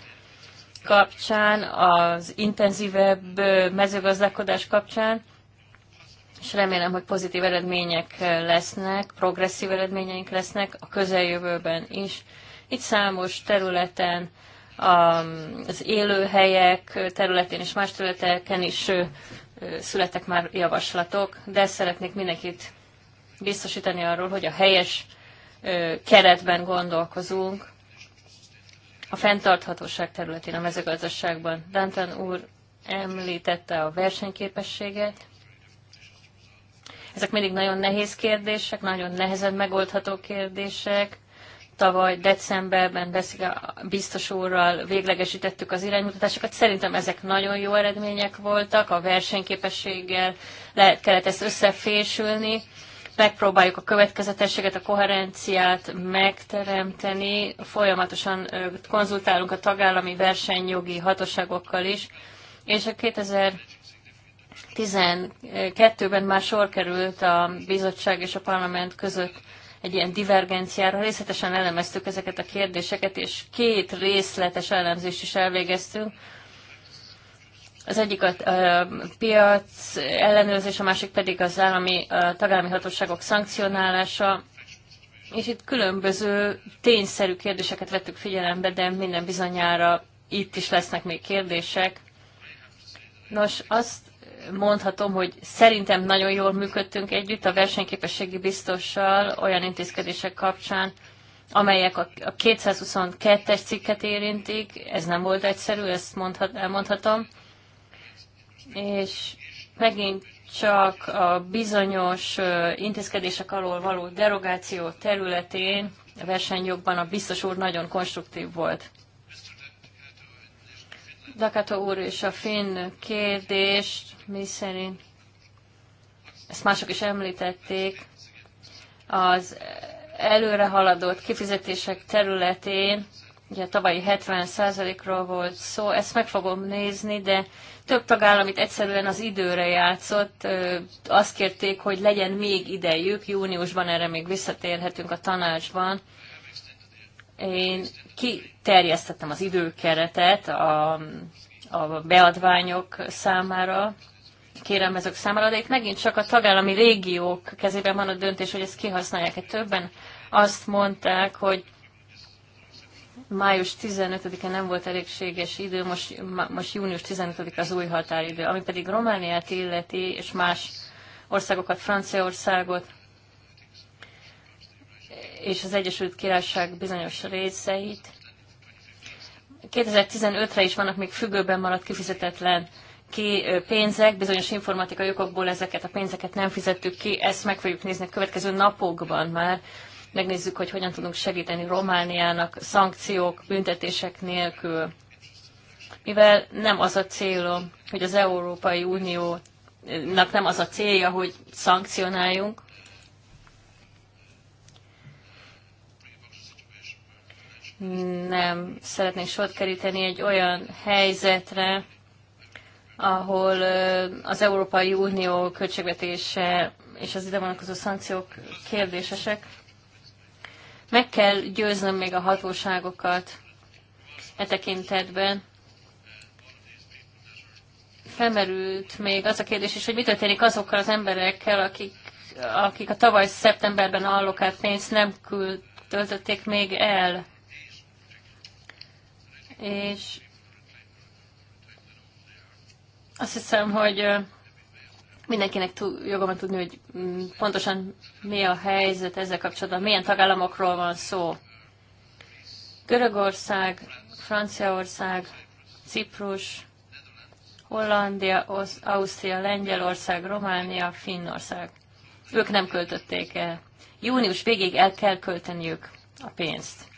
kapcsán, az intenzívebb mezőgazdálkodás kapcsán, és remélem, hogy pozitív eredmények lesznek, progresszív eredményeink lesznek a közeljövőben is. Itt számos területen, az élőhelyek területén és más területeken is születtek már javaslatok, de szeretnék mindenkit biztosítani arról, hogy a helyes keretben gondolkozunk a fenntarthatóság területén, a mezőgazdaságban. Dantan úr említette a versenyképességet. Ezek mindig nagyon nehéz kérdések, nagyon nehezen megoldható kérdések tavaly decemberben beszél a biztos úrral véglegesítettük az iránymutatásokat. Szerintem ezek nagyon jó eredmények voltak, a versenyképességgel lehet, kellett ezt összefésülni. Megpróbáljuk a következetességet, a koherenciát megteremteni. Folyamatosan konzultálunk a tagállami versenyjogi hatóságokkal is, és a 2000 12-ben már sor került a bizottság és a parlament között egy ilyen divergenciára. Részletesen elemeztük ezeket a kérdéseket, és két részletes elemzést is elvégeztünk. Az egyik a, a, piac ellenőrzés, a másik pedig az állami, a tagállami hatóságok szankcionálása. És itt különböző tényszerű kérdéseket vettük figyelembe, de minden bizonyára itt is lesznek még kérdések. Nos, azt mondhatom, hogy szerintem nagyon jól működtünk együtt a versenyképességi biztossal olyan intézkedések kapcsán, amelyek a 222-es cikket érintik. Ez nem volt egyszerű, ezt mondhat, elmondhatom. És megint csak a bizonyos intézkedések alól való derogáció területén a versenyjogban a biztos úr nagyon konstruktív volt. Dakata úr és a finn kérdést, mi szerint, ezt mások is említették, az előrehaladott kifizetések területén, ugye tavalyi 70%-ról volt szó, ezt meg fogom nézni, de több tagállam itt egyszerűen az időre játszott, azt kérték, hogy legyen még idejük, júniusban erre még visszatérhetünk a tanácsban. Én kiterjesztettem az időkeretet a, a beadványok számára, ezek számára, de itt megint csak a tagállami régiók kezében van a döntés, hogy ezt kihasználják-e többen. Azt mondták, hogy május 15-e nem volt elégséges idő, most, most június 15 az új határidő, ami pedig Romániát illeti, és más országokat, Franciaországot, és az Egyesült Királyság bizonyos részeit. 2015-re is vannak még függőben maradt kifizetetlen ki pénzek, bizonyos informatikai okokból ezeket a pénzeket nem fizettük ki, ezt meg fogjuk nézni a következő napokban már. Megnézzük, hogy hogyan tudunk segíteni Romániának szankciók, büntetések nélkül. Mivel nem az a célom, hogy az Európai Uniónak nem az a célja, hogy szankcionáljunk, nem szeretnék sort keríteni egy olyan helyzetre, ahol az Európai Unió költségvetése és az ide vonatkozó szankciók kérdésesek. Meg kell győznöm még a hatóságokat e tekintetben. Felmerült még az a kérdés is, hogy mi történik azokkal az emberekkel, akik, akik a tavaly szeptemberben allokált pénzt nem küld, töltötték még el és azt hiszem, hogy mindenkinek joga van tudni, hogy mm, pontosan mi a helyzet ezzel kapcsolatban, milyen tagállamokról van szó. Görögország, Franciaország, Ciprus, Hollandia, Osz, Ausztria, Lengyelország, Románia, Finnország. Ők nem költötték el. Június végéig el kell költeniük a pénzt.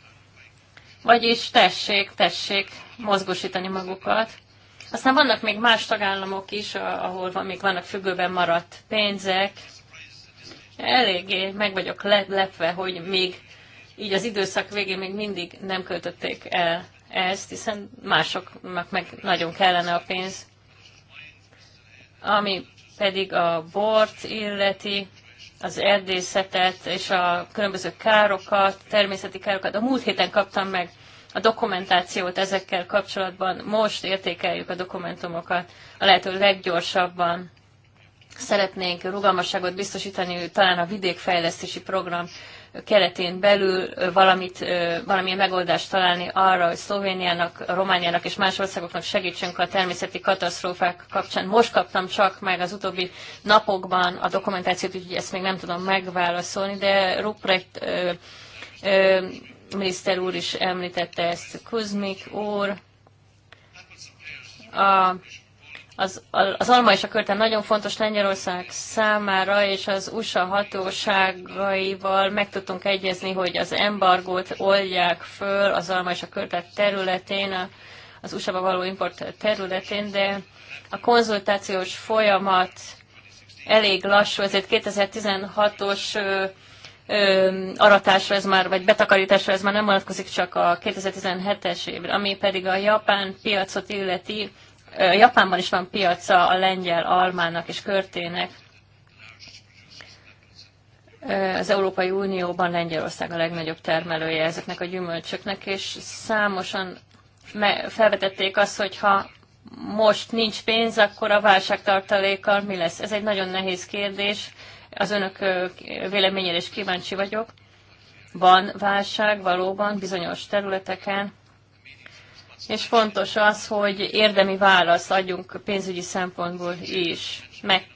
Vagyis tessék, tessék mozgósítani magukat. Aztán vannak még más tagállamok is, ahol van, még vannak függőben maradt pénzek. Eléggé meg vagyok lepve, hogy még így az időszak végén még mindig nem költötték el ezt, hiszen másoknak meg nagyon kellene a pénz. Ami pedig a bort illeti, az erdészetet és a különböző károkat, természeti károkat. A múlt héten kaptam meg a dokumentációt ezekkel kapcsolatban. Most értékeljük a dokumentumokat a lehető leggyorsabban. Szeretnénk rugalmasságot biztosítani talán a vidékfejlesztési program keretén belül valamit, valamilyen megoldást találni arra, hogy Szlovéniának, Romániának és más országoknak segítsünk a természeti katasztrófák kapcsán. Most kaptam csak meg az utóbbi napokban a dokumentációt, úgyhogy ezt még nem tudom megválaszolni, de Ruprecht miniszter úr is említette ezt, Kuzmik úr, a az, az alma és a körte nagyon fontos Lengyelország számára, és az USA hatóságaival meg tudtunk egyezni, hogy az embargót oldják föl az alma és a körte területén, az USA-ba való import területén, de a konzultációs folyamat elég lassú, ezért 2016-os aratásra ez már, vagy betakarításra ez már nem vonatkozik csak a 2017-es évre, ami pedig a japán piacot illeti, Japánban is van piaca a lengyel almának és körtének. Az Európai Unióban Lengyelország a legnagyobb termelője ezeknek a gyümölcsöknek, és számosan felvetették azt, hogy ha most nincs pénz, akkor a válságtartalékkal mi lesz? Ez egy nagyon nehéz kérdés. Az önök véleményére is kíváncsi vagyok. Van válság valóban bizonyos területeken, és fontos az, hogy érdemi választ adjunk pénzügyi szempontból is. Meg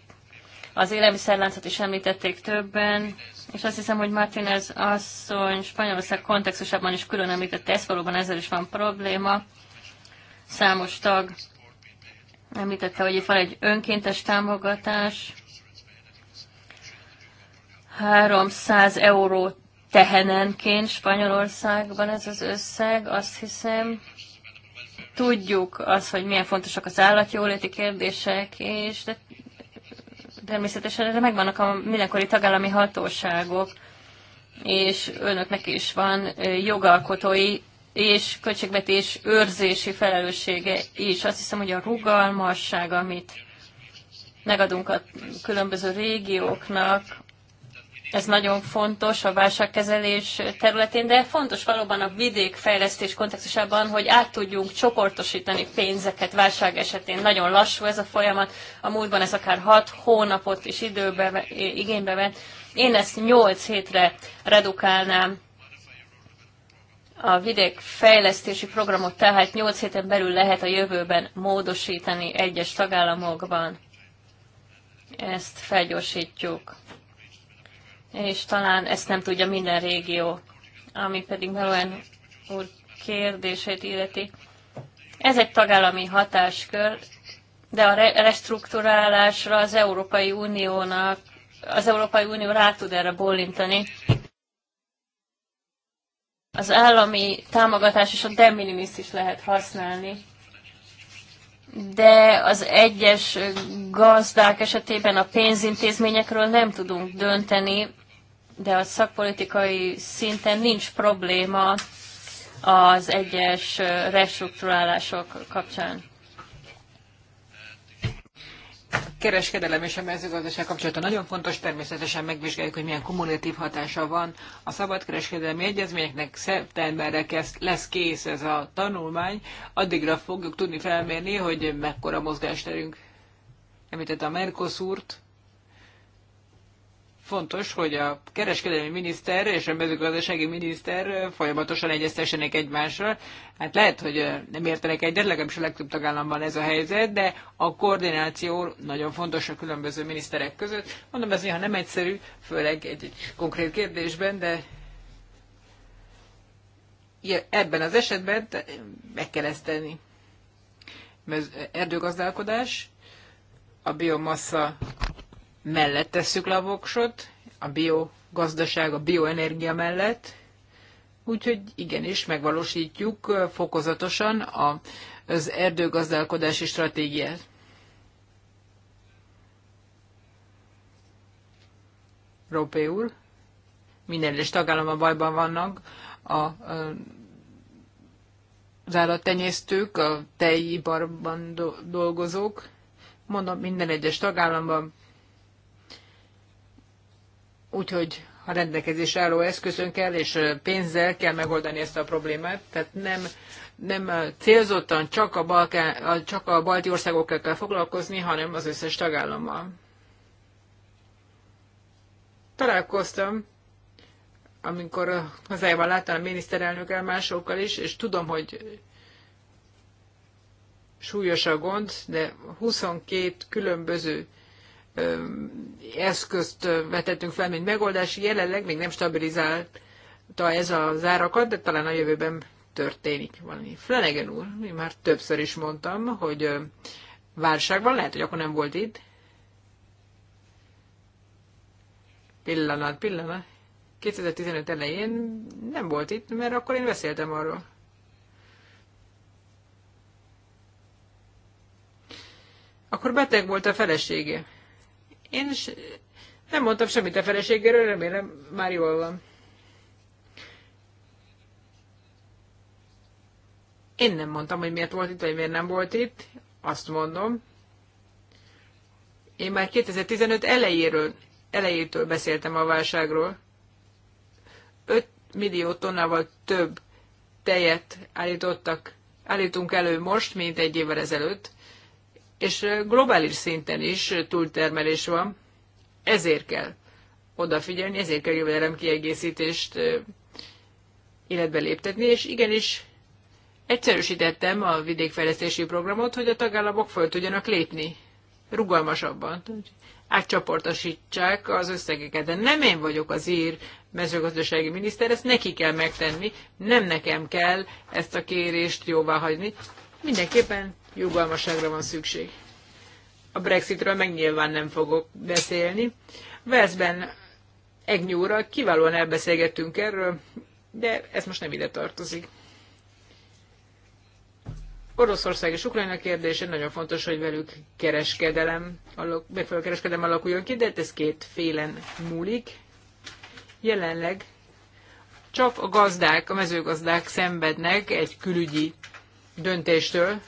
az élelmiszerláncot is említették többen, és azt hiszem, hogy Martinez asszony Spanyolország kontextusában is külön említette, ez valóban ezzel is van probléma. Számos tag említette, hogy itt van egy önkéntes támogatás, 300 euró tehenenként Spanyolországban ez az összeg, azt hiszem, Tudjuk az, hogy milyen fontosak az állatjóléti kérdések, és de természetesen erre megvannak a mindenkori tagállami hatóságok, és önöknek is van jogalkotói és költségvetés őrzési felelőssége is. Azt hiszem, hogy a rugalmasság, amit megadunk a különböző régióknak, ez nagyon fontos a válságkezelés területén, de fontos valóban a vidékfejlesztés kontextusában, hogy át tudjunk csoportosítani pénzeket válság esetén. Nagyon lassú ez a folyamat, a múltban ez akár hat hónapot is időbe, igénybe vett. Én ezt nyolc hétre redukálnám a vidékfejlesztési programot, tehát nyolc héten belül lehet a jövőben módosítani egyes tagállamokban. Ezt felgyorsítjuk és talán ezt nem tudja minden régió, ami pedig Melóen úr kérdését illeti. Ez egy tagállami hatáskör, de a restrukturálásra az Európai Uniónak, az Európai Unió rá tud erre bólintani. Az állami támogatás és a de minimis is lehet használni de az egyes gazdák esetében a pénzintézményekről nem tudunk dönteni, de a szakpolitikai szinten nincs probléma az egyes restruktúrálások kapcsán. A kereskedelem és a mezőgazdaság kapcsolata nagyon fontos, természetesen megvizsgáljuk, hogy milyen kumulatív hatása van a szabadkereskedelmi egyezményeknek. Szeptemberre kezd, lesz kész ez a tanulmány, addigra fogjuk tudni felmérni, hogy mekkora mozgásterünk. Említette a Mercosurt, fontos, hogy a kereskedelmi miniszter és a mezőgazdasági miniszter folyamatosan egyeztessenek egymással. Hát lehet, hogy nem értenek egyet, legalábbis a legtöbb tagállamban ez a helyzet, de a koordináció nagyon fontos a különböző miniszterek között. Mondom, ez néha nem egyszerű, főleg egy, egy konkrét kérdésben, de ebben az esetben meg kell ezt tenni. Erdőgazdálkodás, a biomassa mellett tesszük le a voksot, a biogazdaság, a bioenergia mellett, úgyhogy igenis megvalósítjuk fokozatosan a, az erdőgazdálkodási stratégiát. Rópé úr, minden egyes tagállam a bajban vannak, a, a az állattenyésztők, a tejiparban dolgozók. Mondom, minden egyes tagállamban Úgyhogy a rendelkezés álló kell és pénzzel kell megoldani ezt a problémát. Tehát nem, nem célzottan csak a, Balkán, csak a balti országokkal kell foglalkozni, hanem az összes tagállammal. Találkoztam, amikor hazájában láttam a miniszterelnökkel, másokkal is, és tudom, hogy súlyos a gond, de 22 különböző eszközt vetettünk fel, mint megoldás, jelenleg még nem stabilizálta ez az árakat, de talán a jövőben történik valami. Flanagan úr, én már többször is mondtam, hogy válságban van, lehet, hogy akkor nem volt itt. Pillanat, pillanat. 2015 elején nem volt itt, mert akkor én beszéltem arról. Akkor beteg volt a felesége. Én is nem mondtam semmit a feleségéről, remélem már jól van. Én nem mondtam, hogy miért volt itt, vagy miért nem volt itt. Azt mondom. Én már 2015 elejéről, elejétől beszéltem a válságról. 5 millió tonnával több tejet állítottak, állítunk elő most, mint egy évvel ezelőtt és globális szinten is túltermelés van, ezért kell odafigyelni, ezért kell jövedelem kiegészítést életbe léptetni, és igenis egyszerűsítettem a vidékfejlesztési programot, hogy a tagállamok föl tudjanak lépni rugalmasabban, hogy átcsoportosítsák az összegeket. De nem én vagyok az ír mezőgazdasági miniszter, ezt neki kell megtenni, nem nekem kell ezt a kérést jóvá hagyni. Mindenképpen Jogalmaságra van szükség. A Brexitről megnyilván nem fogok beszélni. Veszben Egnyúra kiválóan elbeszélgettünk erről, de ez most nem ide tartozik. Oroszország és Ukrajna kérdése nagyon fontos, hogy velük kereskedelem, megfelelő kereskedelem alakuljon ki, de ez két félen múlik. Jelenleg csak a gazdák, a mezőgazdák szenvednek egy külügyi döntéstől,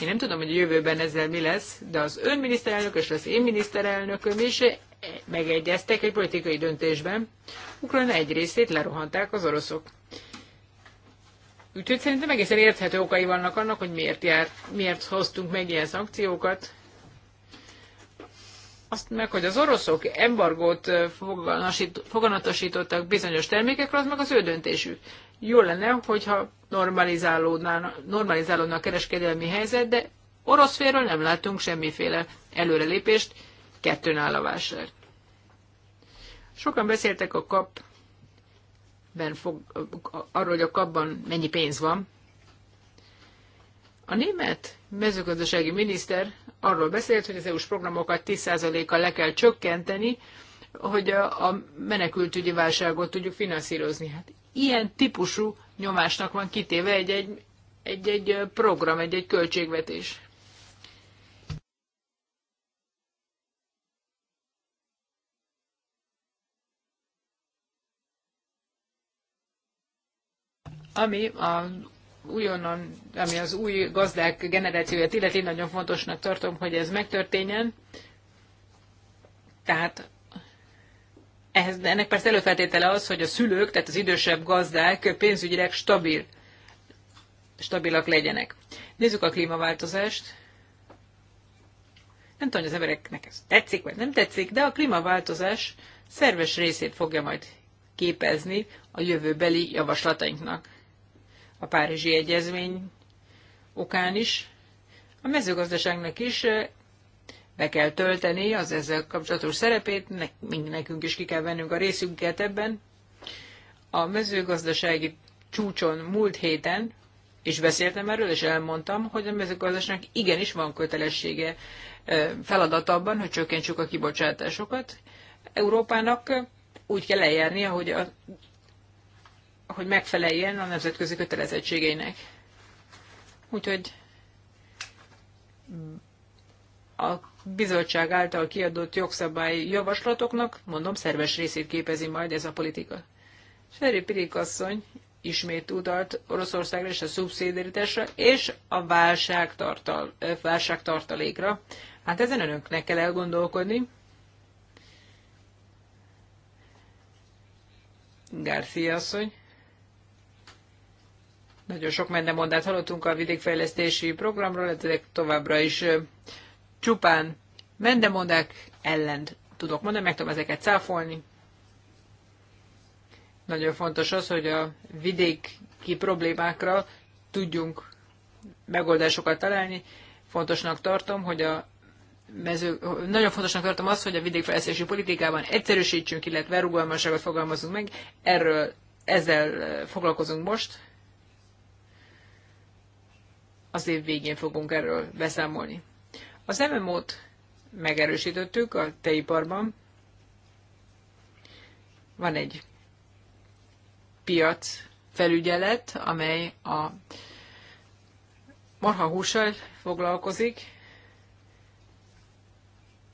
én nem tudom, hogy a jövőben ezzel mi lesz, de az ön miniszterelnök és az én miniszterelnököm is e, megegyeztek egy politikai döntésben. Ukrajna egy részét lerohanták az oroszok. Úgyhogy szerintem egészen érthető okai vannak annak, hogy miért, jár, miért hoztunk meg ilyen szankciókat azt meg, hogy az oroszok embargót foganatosítottak bizonyos termékekre, az meg az ő döntésük. Jó lenne, hogyha normalizálódna, normalizálódna a kereskedelmi helyzet, de orosz félről nem látunk semmiféle előrelépést, kettőn áll a vásár. Sokan beszéltek a kap fog, arról, hogy a kapban mennyi pénz van. A német mezőgazdasági miniszter arról beszélt, hogy az EU-s programokat 10%-kal le kell csökkenteni, hogy a, a menekültügyi válságot tudjuk finanszírozni. Hát ilyen típusú nyomásnak van kitéve egy-egy, egy-egy program, egy-egy költségvetés. Ami a újonnan, ami az új gazdák generációját illeti, nagyon fontosnak tartom, hogy ez megtörténjen. Tehát ehhez, ennek persze előfeltétele az, hogy a szülők, tehát az idősebb gazdák pénzügyileg stabil, stabilak legyenek. Nézzük a klímaváltozást. Nem tudom, hogy az embereknek ez tetszik, vagy nem tetszik, de a klímaváltozás szerves részét fogja majd képezni a jövőbeli javaslatainknak a Párizsi Egyezmény okán is. A mezőgazdaságnak is be kell tölteni az ezzel kapcsolatos szerepét, mind nekünk is ki kell vennünk a részünket ebben. A mezőgazdasági csúcson múlt héten, és beszéltem erről, és elmondtam, hogy a mezőgazdaságnak igenis van kötelessége feladat abban, hogy csökkentsük a kibocsátásokat. Európának úgy kell eljárnia, hogy a hogy megfeleljen a nemzetközi kötelezettségeinek. Úgyhogy a bizottság által kiadott jogszabály javaslatoknak, mondom, szerves részét képezi majd ez a politika. Feri Pirik asszony ismét utalt Oroszországra és a szubszidiaritásra és a válságtartal, válságtartalékra. Hát ezen önöknek kell elgondolkodni. García asszony. Nagyon sok mondát hallottunk a vidékfejlesztési programról, hát ezek továbbra is csupán mendemondák ellen tudok mondani, meg tudom ezeket cáfolni. Nagyon fontos az, hogy a vidéki problémákra tudjunk megoldásokat találni. Fontosnak tartom, hogy a mező, nagyon fontosnak tartom azt, hogy a vidékfejlesztési politikában egyszerűsítsünk, illetve rugalmasságot fogalmazunk meg. Erről ezzel foglalkozunk most az év végén fogunk erről beszámolni. Az MMO-t megerősítettük a teiparban. Van egy piac felügyelet, amely a marhahússal foglalkozik.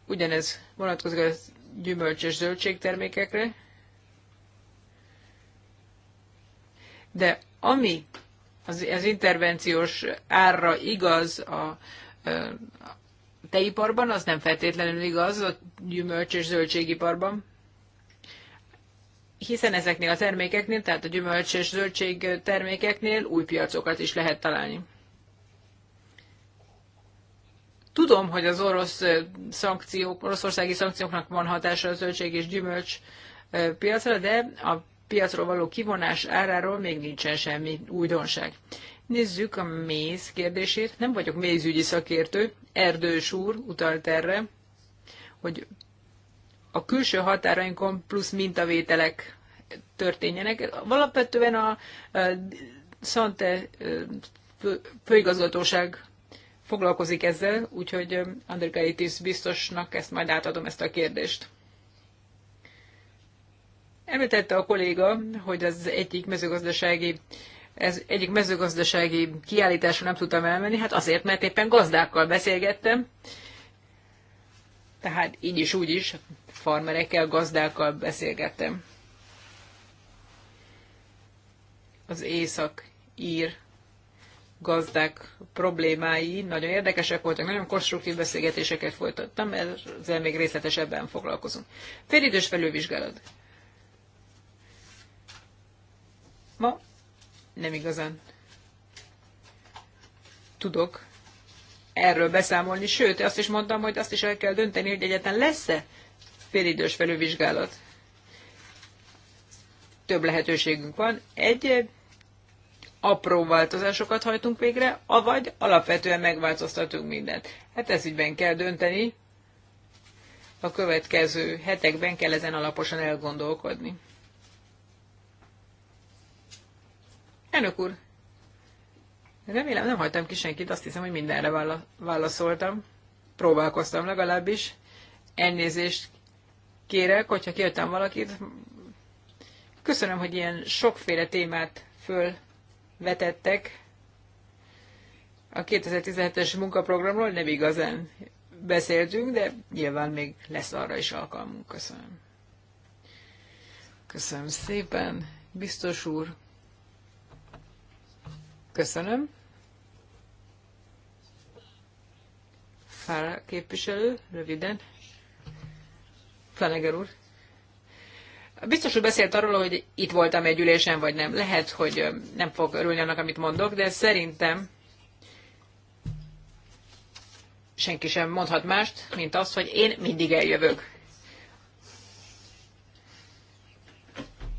Ugyanez vonatkozik a gyümölcs és zöldségtermékekre. De ami az, az intervenciós árra igaz a, a teiparban, az nem feltétlenül igaz a gyümölcs és zöldségiparban. Hiszen ezeknél a termékeknél, tehát a gyümölcs és zöldség termékeknél új piacokat is lehet találni. Tudom, hogy az orosz szankciók, oroszországi szankcióknak van hatása a zöldség és gyümölcs piacra, de a piacról való kivonás áráról még nincsen semmi újdonság. Nézzük a méz kérdését. Nem vagyok mézügyi szakértő, Erdős úr utalt erre, hogy a külső határainkon plusz mintavételek történjenek. Alapvetően a Szante főigazgatóság foglalkozik ezzel, úgyhogy Andrikaitis biztosnak ezt majd átadom ezt a kérdést. Említette a kolléga, hogy az egyik mezőgazdasági ez egyik mezőgazdasági kiállításra nem tudtam elmenni, hát azért, mert éppen gazdákkal beszélgettem. Tehát így is, úgy is, farmerekkel, gazdákkal beszélgettem. Az észak-ír gazdák problémái nagyon érdekesek voltak, nagyon konstruktív beszélgetéseket folytattam, ezzel még részletesebben foglalkozunk. Félidős felülvizsgálat. Ma nem igazán tudok erről beszámolni, sőt, azt is mondtam, hogy azt is el kell dönteni, hogy egyetlen lesz-e félidős felülvizsgálat. Több lehetőségünk van. Egy apró változásokat hajtunk végre, avagy alapvetően megváltoztatunk mindent. Hát ez ügyben kell dönteni, a következő hetekben kell ezen alaposan elgondolkodni. Elnök úr, remélem nem hagytam ki senkit, azt hiszem, hogy mindenre válaszoltam. Próbálkoztam legalábbis. Elnézést kérek, hogyha kértem valakit. Köszönöm, hogy ilyen sokféle témát fölvetettek. A 2017-es munkaprogramról nem igazán beszéltünk, de nyilván még lesz arra is alkalmunk. Köszönöm. Köszönöm szépen, biztos úr. Köszönöm. Fára képviselő, röviden. Flanagan úr. Biztos, hogy beszélt arról, hogy itt voltam egy ülésen, vagy nem. Lehet, hogy nem fog örülni annak, amit mondok, de szerintem senki sem mondhat mást, mint azt, hogy én mindig eljövök.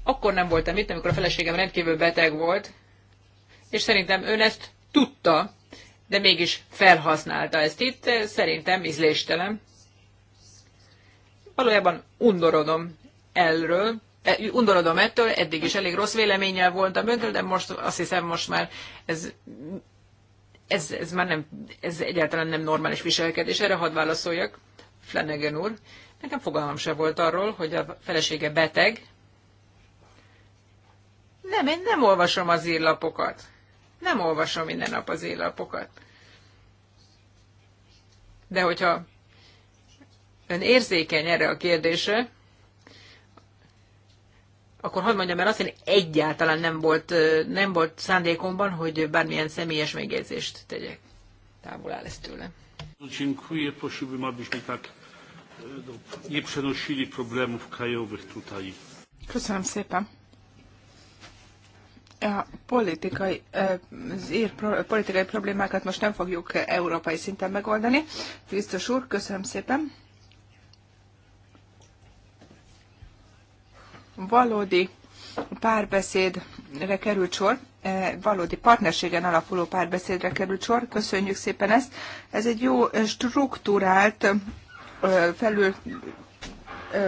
Akkor nem voltam itt, amikor a feleségem rendkívül beteg volt, és szerintem ön ezt tudta, de mégis felhasználta ezt itt, szerintem ízléstelen. Valójában undorodom elről, e, undorodom ettől, eddig is elég rossz véleménnyel voltam öntől, de most azt hiszem most már ez, ez, ez már nem, ez egyáltalán nem normális viselkedés. Erre hadd válaszoljak, Flanagan úr. Nekem fogalmam se volt arról, hogy a felesége beteg. Nem, én nem olvasom az írlapokat nem olvasom minden nap az élapokat. De hogyha ön érzékeny erre a kérdésre, akkor hadd mondjam mert azt, hogy egyáltalán nem volt, nem volt szándékomban, hogy bármilyen személyes megjegyzést tegyek. Távol áll ez tőle. Dziękuję. Prosiłbym, abyśmy tak e, nie przenosili problemów krajowych tutaj. Köszönöm szépen a politikai, az ír politikai problémákat most nem fogjuk európai szinten megoldani. Biztos úr, köszönöm szépen. Valódi párbeszédre került sor, e, valódi partnerségen alapuló párbeszédre került sor. Köszönjük szépen ezt. Ez egy jó struktúrált felül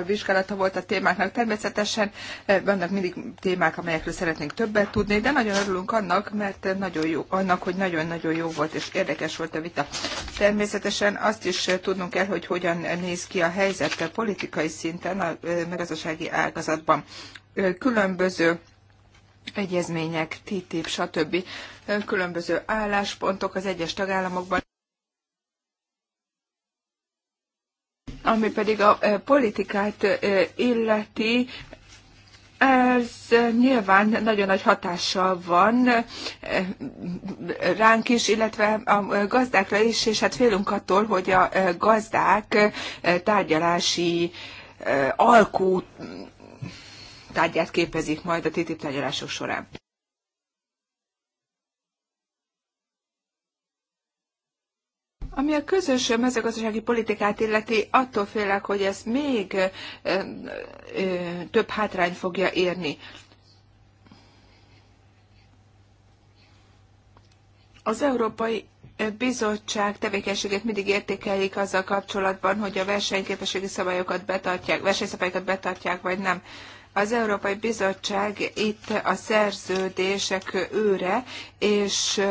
vizsgálata volt a témáknak. Természetesen vannak mindig témák, amelyekről szeretnénk többet tudni, de nagyon örülünk annak, mert nagyon jó, annak, hogy nagyon-nagyon jó volt és érdekes volt a vita. Természetesen azt is tudnunk kell, hogy hogyan néz ki a helyzet a politikai szinten a megazdasági ágazatban. Különböző egyezmények, TTIP, stb. különböző álláspontok az egyes tagállamokban. Ami pedig a politikát illeti, ez nyilván nagyon nagy hatással van ránk is, illetve a gazdákra is, és hát félünk attól, hogy a gazdák tárgyalási alkú tárgyát képezik majd a TTIP tárgyalások során. Ami a közös mezőgazdasági politikát illeti, attól félek, hogy ez még több hátrány fogja érni. Az Európai Bizottság tevékenységét mindig értékelik azzal kapcsolatban, hogy a versenyképességi szabályokat betartják, versenyszabályokat betartják, vagy nem. Az Európai Bizottság itt a szerződések őre, és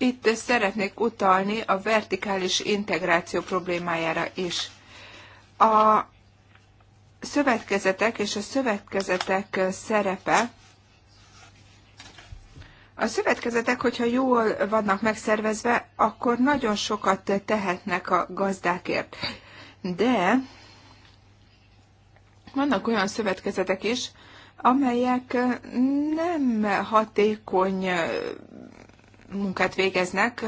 itt szeretnék utalni a vertikális integráció problémájára is. A szövetkezetek és a szövetkezetek szerepe a szövetkezetek, hogyha jól vannak megszervezve, akkor nagyon sokat tehetnek a gazdákért. De vannak olyan szövetkezetek is, amelyek nem hatékony munkát végeznek,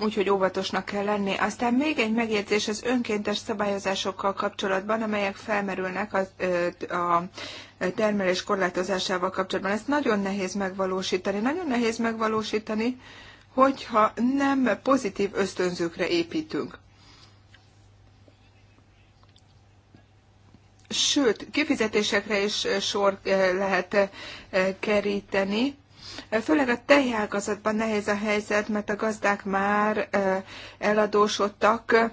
úgyhogy óvatosnak kell lenni. Aztán még egy megjegyzés az önkéntes szabályozásokkal kapcsolatban, amelyek felmerülnek a, a termelés korlátozásával kapcsolatban. Ezt nagyon nehéz megvalósítani. Nagyon nehéz megvalósítani, hogyha nem pozitív ösztönzőkre építünk. Sőt, kifizetésekre is sor lehet keríteni Főleg a tejágazatban nehéz a helyzet, mert a gazdák már eladósodtak,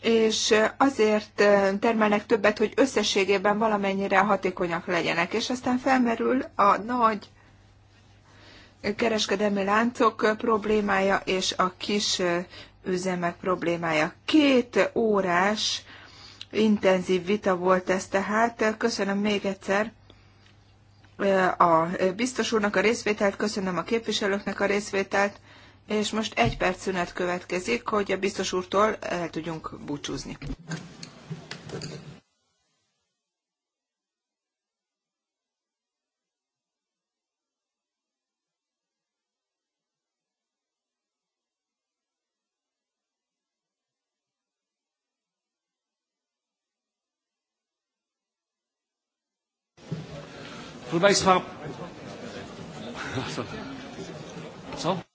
és azért termelnek többet, hogy összességében valamennyire hatékonyak legyenek. És aztán felmerül a nagy kereskedelmi láncok problémája és a kis üzemek problémája. Két órás intenzív vita volt ez tehát. Köszönöm még egyszer a biztos úrnak a részvételt, köszönöm a képviselőknek a részvételt, és most egy perc szünet következik, hogy a biztos úrtól el tudjunk búcsúzni. Proszę Państwa, Szó.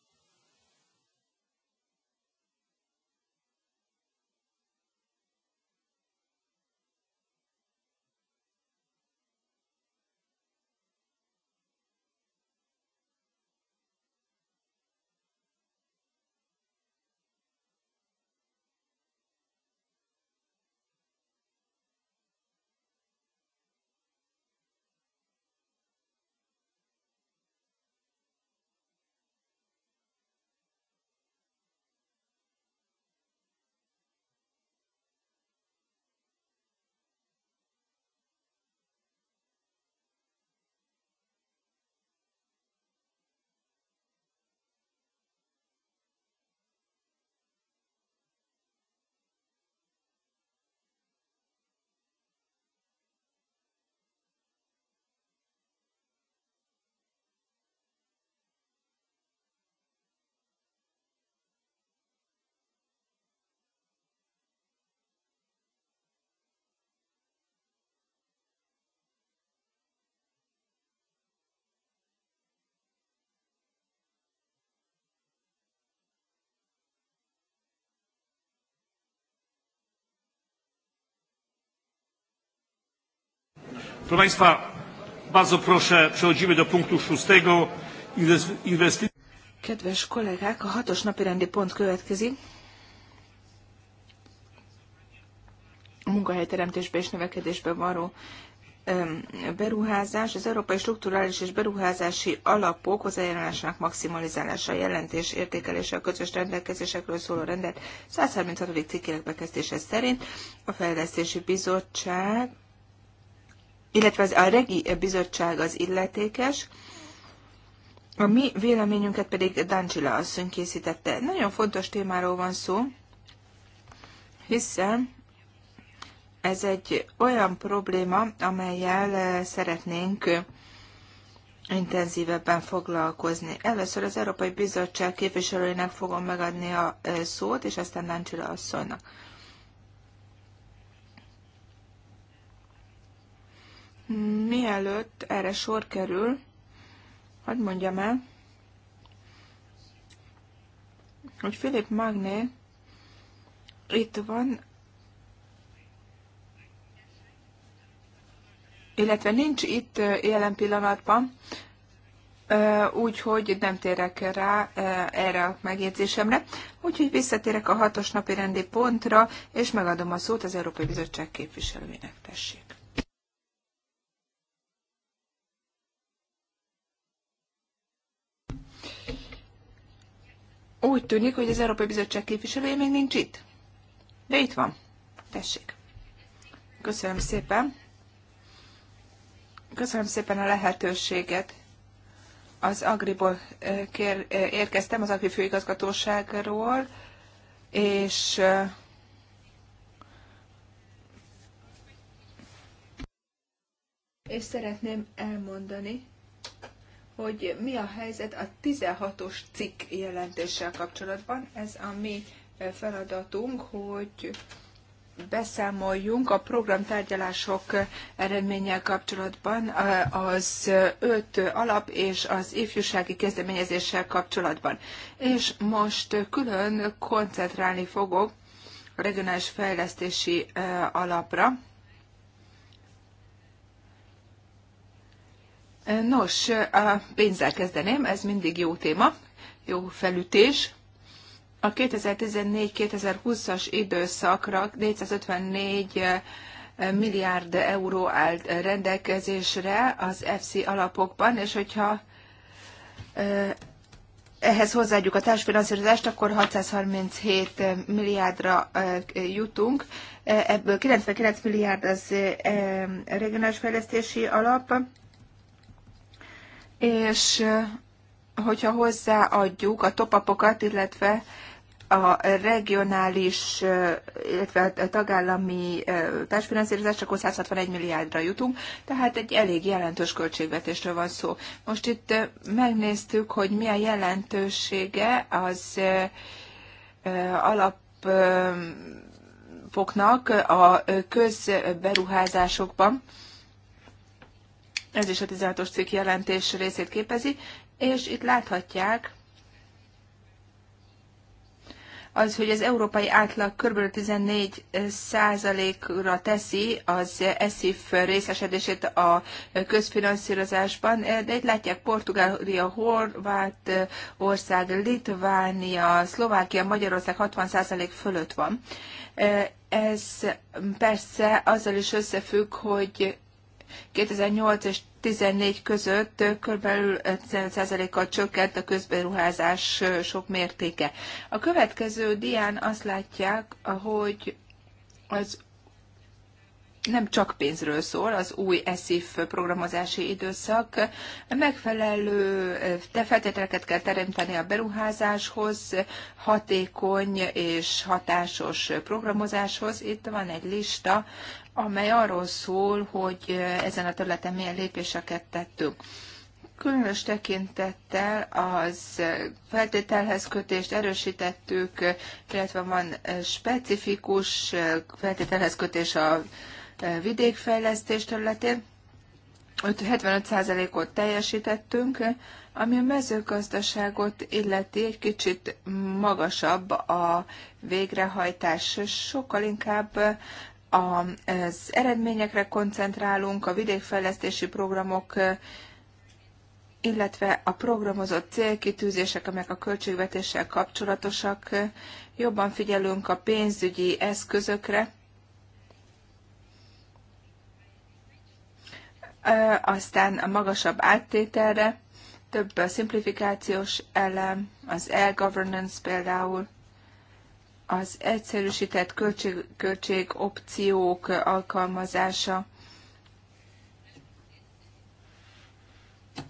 Proszę Państwa, bardzo proszę, przechodzimy do punktu szóstego. Inwesty... Kedves kollégák, a hatos napirendi pont következik. A munkahelyteremtésbe és növekedésbe való beruházás, az Európai Strukturális és Beruházási Alapok hozzájárulásának maximalizálása, jelentés, értékelése a közös rendelkezésekről szóló rendelet 136. cikkének bekezdése szerint a Fejlesztési Bizottság illetve az, a regi bizottság az illetékes, a mi véleményünket pedig Dancsila asszony készítette. Nagyon fontos témáról van szó, hiszen ez egy olyan probléma, amelyel eh, szeretnénk intenzívebben foglalkozni. Először az Európai Bizottság képviselőinek fogom megadni a eh, szót, és aztán Dancsila asszonynak. Mielőtt erre sor kerül, hadd mondjam el, hogy Philip Magné itt van, illetve nincs itt jelen pillanatban, úgyhogy nem térek rá erre a megjegyzésemre. Úgyhogy visszatérek a hatos napi rendi pontra, és megadom a szót az Európai Bizottság képviselőjének. Tessék. Úgy tűnik, hogy az Európai Bizottság képviselője még nincs itt. De itt van. Tessék. Köszönöm szépen. Köszönöm szépen a lehetőséget. Az Agriból eh, kér, eh, érkeztem, az Agri főigazgatóságról, és eh, és szeretném elmondani, hogy mi a helyzet a 16-os cikk jelentéssel kapcsolatban. Ez a mi feladatunk, hogy beszámoljunk a programtárgyalások eredménnyel kapcsolatban, az öt alap és az ifjúsági kezdeményezéssel kapcsolatban. És most külön koncentrálni fogok a regionális fejlesztési alapra. Nos, a pénzzel kezdeném, ez mindig jó téma, jó felütés. A 2014-2020-as időszakra 454 eh, milliárd euró állt rendelkezésre az FC alapokban, és hogyha eh, ehhez hozzáadjuk a társfinanszírozást, akkor 637 milliárdra eh, jutunk. Ebből 99 milliárd az regionális fejlesztési alap, és hogyha hozzáadjuk a topapokat, illetve a regionális, illetve a tagállami társfinanszírozás csak 161 milliárdra jutunk, tehát egy elég jelentős költségvetésről van szó. Most itt megnéztük, hogy mi a jelentősége az alap foknak a közberuházásokban. Ez is a 16-os cikk jelentés részét képezi, és itt láthatják, az, hogy az európai átlag kb. 14 ra teszi az ESIF részesedését a közfinanszírozásban, de itt látják Portugália, Horvát, ország, Litvánia, Szlovákia, Magyarország 60 fölött van. Ez persze azzal is összefügg, hogy 2008 és 2014 között kb. 50 kal csökkent a közberuházás sok mértéke. A következő dián azt látják, hogy az nem csak pénzről szól az új ESIF programozási időszak. Megfelelő feltételeket kell teremteni a beruházáshoz, hatékony és hatásos programozáshoz. Itt van egy lista amely arról szól, hogy ezen a területen milyen lépéseket tettünk. Különös tekintettel az feltételhez kötést erősítettük, illetve van specifikus feltételhez kötés a vidékfejlesztés területén. 75%-ot teljesítettünk, ami a mezőgazdaságot illeti egy kicsit magasabb a végrehajtás. Sokkal inkább az eredményekre koncentrálunk, a vidékfejlesztési programok, illetve a programozott célkitűzések, amelyek a költségvetéssel kapcsolatosak, jobban figyelünk a pénzügyi eszközökre, aztán a magasabb áttételre, több a szimplifikációs elem, az e-governance például, az egyszerűsített költség, költségopciók alkalmazása.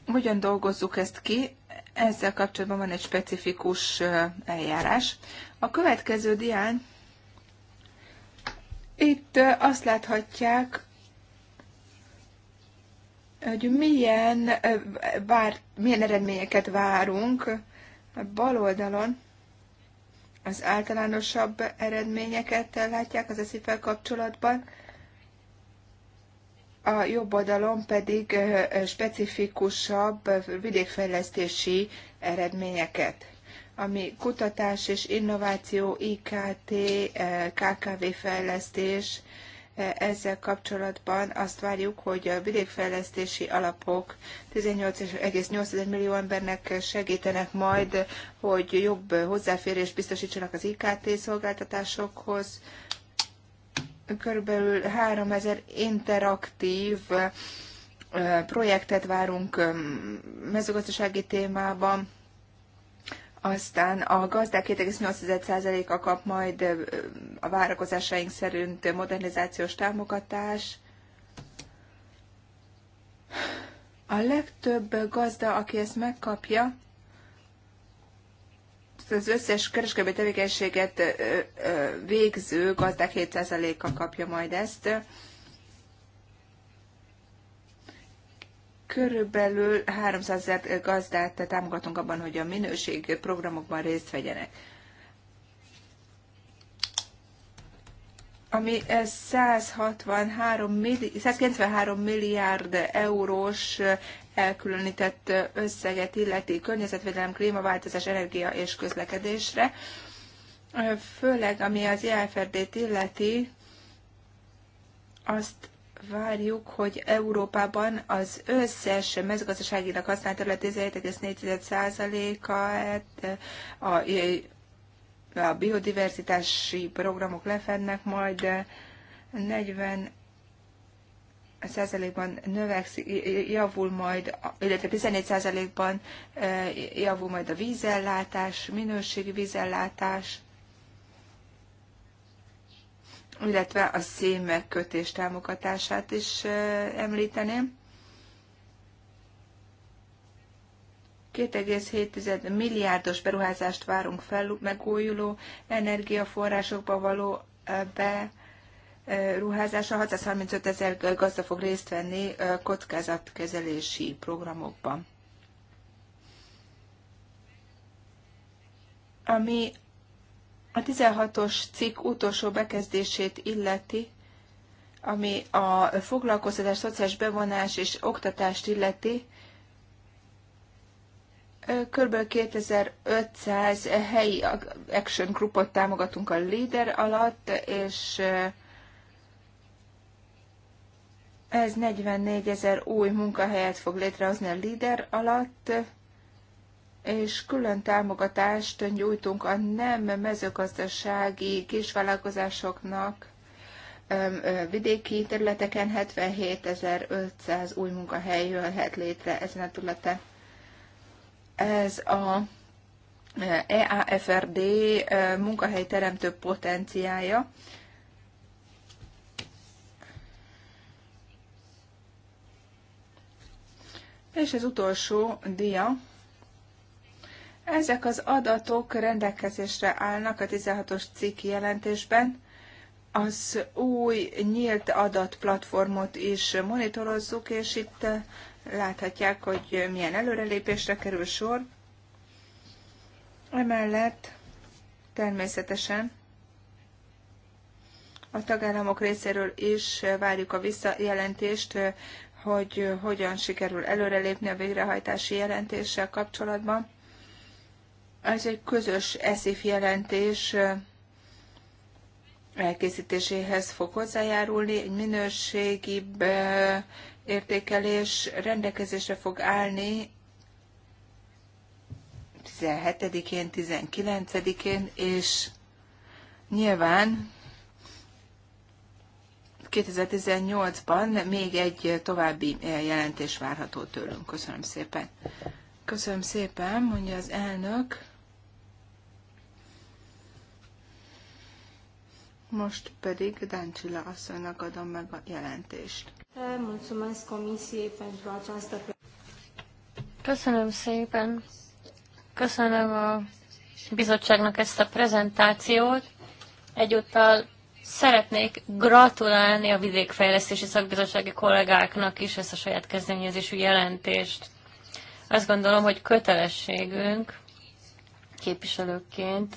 Hogyan dolgozzuk ezt ki? Ezzel kapcsolatban van egy specifikus eljárás. A következő dián itt azt láthatják, hogy milyen, vár, milyen eredményeket várunk bal oldalon az általánosabb eredményeket látják az eszivel kapcsolatban, a jobb oldalon pedig specifikusabb vidékfejlesztési eredményeket ami kutatás és innováció, IKT, KKV fejlesztés, ezzel kapcsolatban azt várjuk, hogy a vidékfejlesztési alapok 18,8 millió embernek segítenek majd, hogy jobb hozzáférést biztosítsanak az IKT szolgáltatásokhoz. Körülbelül 3000 interaktív projektet várunk mezőgazdasági témában aztán a gazdák 2,8%-a kap majd a várakozásaink szerint modernizációs támogatás. A legtöbb gazda, aki ezt megkapja, az összes kereskedelmi tevékenységet végző gazdák 7%-a kapja majd ezt. körülbelül 300 ezer gazdát támogatunk abban, hogy a minőség programokban részt vegyenek. ami 163 milli, 193 milliárd eurós elkülönített összeget illeti környezetvédelem, klímaváltozás, energia és közlekedésre. Főleg ami az IFRD-t e illeti, azt várjuk, hogy Európában az összes mezőgazdaságilag használt terület 17,4%-át eh, a, eh, a biodiverzitási programok lefennek majd 40 eh, százalékban növekszik, javul majd, illetve 14 százalékban javul majd a vízellátás, minőségi vízellátás, illetve a szén kötés támogatását is említeném. 2,7 milliárdos beruházást várunk fel megújuló energiaforrásokba való beruházása. 635 ezer gazda fog részt venni kockázatkezelési programokban. Ami a 16-os cikk utolsó bekezdését illeti, ami a foglalkoztatás, szociális bevonás és oktatást illeti, Kb. 2500 helyi action groupot támogatunk a LEADER alatt, és ez 44 ezer új munkahelyet fog létrehozni a LEADER alatt és külön támogatást nyújtunk a nem mezőgazdasági kisvállalkozásoknak vidéki területeken 77.500 új munkahely jöhet létre ezen a területen. Ez a EAFRD teremtő potenciája. És az utolsó dia. Ezek az adatok rendelkezésre állnak a 16-os cikk jelentésben. Az új nyílt adatplatformot is monitorozzuk, és itt eh, láthatják, hogy milyen előrelépésre kerül sor. Emellett természetesen a tagállamok részéről is várjuk a visszajelentést, eh, hogy hogyan sikerül előrelépni a végrehajtási jelentéssel kapcsolatban. Ez egy közös eszif jelentés elkészítéséhez fog hozzájárulni, egy minőségibb értékelés rendelkezésre fog állni 17-én, 19-én, és nyilván 2018-ban még egy további jelentés várható tőlünk. Köszönöm szépen. Köszönöm szépen, mondja az elnök. Most pedig Dáncsila asszonynak adom meg a jelentést. Köszönöm szépen. Köszönöm a bizottságnak ezt a prezentációt. Egyúttal szeretnék gratulálni a vidékfejlesztési szakbizottsági kollégáknak is ezt a saját kezdeményezésű jelentést. Azt gondolom, hogy kötelességünk képviselőként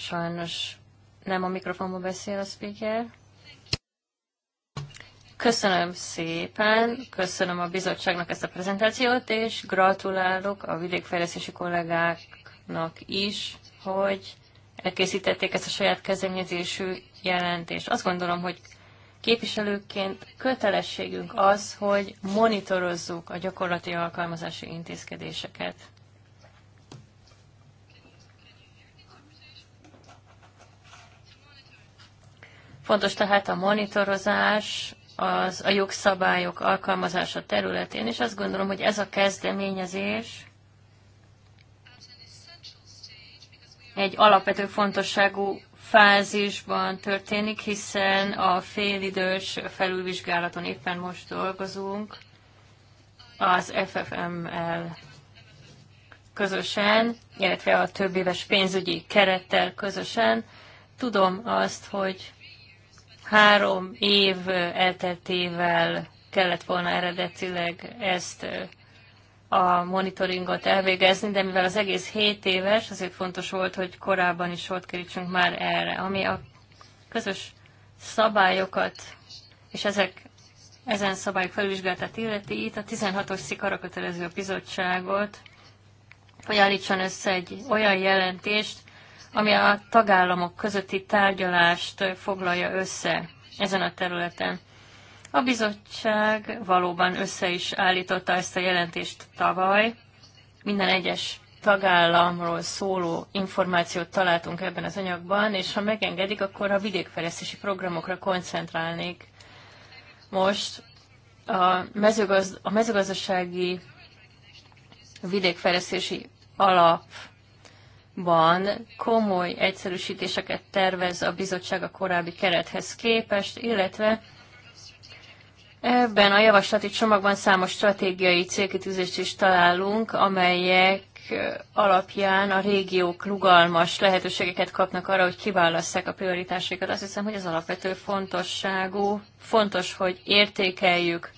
Sajnos nem a mikrofonba beszél a speaker. Köszönöm szépen, köszönöm a bizottságnak ezt a prezentációt, és gratulálok a vidékfejlesztési kollégáknak is, hogy elkészítették ezt a saját kezdeményezésű jelentést. Azt gondolom, hogy képviselőként kötelességünk az, hogy monitorozzuk a gyakorlati alkalmazási intézkedéseket. Fontos tehát a monitorozás, az, a jogszabályok alkalmazása területén, és azt gondolom, hogy ez a kezdeményezés egy alapvető fontosságú fázisban történik, hiszen a félidős felülvizsgálaton éppen most dolgozunk az FFML közösen, illetve a több éves pénzügyi kerettel közösen. Tudom azt, hogy Három év elteltével kellett volna eredetileg ezt a monitoringot elvégezni, de mivel az egész 7 éves, azért fontos volt, hogy korábban is ott kerítsünk már erre, ami a közös szabályokat és ezek ezen szabályok felvizsgálatát illeti, itt a 16-os szikara kötelező a bizottságot, hogy állítson össze egy olyan jelentést, ami a tagállamok közötti tárgyalást foglalja össze ezen a területen. A bizottság valóban össze is állította ezt a jelentést tavaly. Minden egyes tagállamról szóló információt találtunk ebben az anyagban, és ha megengedik, akkor a vidékfejlesztési programokra koncentrálnék. Most a, mezőgazd- a mezőgazdasági vidékfejlesztési alap ban komoly egyszerűsítéseket tervez a bizottság a korábbi kerethez képest, illetve ebben a javaslati csomagban számos stratégiai célkitűzést is találunk, amelyek alapján a régiók rugalmas lehetőségeket kapnak arra, hogy kiválasszák a prioritásaikat. Azt hiszem, hogy az alapvető fontosságú, fontos, hogy értékeljük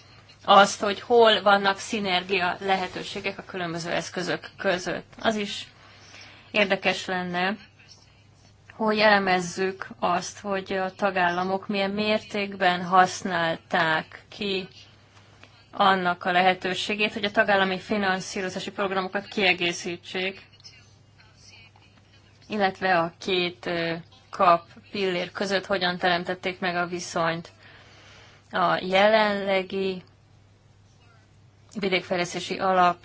azt, hogy hol vannak szinergia lehetőségek a különböző eszközök között. Az is érdekes lenne, hogy elemezzük azt, hogy a tagállamok milyen mértékben használták ki annak a lehetőségét, hogy a tagállami finanszírozási programokat kiegészítsék, illetve a két kap pillér között hogyan teremtették meg a viszonyt. A jelenlegi vidékfejlesztési alap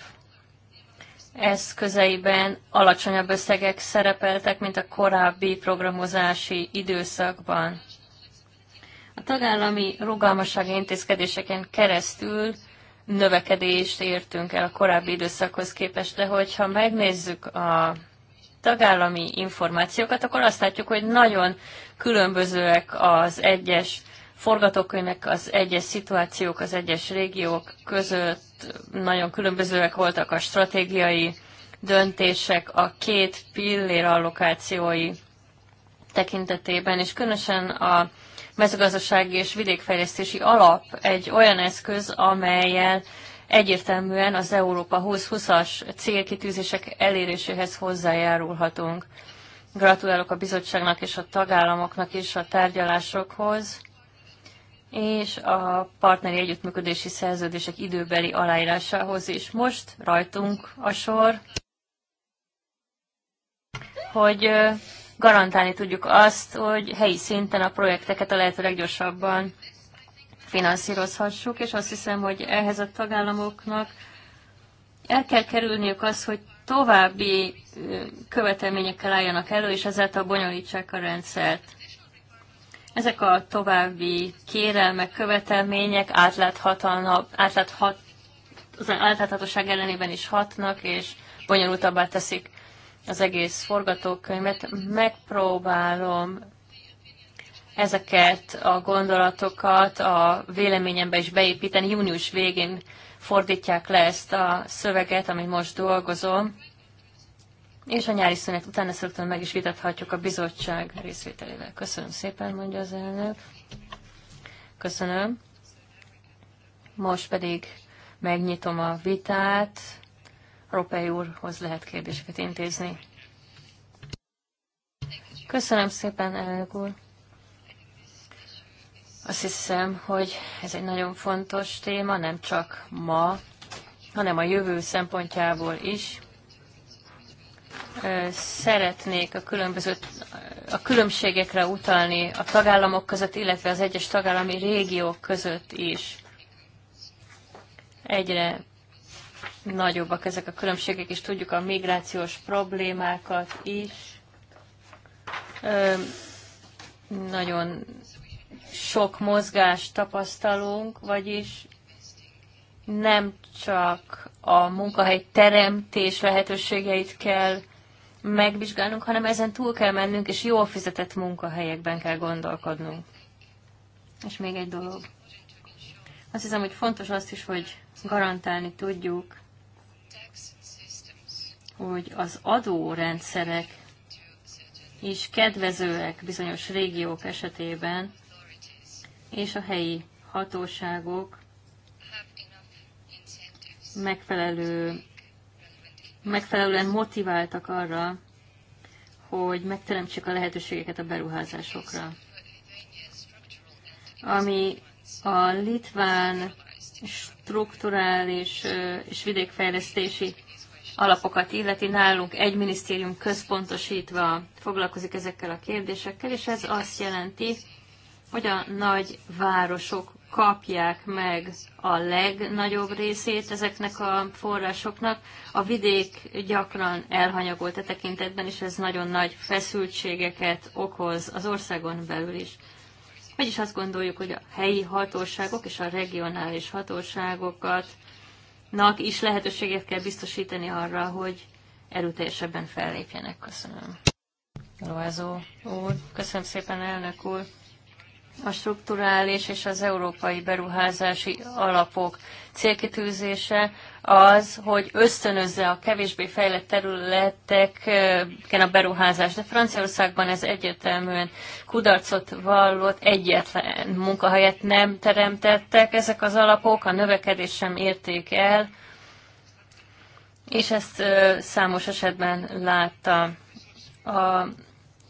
eszközeiben alacsonyabb összegek szerepeltek, mint a korábbi programozási időszakban. A tagállami rugalmassági intézkedéseken keresztül növekedést értünk el a korábbi időszakhoz képest, de hogyha megnézzük a tagállami információkat, akkor azt látjuk, hogy nagyon különbözőek az egyes forgatókönyvek, az egyes szituációk, az egyes régiók között nagyon különbözőek voltak a stratégiai döntések, a két pillér allokációi tekintetében, és különösen a mezőgazdasági és vidékfejlesztési alap egy olyan eszköz, amelyel egyértelműen az Európa 2020-as célkitűzések eléréséhez hozzájárulhatunk. Gratulálok a bizottságnak és a tagállamoknak is a tárgyalásokhoz, és a partneri együttműködési szerződések időbeli aláírásához is. Most rajtunk a sor, hogy garantálni tudjuk azt, hogy helyi szinten a projekteket a lehető leggyorsabban finanszírozhassuk, és azt hiszem, hogy ehhez a tagállamoknak el kell kerülniük azt, hogy további követelményekkel álljanak elő, és ezáltal bonyolítsák a rendszert. Ezek a további kérelmek, követelmények átláthatalnak, átláthat, az átláthatóság ellenében is hatnak, és bonyolultabbá teszik az egész forgatókönyvet. Megpróbálom ezeket a gondolatokat a véleményembe is beépíteni. Június végén fordítják le ezt a szöveget, amit most dolgozom és a nyári szünet után ezt rögtön meg is vitathatjuk a bizottság részvételével. Köszönöm szépen, mondja az elnök. Köszönöm. Most pedig megnyitom a vitát. Ropei úrhoz lehet kérdéseket intézni. Köszönöm szépen, elnök úr. Azt hiszem, hogy ez egy nagyon fontos téma, nem csak ma, hanem a jövő szempontjából is szeretnék a, különböző, a különbségekre utalni a tagállamok között, illetve az egyes tagállami régiók között is. Egyre nagyobbak ezek a különbségek, és tudjuk a migrációs problémákat is. Ö, nagyon sok mozgást tapasztalunk, vagyis nem csak a munkahely teremtés lehetőségeit kell megvizsgálnunk, hanem ezen túl kell mennünk, és jól fizetett munkahelyekben kell gondolkodnunk. És még egy dolog. Azt hiszem, hogy fontos azt is, hogy garantálni tudjuk, hogy az adórendszerek is kedvezőek bizonyos régiók esetében, és a helyi hatóságok megfelelő, megfelelően motiváltak arra, hogy megteremtsék a lehetőségeket a beruházásokra. Ami a litván strukturális és vidékfejlesztési alapokat illeti. Nálunk egy minisztérium központosítva foglalkozik ezekkel a kérdésekkel, és ez azt jelenti, hogy a nagy városok kapják meg a legnagyobb részét ezeknek a forrásoknak. A vidék gyakran elhanyagolt a tekintetben, és ez nagyon nagy feszültségeket okoz az országon belül is. Vagyis azt gondoljuk, hogy a helyi hatóságok és a regionális hatóságokat is lehetőséget kell biztosítani arra, hogy erőteljesebben fellépjenek. Köszönöm. Loázó úr, köszönöm szépen, elnök úr a strukturális és az európai beruházási alapok célkitűzése az, hogy ösztönözze a kevésbé fejlett területeken a beruházást. De Franciaországban ez egyértelműen kudarcot vallott, egyetlen munkahelyet nem teremtettek ezek az alapok, a növekedés sem érték el, és ezt számos esetben látta a,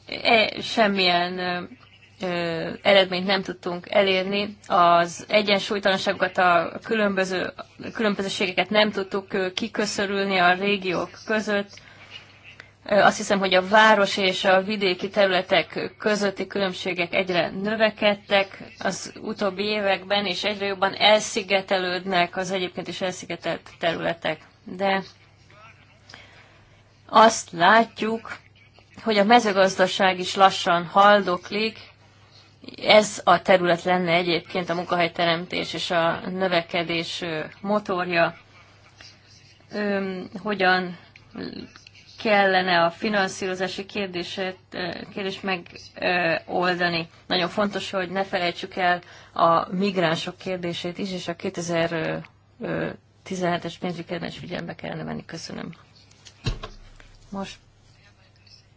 e, semmilyen eredményt nem tudtunk elérni, az egyensúlytalanságokat, a különböző, különbözőségeket nem tudtuk kiköszörülni a régiók között. Azt hiszem, hogy a város és a vidéki területek közötti különbségek egyre növekedtek az utóbbi években, és egyre jobban elszigetelődnek az egyébként is elszigetelt területek. De azt látjuk, hogy a mezőgazdaság is lassan haldoklik, ez a terület lenne egyébként a munkahelyteremtés és a növekedés motorja. Öm, hogyan kellene a finanszírozási kérdését, kérdést megoldani. Nagyon fontos, hogy ne felejtsük el a migránsok kérdését is, és a 2017-es pénzügyi figyelme kellene venni. Köszönöm. Most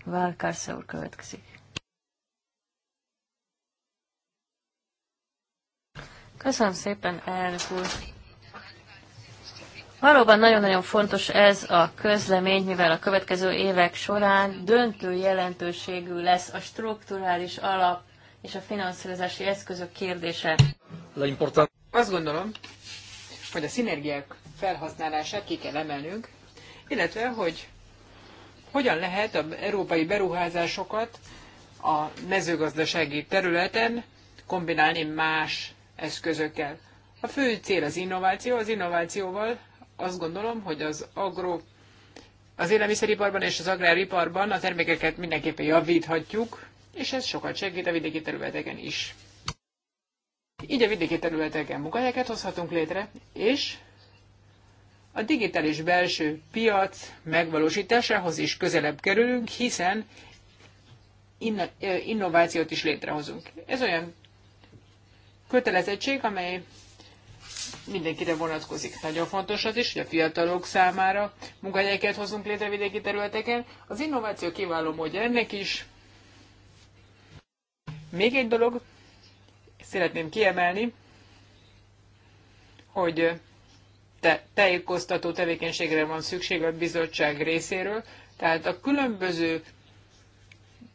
Vál következik. Köszönöm szépen, elnök úr. Valóban nagyon-nagyon fontos ez a közlemény, mivel a következő évek során döntő jelentőségű lesz a strukturális alap és a finanszírozási eszközök kérdése. Azt gondolom, hogy a szinergiák felhasználását ki kell emelnünk, illetve, hogy hogyan lehet az európai beruházásokat a mezőgazdasági területen kombinálni más eszközökkel. A fő cél az innováció. Az innovációval azt gondolom, hogy az agro, az élelmiszeriparban és az agráriparban a termékeket mindenképpen javíthatjuk, és ez sokat segít a vidéki területeken is. Így a vidéki területeken munkahelyeket hozhatunk létre, és a digitális belső piac megvalósításához is közelebb kerülünk, hiszen innovációt is létrehozunk. Ez olyan kötelezettség, amely mindenkire vonatkozik. Nagyon fontos az is, hogy a fiatalok számára munkahelyeket hozunk létre vidéki területeken. Az innováció kiváló módja ennek is. Még egy dolog, szeretném kiemelni, hogy te, tájékoztató tevékenységre van szükség a bizottság részéről, tehát a különböző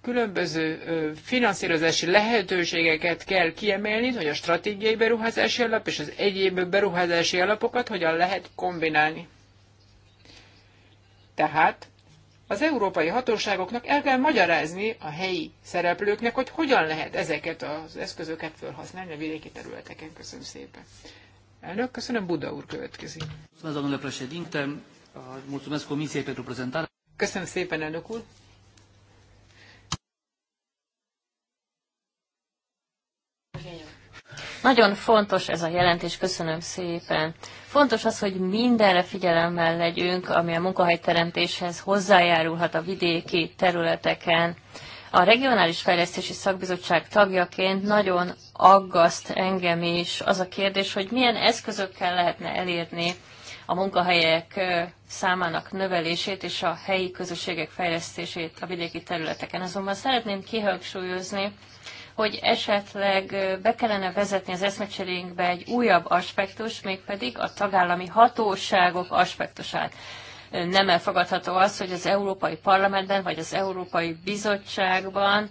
különböző finanszírozási lehetőségeket kell kiemelni, hogy a stratégiai beruházási alap és az egyéb beruházási alapokat hogyan lehet kombinálni. Tehát az európai hatóságoknak el kell magyarázni a helyi szereplőknek, hogy hogyan lehet ezeket az eszközöket felhasználni a vidéki területeken. Köszönöm szépen. Elnök, köszönöm, Buda úr következik. Köszönöm szépen, elnök úr. Nagyon fontos ez a jelentés, köszönöm szépen. Fontos az, hogy mindenre figyelemmel legyünk, ami a munkahelyteremtéshez hozzájárulhat a vidéki területeken. A Regionális Fejlesztési Szakbizottság tagjaként nagyon aggaszt engem is az a kérdés, hogy milyen eszközökkel lehetne elérni a munkahelyek számának növelését és a helyi közösségek fejlesztését a vidéki területeken. Azonban szeretném kihangsúlyozni, hogy esetleg be kellene vezetni az eszmecserénkbe egy újabb aspektus, mégpedig a tagállami hatóságok aspektusát. Nem elfogadható az, hogy az Európai Parlamentben vagy az Európai Bizottságban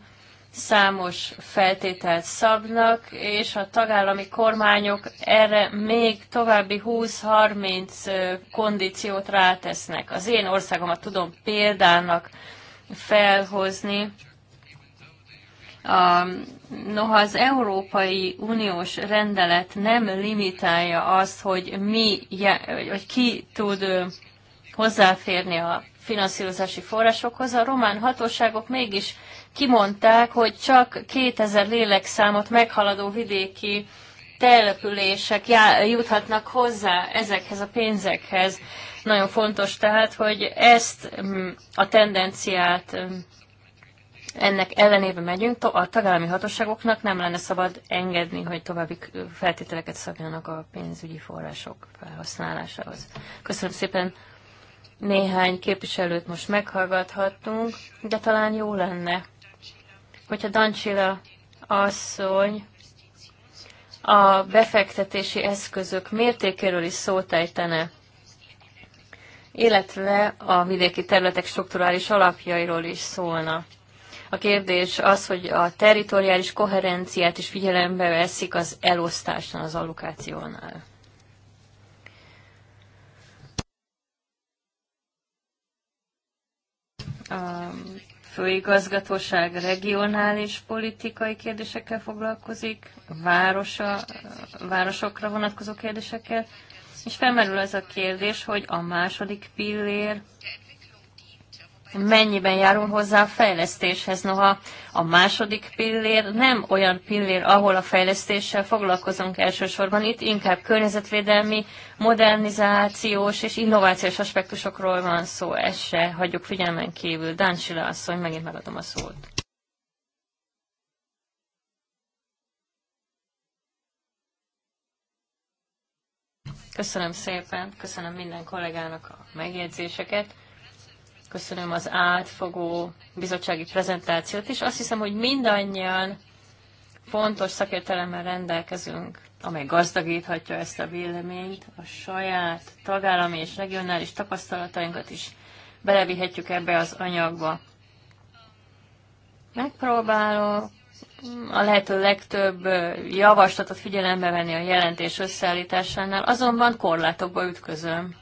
számos feltételt szabnak, és a tagállami kormányok erre még további 20-30 kondíciót rátesznek. Az én országomat tudom példának felhozni, a, noha az Európai Uniós rendelet nem limitálja azt, hogy, mi, hogy ki tud hozzáférni a finanszírozási forrásokhoz, a román hatóságok mégis kimondták, hogy csak 2000 lélekszámot meghaladó vidéki települések juthatnak hozzá ezekhez a pénzekhez. Nagyon fontos tehát, hogy ezt mm, a tendenciát mm, ennek ellenébe megyünk, a tagállami hatóságoknak nem lenne szabad engedni, hogy további feltételeket szabjanak a pénzügyi források felhasználásához. Köszönöm szépen! Néhány képviselőt most meghallgathattunk, de talán jó lenne, hogyha Dancsila asszony a befektetési eszközök mértékéről is szót ejtene, illetve a vidéki területek strukturális alapjairól is szólna. A kérdés az, hogy a territoriális koherenciát is figyelembe veszik az elosztásnál, az allokációnál. A főigazgatóság regionális politikai kérdésekkel foglalkozik, városa, városokra vonatkozó kérdésekkel, és felmerül az a kérdés, hogy a második pillér mennyiben járul hozzá a fejlesztéshez. Noha a második pillér nem olyan pillér, ahol a fejlesztéssel foglalkozunk elsősorban. Itt inkább környezetvédelmi, modernizációs és innovációs aspektusokról van szó. Ezt se hagyjuk figyelmen kívül. Dáncsila asszony, megint megadom a szót. Köszönöm szépen, köszönöm minden kollégának a megjegyzéseket köszönöm az átfogó bizottsági prezentációt is. Azt hiszem, hogy mindannyian fontos szakértelemmel rendelkezünk, amely gazdagíthatja ezt a véleményt, a saját tagállami és regionális tapasztalatainkat is belevihetjük ebbe az anyagba. Megpróbálok a lehető legtöbb javaslatot figyelembe venni a jelentés összeállításánál, azonban korlátokba ütközöm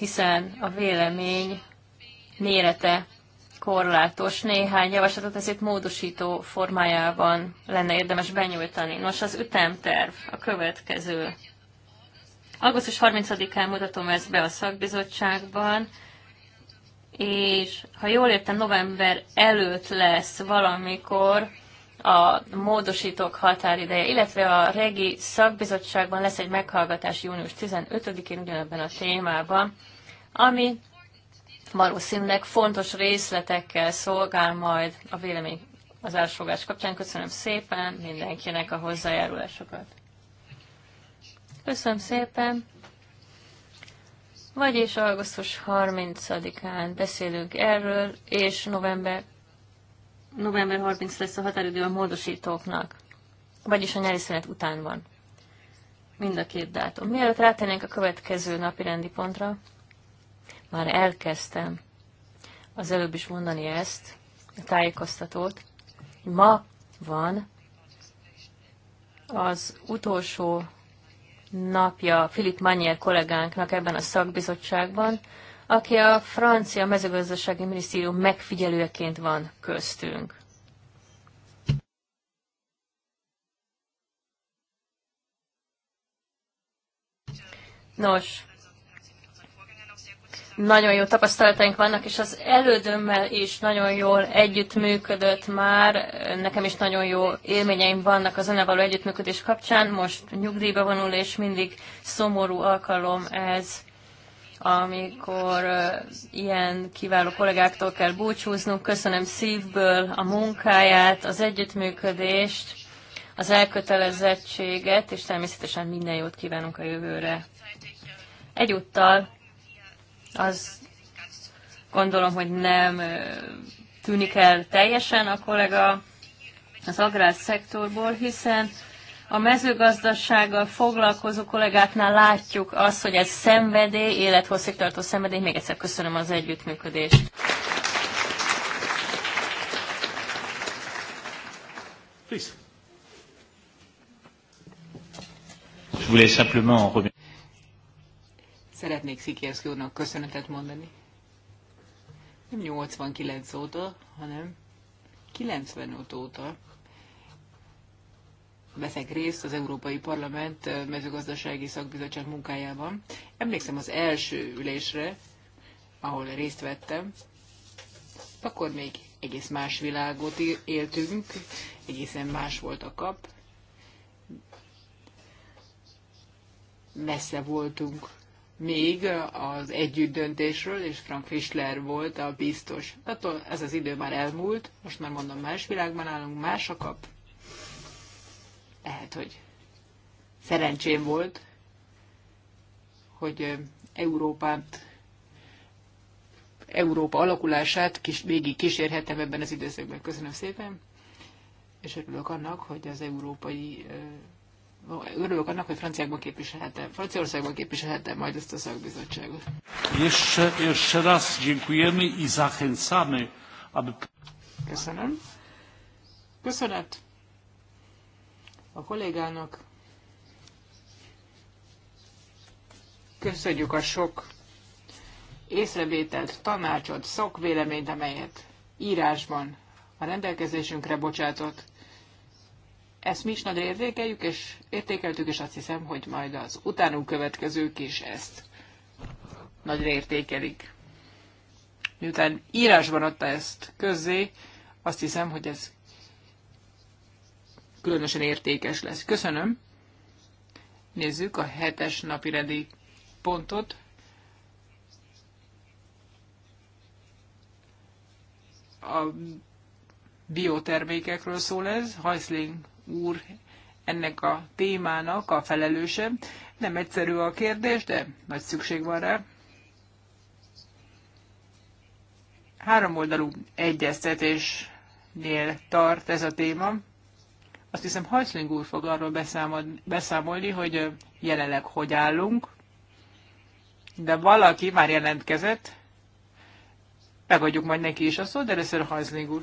hiszen a vélemény mérete korlátos. Néhány javaslatot ezért módosító formájában lenne érdemes benyújtani. Nos, az ütemterv a következő. Augusztus 30-án mutatom ezt be a szakbizottságban, és ha jól értem, november előtt lesz valamikor a módosítók határideje, illetve a regi szakbizottságban lesz egy meghallgatás június 15-én ugyanebben a témában ami valószínűleg fontos részletekkel szolgál majd a vélemény az elsfogás kapcsán. Köszönöm szépen mindenkinek a hozzájárulásokat. Köszönöm szépen. Vagyis augusztus 30-án beszélünk erről, és november, november 30 lesz a határidő a módosítóknak. Vagyis a nyári szünet után van. Mind a két dátum. Mielőtt rátennénk a következő napi rendi pontra, már elkezdtem az előbb is mondani ezt, a tájékoztatót. Ma van az utolsó napja Philip Manier kollégánknak ebben a szakbizottságban, aki a francia mezőgazdasági minisztérium megfigyelőként van köztünk. Nos, nagyon jó tapasztalataink vannak, és az elődömmel is nagyon jól együttműködött már. Nekem is nagyon jó élményeim vannak az öne való együttműködés kapcsán. Most nyugdíjba vonul, és mindig szomorú alkalom ez, amikor ilyen kiváló kollégáktól kell búcsúznunk. Köszönöm szívből a munkáját, az együttműködést, az elkötelezettséget, és természetesen minden jót kívánunk a jövőre. Egyúttal az gondolom, hogy nem tűnik el teljesen a kollega az agrárszektorból, hiszen a mezőgazdasággal foglalkozó kollégáknál látjuk azt, hogy ez szenvedély, élethosszígtartó szenvedély. Még egyszer köszönöm az együttműködést. Please. Je voulais simplement Szeretnék Szikérszki úrnak köszönetet mondani. Nem 89 óta, hanem 90 óta veszek részt az Európai Parlament mezőgazdasági szakbizottság munkájában. Emlékszem az első ülésre, ahol részt vettem, akkor még egész más világot éltünk, egészen más volt a kap. Messze voltunk még az együtt döntésről, és Frank Fischler volt a biztos. Attól ez az idő már elmúlt, most már mondom, más világban állunk, más a kap. Lehet, hogy szerencsém volt, hogy Európát, Európa alakulását kis, végig kísérhetem ebben az időszakban. Köszönöm szépen, és örülök annak, hogy az európai örülök annak, hogy Franciákban képviselhetem, Franciaországban képviselhetem majd ezt a szakbizottságot. Jeszcze, jeszcze raz dziękujemy i zachęcamy, aby... Köszönöm. Köszönet a kollégának. Köszönjük a sok észrevételt, tanácsot, szokvéleményt, amelyet írásban a rendelkezésünkre bocsátott. Ezt mi is nagyon értékeljük, és értékeltük, és azt hiszem, hogy majd az utánunk következők is ezt nagyra értékelik. Miután írásban adta ezt közzé, azt hiszem, hogy ez különösen értékes lesz. Köszönöm. Nézzük a hetes napi rendi pontot. A biotermékekről szól ez. Heisling úr ennek a témának a felelőse. Nem egyszerű a kérdés, de nagy szükség van rá. Háromoldalú egyeztetésnél tart ez a téma. Azt hiszem, Hajszling úr fog arról beszámolni, beszámolni, hogy jelenleg hogy állunk, de valaki már jelentkezett, megadjuk majd neki is a szót, de először Hajszling úr.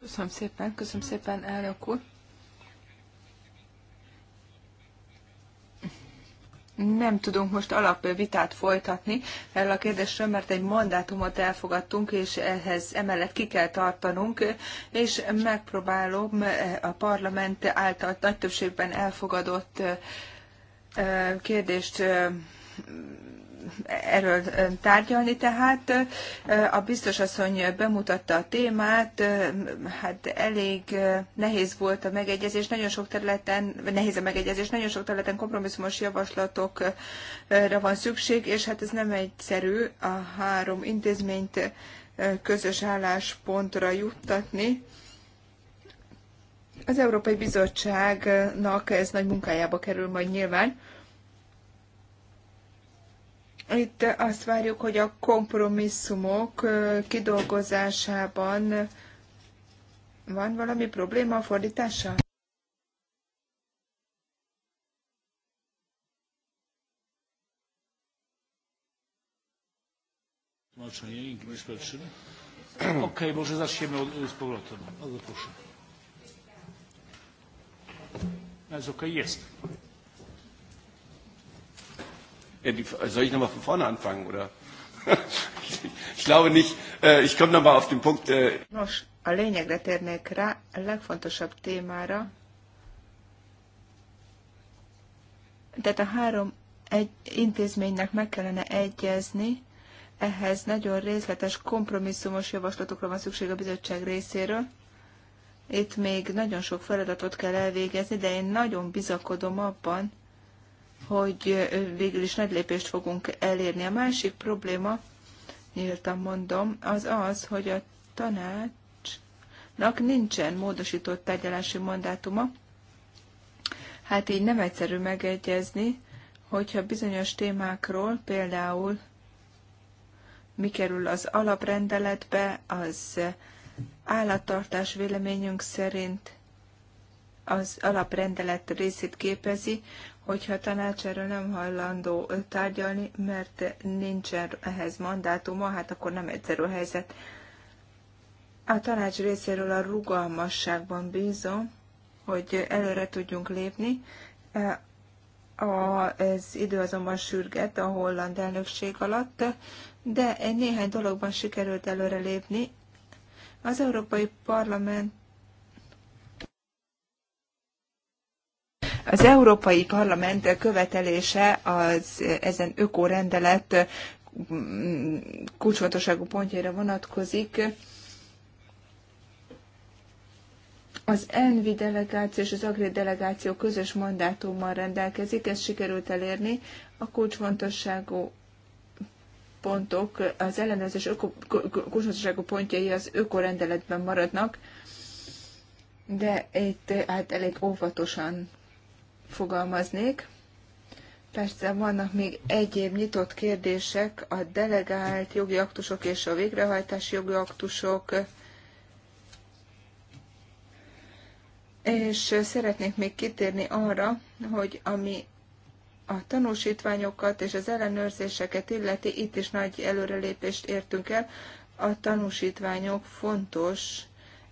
Köszönöm szépen, köszönöm szépen, elnök úr. nem tudunk most alapvitát folytatni erről a kérdésről, mert egy mandátumot elfogadtunk, és ehhez emellett ki kell tartanunk, és megpróbálom a parlament által nagy többségben elfogadott kérdést erről tárgyalni, tehát a biztos asszony bemutatta a témát, hát elég nehéz volt a megegyezés, nagyon sok területen, nehéz a megegyezés, nagyon sok területen kompromisszumos javaslatokra van szükség, és hát ez nem egyszerű a három intézményt közös álláspontra juttatni. Az Európai Bizottságnak ez nagy munkájába kerül majd nyilván. Itt azt várjuk, hogy a kompromisszumok kidolgozásában van valami probléma a fordítással? Tłumaczenie English lepszym. Okej, okay, może zaczniemy od, z powrotem. Bardzo proszę. Jest okay, jest. Ja, die, soll ich nochmal von vorne anfangen, oder? [LAUGHS] ich glaube nicht. Äh, ich komme nochmal auf den Punkt. Äh, Nos, a lényegre térnék rá, a legfontosabb témára. Tehát a három egy intézménynek meg kellene egyezni, ehhez nagyon részletes, kompromisszumos javaslatokra van szükség a bizottság részéről. Itt még nagyon sok feladatot kell elvégezni, de én nagyon bizakodom abban, hogy végül is nagy lépést fogunk elérni. A másik probléma, nyíltan mondom, az az, hogy a tanácsnak nincsen módosított tárgyalási mandátuma. Hát így nem egyszerű megegyezni, hogyha bizonyos témákról, például mi kerül az alaprendeletbe, az állattartás véleményünk szerint az alaprendelet részét képezi, hogyha a tanács erről nem hajlandó tárgyalni, mert nincsen ehhez mandátuma, hát akkor nem egyszerű a helyzet. A tanács részéről a rugalmasságban bízom, hogy előre tudjunk lépni. E, Az idő azonban sürget a holland elnökség alatt, de egy néhány dologban sikerült előre lépni. Az Európai Parlament Az Európai Parlament követelése az ezen ökorendelet mm, kulcsfontosságú pontjaira vonatkozik. Az ENVI delegáció és az AGRI delegáció közös mandátummal rendelkezik, ezt sikerült elérni. A kulcsfontosságú pontok, az ellenőrzés öko, kulcsfontosságú pontjai az ökorendeletben maradnak, de itt hát elég óvatosan fogalmaznék. Persze vannak még egyéb nyitott kérdések, a delegált jogi aktusok és a végrehajtási jogi aktusok, és szeretnék még kitérni arra, hogy ami a tanúsítványokat és az ellenőrzéseket illeti, itt is nagy előrelépést értünk el. A tanúsítványok fontos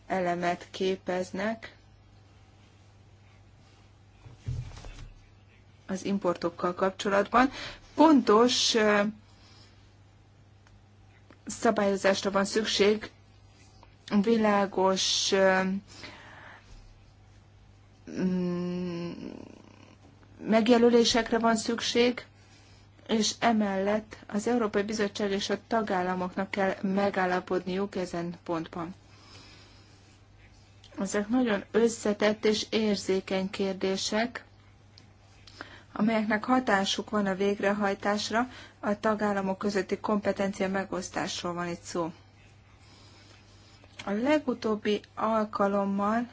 elemet képeznek az importokkal kapcsolatban. Pontos szabályozásra van szükség, világos mm, megjelölésekre van szükség, és emellett az Európai Bizottság és a tagállamoknak kell megállapodniuk ezen pontban. Ezek nagyon összetett és érzékeny kérdések, amelyeknek hatásuk van a végrehajtásra, a tagállamok közötti kompetencia megosztásról van itt szó. A legutóbbi alkalommal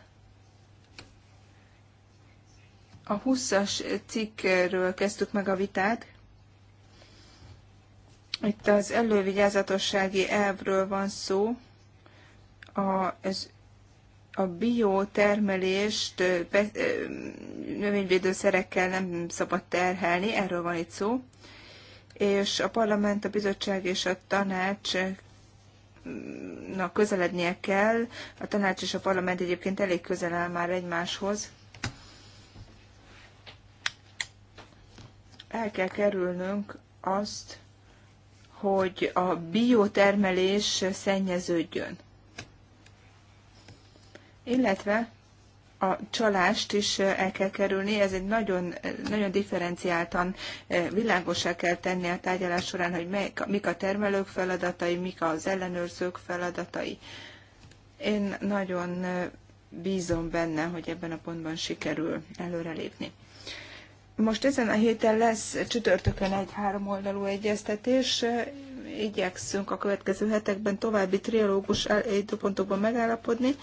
a 20-as cikkről kezdtük meg a vitát. Itt az elővigyázatossági elvről van szó, az a biotermelést növényvédőszerekkel nem szabad terhelni, erről van itt szó, és a parlament, a bizottság és a tanács na, közelednie kell. A tanács és a parlament egyébként elég közel áll már egymáshoz. El kell kerülnünk azt, hogy a biotermelés szennyeződjön illetve a csalást is eh, el kell kerülni, ez egy nagyon, eh, nagyon differenciáltan eh, világosá kell tenni a tárgyalás során, hogy mely, mik a termelők feladatai, mik az ellenőrzők feladatai. Én nagyon bízom benne, hogy ebben a pontban sikerül előrelépni. Most ezen a héten lesz csütörtökön egy háromoldalú egyeztetés, igyekszünk a következő hetekben további triológus időpontokban megállapodni.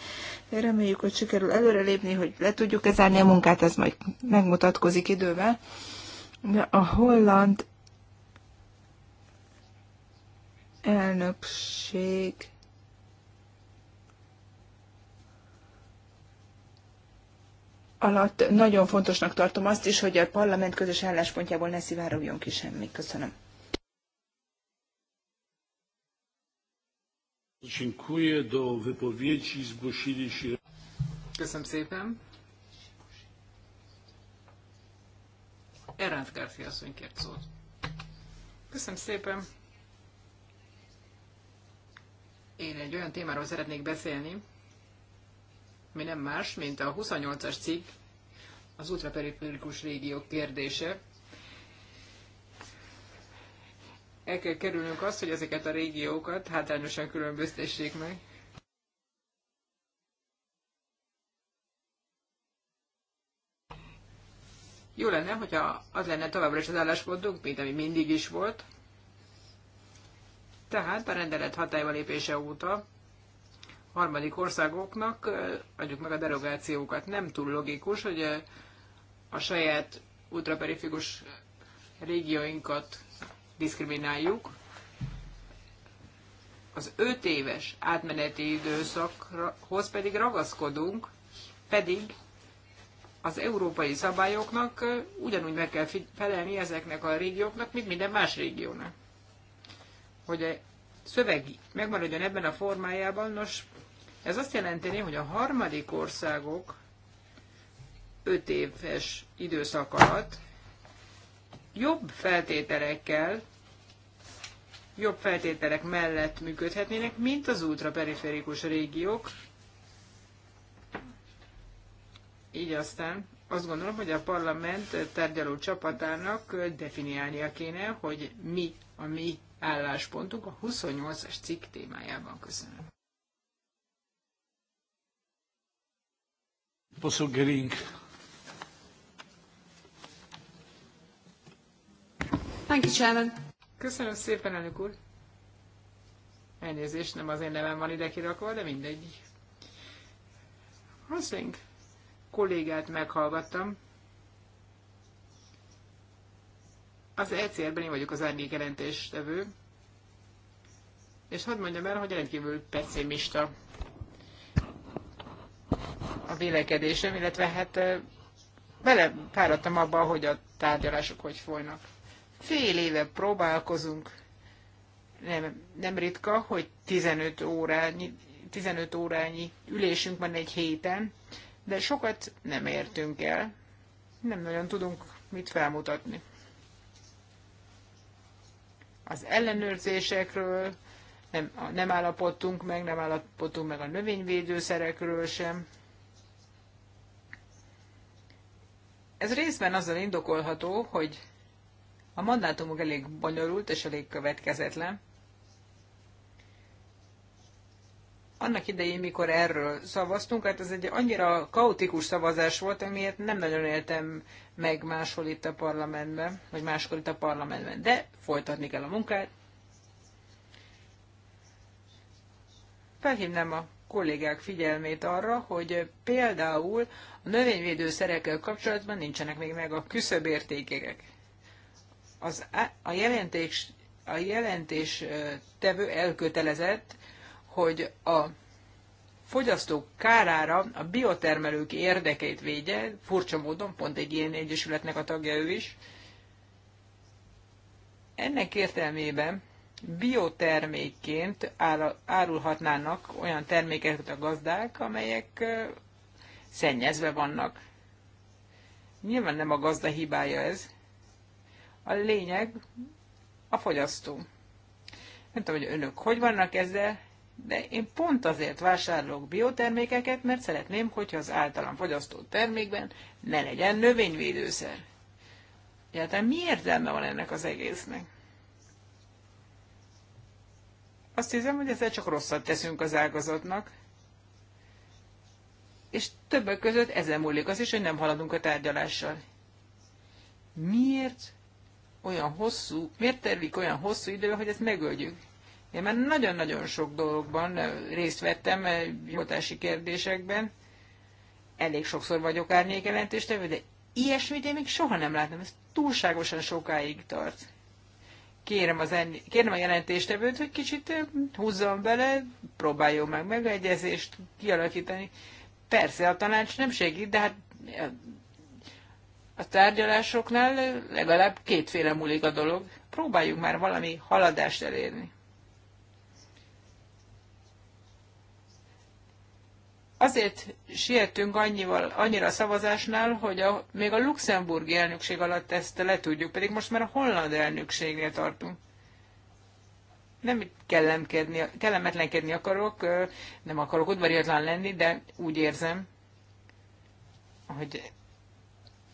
Reméljük, hogy sikerül előrelépni, hogy le tudjuk ezárni a munkát, ez majd megmutatkozik idővel. A holland elnökség alatt nagyon fontosnak tartom azt is, hogy a parlament közös álláspontjából ne szivárogjon ki semmi. Köszönöm. Dziękuję. Do wypowiedzi zgłosili się... Köszönöm szépen. Errant Garfi asszony kért szót. Köszönöm szépen. Én egy olyan témáról szeretnék beszélni, ami nem más, mint a 28-as cikk, az ultraperiférikus régiók kérdése. el kell kerülnünk azt, hogy ezeket a régiókat hátrányosan különböztessék meg. Jó lenne, hogyha az lenne továbbra is az álláspontunk, mint ami mindig is volt. Tehát a rendelet hatályba lépése óta harmadik országoknak adjuk meg a derogációkat. Nem túl logikus, hogy a saját ultraperifikus régióinkat diszkrimináljuk. Az öt éves átmeneti időszakhoz pedig ragaszkodunk, pedig az európai szabályoknak ugyanúgy meg kell felelni ezeknek a régióknak, mint minden más régiónak. Hogy a szöveg megmaradjon ebben a formájában, nos, ez azt jelenteni, hogy a harmadik országok öt éves időszak alatt jobb feltételekkel, jobb feltételek mellett működhetnének, mint az ultraperiférikus régiók. Így aztán azt gondolom, hogy a parlament tárgyaló csapatának definiálnia kéne, hogy mi a mi álláspontunk a 28-as cikk témájában. Köszönöm. Posso Gering Thank you, Chairman. Köszönöm szépen, elnök úr. Elnézést, nem az én nevem van ide kirakva, de mindegy. Rosling kollégát meghallgattam. Az ECR-ben én vagyok az árnyék jelentéstevő, és hadd mondjam el, hogy rendkívül pessimista a vélekedésem, illetve hát bele abba, hogy a tárgyalások hogy folynak. Fél éve próbálkozunk. Nem, nem ritka, hogy 15 órányi, 15 órányi ülésünk van egy héten, de sokat nem értünk el. Nem nagyon tudunk mit felmutatni. Az ellenőrzésekről nem, nem állapodtunk meg, nem állapodtunk meg a növényvédőszerekről sem. Ez részben azzal indokolható, hogy a mandátumok elég bonyolult és elég következetlen. Annak idején, mikor erről szavaztunk, hát ez egy annyira kaotikus szavazás volt, amiért nem nagyon éltem meg máshol itt a parlamentben, vagy máskor itt a parlamentben. De folytatni kell a munkát. Felhívnám a kollégák figyelmét arra, hogy például a növényvédőszerekkel kapcsolatban nincsenek még meg a küszöbértékek az, a, jelentés, a jelentés tevő elkötelezett, hogy a fogyasztók kárára a biotermelők érdekeit védje, furcsa módon, pont egy ilyen egyesületnek a tagja ő is. Ennek értelmében biotermékként árulhatnának olyan termékeket a gazdák, amelyek szennyezve vannak. Nyilván nem a gazda hibája ez, a lényeg a fogyasztó. Nem tudom, hogy önök hogy vannak ezzel, de én pont azért vásárolok biotermékeket, mert szeretném, hogyha az általam fogyasztott termékben ne legyen növényvédőszer. Egyáltalán mi értelme van ennek az egésznek? Azt hiszem, hogy ezzel csak rosszat teszünk az ágazatnak. És többek között ezzel múlik az is, hogy nem haladunk a tárgyalással. Miért olyan hosszú, miért tervik olyan hosszú idő, hogy ezt megöljük? Én már nagyon-nagyon sok dologban részt vettem, jótási kérdésekben, elég sokszor vagyok árnyékjelentéstevő, de ilyesmit én még soha nem láttam, ez túlságosan sokáig tart. Kérem, az en... Kérem a jelentéstevőt, hogy kicsit húzzon bele, próbáljon meg megegyezést kialakítani. Persze a tanács nem segít, de hát a tárgyalásoknál legalább kétféle múlik a dolog. Próbáljuk már valami haladást elérni. Azért sietünk annyival, annyira a szavazásnál, hogy a, még a luxemburgi elnökség alatt ezt letudjuk, pedig most már a holland elnökségnél tartunk. Nem kellemkedni, kellemetlenkedni akarok, nem akarok udvariatlan lenni, de úgy érzem, hogy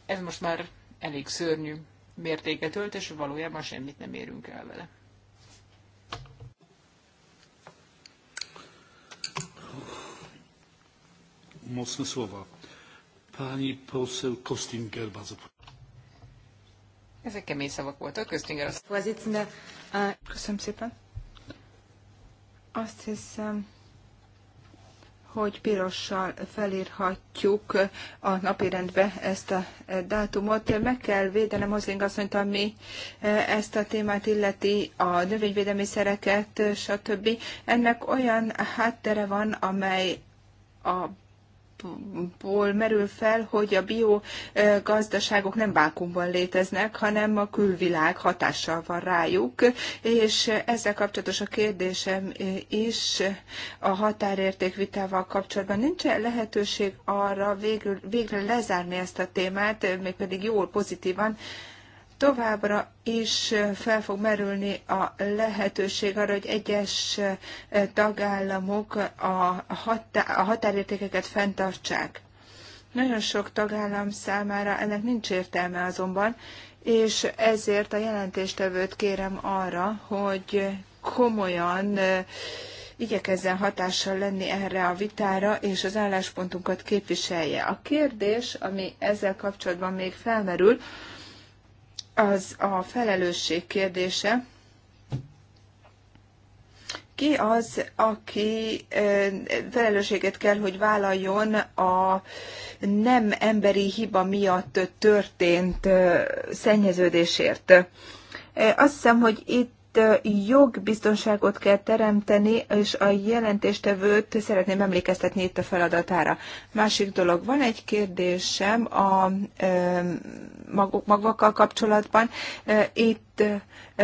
ez most már elég szörnyű mértéket ölt, és valójában semmit nem érünk el vele. Mocne szóval, Pani poseł Kostinger, bardzo Ezek kemény szavak voltak, Kostinger azt. Köszönöm szépen. Azt hiszem, hogy pirossal felírhatjuk a napirendbe ezt a dátumot. Meg kell védenem az asszonyt, ami e, ezt a témát illeti, a növényvédelmi szereket, stb. Ennek olyan háttere van, amely a abból merül fel, hogy a biogazdaságok nem vákumban léteznek, hanem a külvilág hatással van rájuk, és ezzel kapcsolatos a kérdésem is a határérték vitával kapcsolatban. Nincs -e lehetőség arra végül, végre lezárni ezt a témát, mégpedig jól, pozitívan, Továbbra is fel fog merülni a lehetőség arra, hogy egyes eh, tagállamok a, hatá- a határértékeket fenntartsák. Nagyon sok tagállam számára ennek nincs értelme azonban, és ezért a jelentéstevőt kérem arra, hogy komolyan eh, igyekezzen hatással lenni erre a vitára, és az álláspontunkat képviselje. A kérdés, ami ezzel kapcsolatban még felmerül, az a felelősség kérdése. Ki az, aki felelősséget kell, hogy vállaljon a nem emberi hiba miatt történt szennyeződésért? Azt hiszem, hogy itt itt jogbiztonságot kell teremteni, és a jelentéstevőt szeretném emlékeztetni itt a feladatára. Másik dolog, van egy kérdésem a magvakkal kapcsolatban. Itt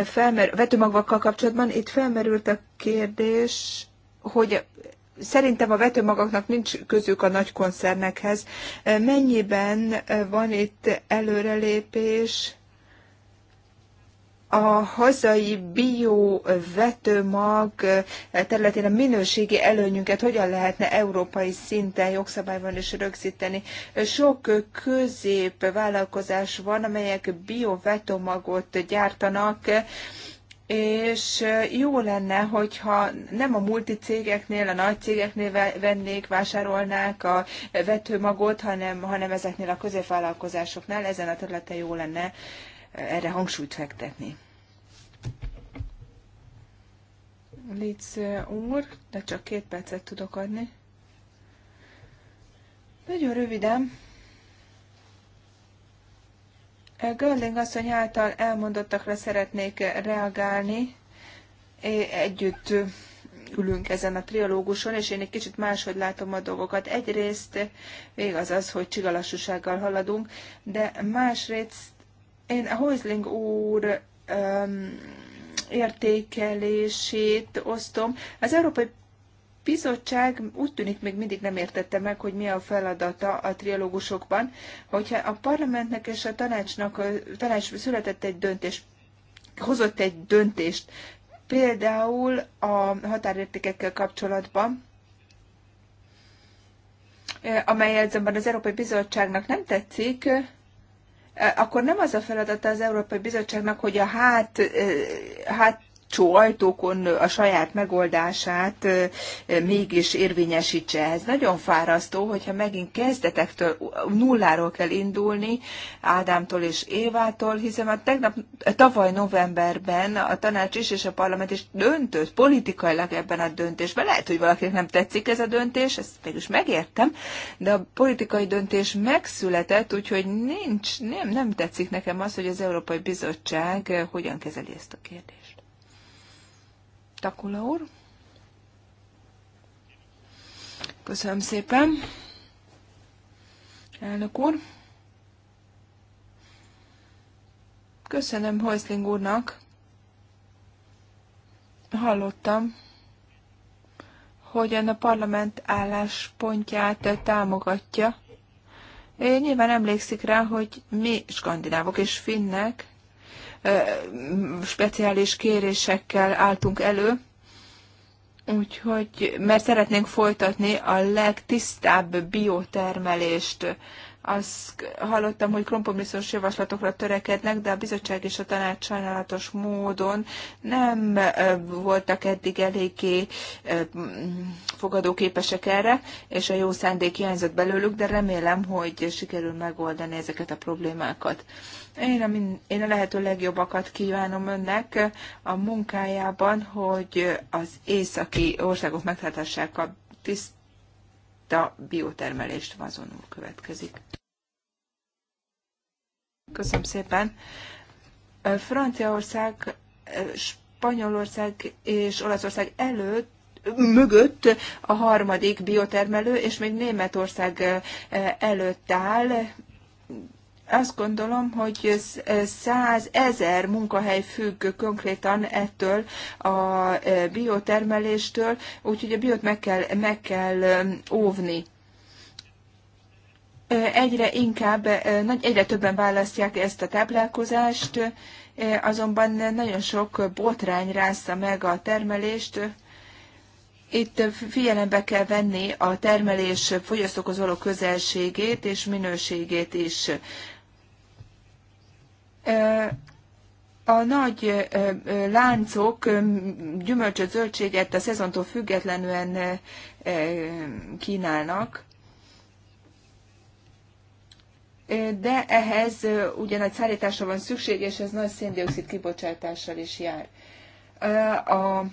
felmer, vetőmagvakkal kapcsolatban itt felmerült a kérdés, hogy szerintem a vetőmagaknak nincs közük a nagy koncernekhez. Mennyiben van itt előrelépés? a hazai biovetőmag területén a minőségi előnyünket hogyan lehetne európai szinten jogszabályban is rögzíteni. Sok vállalkozás van, amelyek biovetőmagot gyártanak, és jó lenne, hogyha nem a multicégeknél, a nagy cégeknél vennék, vásárolnák a vetőmagot, hanem, hanem ezeknél a középvállalkozásoknál ezen a területen jó lenne erre hangsúlyt fektetni. Létsz eh, úr, de csak két percet tudok adni. Nagyon röviden. Eh, Görling asszony által elmondottakra szeretnék eh, reagálni. Együtt ülünk ezen a triológuson, és én egy kicsit máshogy látom a dolgokat. Egyrészt igaz az, hogy csigalassúsággal haladunk, de másrészt én a Hoisling úr értékelését osztom. Az Európai bizottság úgy tűnik még mindig nem értette meg, hogy mi a feladata a trialógusokban, hogyha a parlamentnek és a tanácsnak, a tanács született egy döntés, hozott egy döntést, például a határértékekkel kapcsolatban, amely azonban az Európai Bizottságnak nem tetszik, akkor nem az a feladata az Európai Bizottságnak, hogy a hát, hát hátsó ajtókon a saját megoldását mégis érvényesítse. Ez nagyon fárasztó, hogyha megint kezdetektől nulláról kell indulni, Ádámtól és Évától, hiszen a tegnap, tavaly novemberben a tanács is és a parlament is döntött politikailag ebben a döntésben. Lehet, hogy valakinek nem tetszik ez a döntés, ezt mégis megértem, de a politikai döntés megszületett, úgyhogy nincs, nem, nem tetszik nekem az, hogy az Európai Bizottság hogyan kezeli ezt a kérdést. Takula úr. Köszönöm szépen. Elnök úr. Köszönöm Hojszling úrnak. Hallottam, hogy a parlament álláspontját támogatja. Én nyilván emlékszik rá, hogy mi skandinávok és finnek speciális kérésekkel álltunk elő, úgyhogy, mert szeretnénk folytatni a legtisztább biotermelést azt hallottam, hogy kompromisszós javaslatokra törekednek, de a bizottság és a tanács sajnálatos módon nem voltak eddig eléggé fogadóképesek erre, és a jó szándék hiányzott belőlük, de remélem, hogy sikerül megoldani ezeket a problémákat. Én a, min- én a lehető legjobbakat kívánom önnek a munkájában, hogy az északi országok megtartassák a tiszt a biotermelést vazonul következik. Köszönöm szépen. Franciaország, Spanyolország és Olaszország előtt mögött a harmadik biotermelő, és még Németország előtt áll, azt gondolom, hogy ezer munkahely függ konkrétan ettől a e, biotermeléstől, úgyhogy a biót meg kell, meg kell e, óvni. E, egyre inkább, egyre többen választják ezt a táplálkozást, azonban nagyon sok botrány rászta meg a termelést, itt figyelembe kell venni a termelés fogyasztókhoz való közelségét és minőségét is a nagy láncok gyümölcsöt, zöldséget a szezontól függetlenül kínálnak, de ehhez ugye nagy szállításra van szükség, és ez nagy széndiokszid kibocsátással is jár. A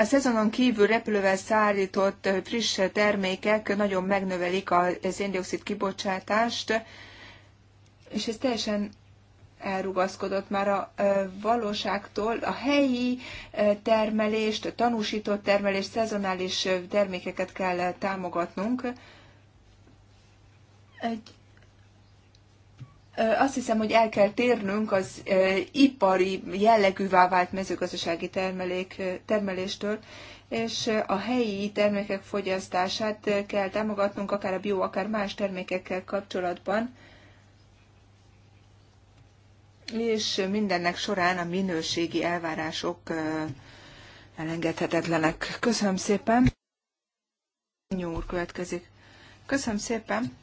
a szezonon kívül repülővel szállított friss termékek nagyon megnövelik a széndiokszid kibocsátást, és ez teljesen elrugaszkodott már a valóságtól. A helyi termelést, tanúsított termelést, szezonális termékeket kell támogatnunk. Egy azt hiszem, hogy el kell térnünk az ipari jellegűvá vált mezőgazdasági termelék, termeléstől, és a helyi termékek fogyasztását kell támogatnunk, akár a bio, akár más termékekkel kapcsolatban, és mindennek során a minőségi elvárások elengedhetetlenek. Köszönöm szépen! Nyúr következik. Köszönöm szépen!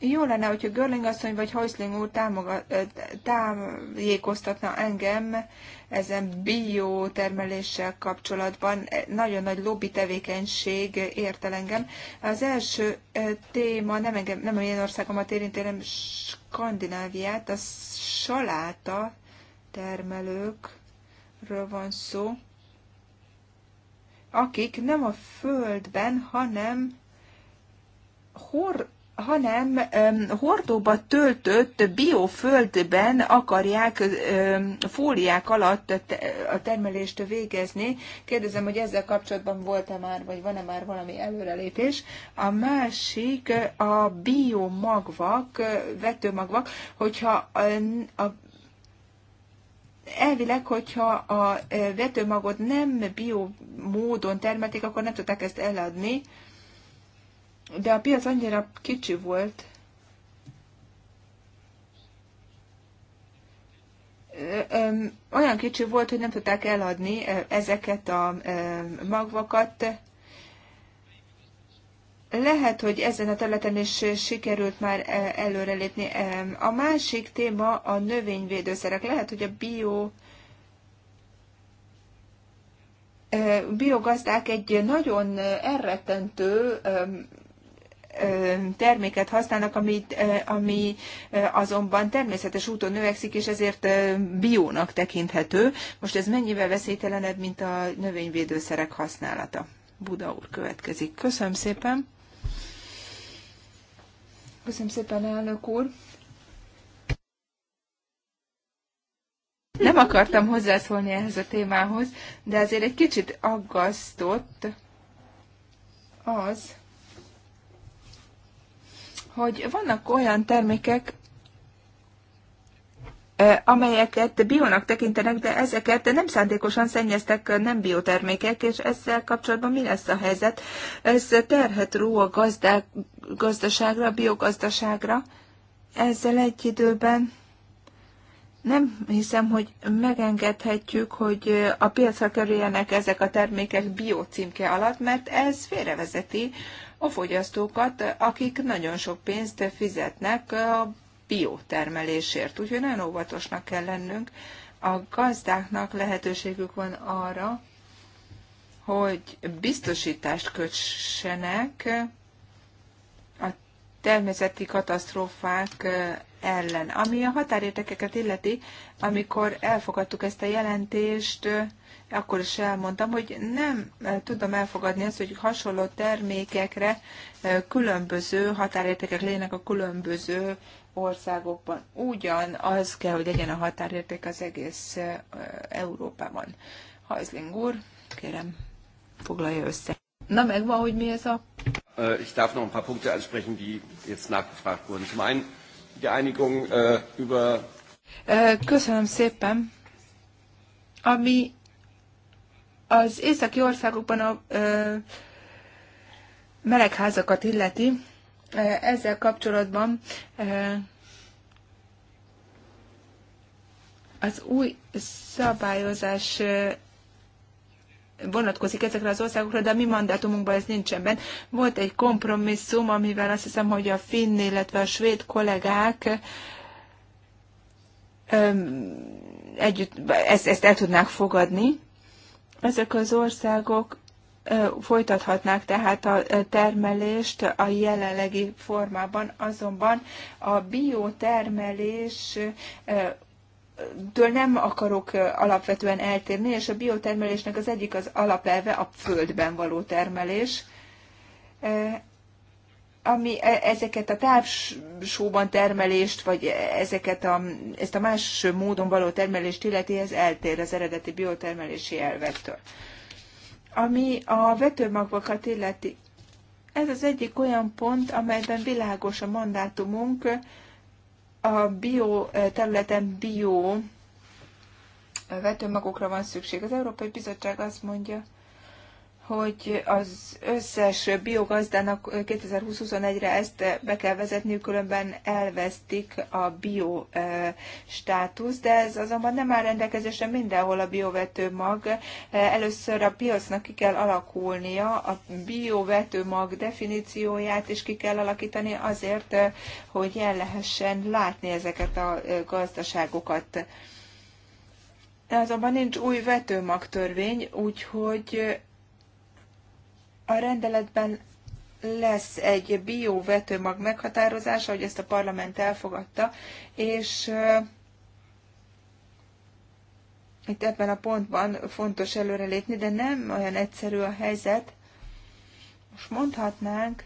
Jó lenne, hogyha Görling asszony vagy Heusling úr támogat, engem ezen biotermeléssel kapcsolatban. Nagyon nagy lobby tevékenység ért engem. Az első téma nem, engem, nem a én országomat érinti, hanem Skandináviát, a saláta termelőkről van szó, akik nem a földben, hanem hor hanem hordóba töltött bioföldben akarják fóliák alatt a termelést végezni. Kérdezem, hogy ezzel kapcsolatban volt-e már, vagy van-e már valami előrelépés. A másik a biomagvak, vetőmagvak, hogyha a elvileg, hogyha a vetőmagot nem biomódon termelték, akkor nem tudták ezt eladni, de a piac annyira kicsi volt, olyan kicsi volt, hogy nem tudták eladni ezeket a magvakat. Lehet, hogy ezen a területen is sikerült már előrelépni. A másik téma a növényvédőszerek. Lehet, hogy a bio biogazdák egy nagyon elrettentő terméket használnak, ami, ami azonban természetes úton növekszik, és ezért biónak tekinthető. Most ez mennyivel veszélytelenebb, mint a növényvédőszerek használata? Buda úr következik. Köszönöm szépen. Köszönöm szépen, elnök úr. Nem akartam hozzászólni ehhez a témához, de azért egy kicsit aggasztott az, hogy vannak olyan termékek, amelyeket biónak tekintenek, de ezeket nem szándékosan szennyeztek nem biotermékek, és ezzel kapcsolatban mi lesz a helyzet? Ez terhet ró a gazdák, gazdaságra, a biogazdaságra. Ezzel egy időben nem hiszem, hogy megengedhetjük, hogy a piacra kerüljenek ezek a termékek biocímke alatt, mert ez félrevezeti a fogyasztókat, akik nagyon sok pénzt fizetnek a biotermelésért. Úgyhogy nagyon óvatosnak kell lennünk. A gazdáknak lehetőségük van arra, hogy biztosítást kötsenek a természeti katasztrófák ellen. Ami a határértekeket illeti, amikor elfogadtuk ezt a jelentést, akkor is elmondtam, hogy nem eh, tudom elfogadni azt, hogy hasonló termékekre eh, különböző határértékek lének a különböző országokban. Ugyan az kell, hogy legyen a határérték az egész eh, Európában. Hajzling úr, kérem, foglalja össze. Na megvan, hogy mi ez a... Äh, ich darf noch ein paar Punkte ansprechen, die jetzt nachgefragt wurden. Zum einen die Einigung äh, über... Köszönöm szépen. Ami az északi országokban a ö, melegházakat illeti, ezzel kapcsolatban az új szabályozás vonatkozik ezekre az országokra, de a mi mandátumunkban ez nincsen benne. Volt egy kompromisszum, amivel azt hiszem, hogy a finn, illetve a svéd kollégák együtt ezt, ezt el tudnák fogadni ezek az országok folytathatnák tehát a termelést a jelenlegi formában, azonban a biotermelés től nem akarok alapvetően eltérni, és a biotermelésnek az egyik az alapelve a földben való termelés ami e, ezeket a távsóban termelést, vagy e, ezeket a, ezt a más módon való termelést illeti, ez eltér az eredeti biotermelési elvettől. Ami a vetőmagvakat illeti, ez az egyik olyan pont, amelyben világos a mandátumunk, a bio e, területen bio vetőmagokra van szükség. Az Európai Bizottság azt mondja, hogy az összes biogazdának 2021 re ezt be kell vezetniük, különben elvesztik a bio státusz, de ez azonban nem áll rendelkezésre mindenhol a biovetőmag. Először a piacnak ki kell alakulnia, a biovetőmag definícióját is ki kell alakítani azért, hogy el lehessen látni ezeket a gazdaságokat. Azonban nincs új vetőmag törvény, úgyhogy a rendeletben lesz egy bióvetőmag meghatározása, hogy ezt a parlament elfogadta, és itt ebben a pontban fontos előrelépni, de nem olyan egyszerű a helyzet. Most mondhatnánk,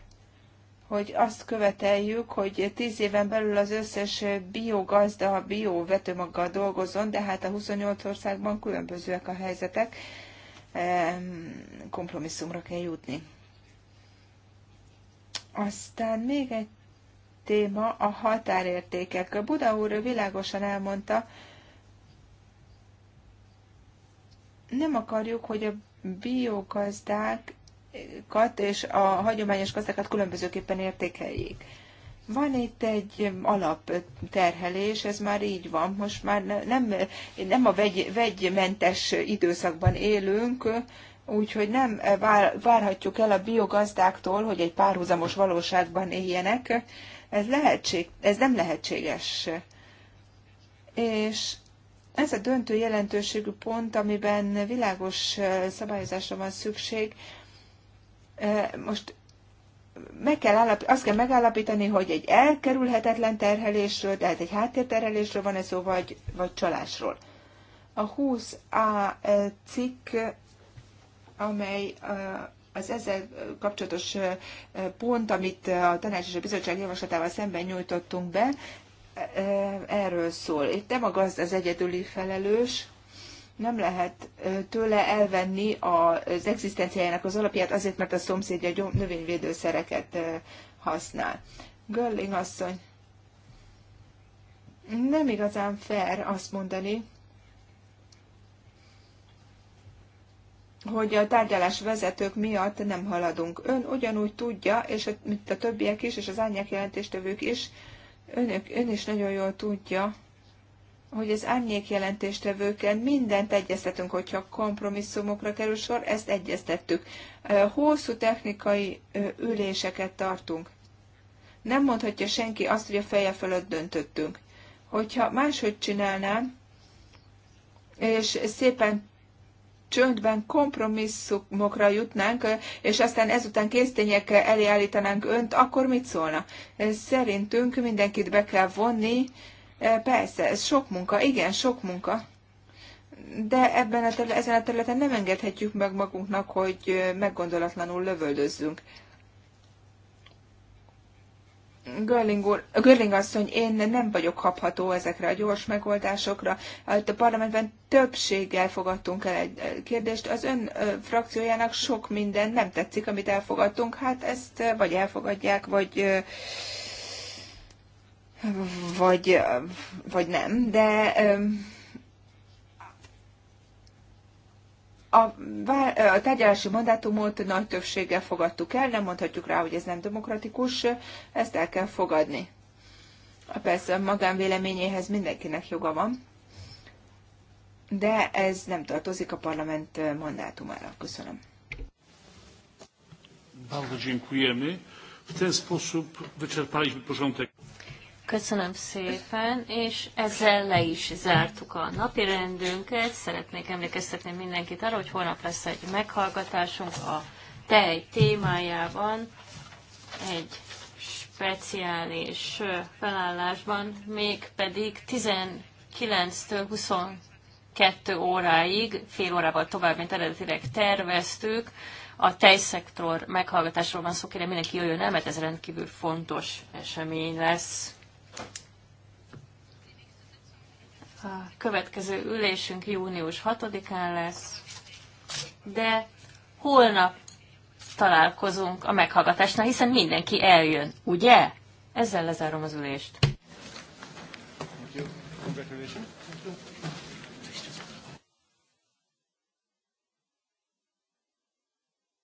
hogy azt követeljük, hogy tíz éven belül az összes biogazda a biovetőmaggal dolgozzon, de hát a 28 országban különbözőek a helyzetek, kompromisszumra kell jutni. Aztán még egy téma a határértékek. A Buda úr világosan elmondta, nem akarjuk, hogy a biogazdákat és a hagyományos gazdákat különbözőképpen értékeljék. Van itt egy alapterhelés, ez már így van, most már nem, nem a vegy, vegymentes időszakban élünk, úgyhogy nem várhatjuk el a biogazdáktól, hogy egy párhuzamos valóságban éljenek. Ez, lehetség, ez nem lehetséges. És ez a döntő jelentőségű pont, amiben világos szabályozásra van szükség. E, most meg kell állap, azt kell megállapítani, hogy egy elkerülhetetlen terhelésről, tehát egy háttérterhelésről van ez szó, vagy, vagy csalásról. A 20A e, cikk, amely e, az ezzel kapcsolatos e, pont, amit a tanács és a bizottság javaslatával szemben nyújtottunk be, erről szól. Itt nem a gazd az egyedüli felelős, nem lehet tőle elvenni az egzisztenciájának az alapját azért, mert a szomszédja növényvédőszereket használ. Görling asszony, nem igazán fair azt mondani, hogy a tárgyalás vezetők miatt nem haladunk. Ön ugyanúgy tudja, és mint a többiek is, és az ányák jelentéstevők is, önök, ön is nagyon jól tudja, hogy az árnyék jelentéstevőkkel mindent egyeztetünk, hogyha kompromisszumokra kerül sor, ezt egyeztettük. Hosszú technikai üléseket tartunk. Nem mondhatja senki azt, hogy a feje fölött döntöttünk. Hogyha máshogy csinálnám, és szépen csöndben kompromisszumokra jutnánk, és aztán ezután késztények elé állítanánk önt, akkor mit szólna? Szerintünk mindenkit be kell vonni, Persze, ez sok munka, igen, sok munka, de ebben a terület, ezen a területen nem engedhetjük meg magunknak, hogy meggondolatlanul lövöldözzünk. Görling, úr, Görling asszony, én nem vagyok kapható ezekre a gyors megoldásokra. A parlamentben többséggel fogadtunk el egy kérdést. Az ön frakciójának sok minden nem tetszik, amit elfogadtunk. Hát ezt vagy elfogadják, vagy vagy, vagy nem, de a, a tárgyalási mandátumot nagy többséggel fogadtuk el, nem mondhatjuk rá, hogy ez nem demokratikus, ezt el kell fogadni. Persze a magánvéleményéhez mindenkinek joga van, de ez nem tartozik a parlament mandátumára. Köszönöm. Bardzo dziękujemy. W ten sposób wyczerpaliśmy porządek. Köszönöm szépen, és ezzel le is zártuk a napi rendünket. Szeretnék emlékeztetni mindenkit arra, hogy holnap lesz egy meghallgatásunk a tej témájában, egy speciális felállásban, mégpedig 19-től 22 óráig, fél órával tovább, mint eredetileg terveztük, a tejszektor meghallgatásról van szó, kérem mindenki jöjjön el, mert ez rendkívül fontos esemény lesz. A következő ülésünk június 6-án lesz, de holnap találkozunk a meghallgatásnál, hiszen mindenki eljön, ugye? Ezzel lezárom az ülést. Thank you. Congratulations.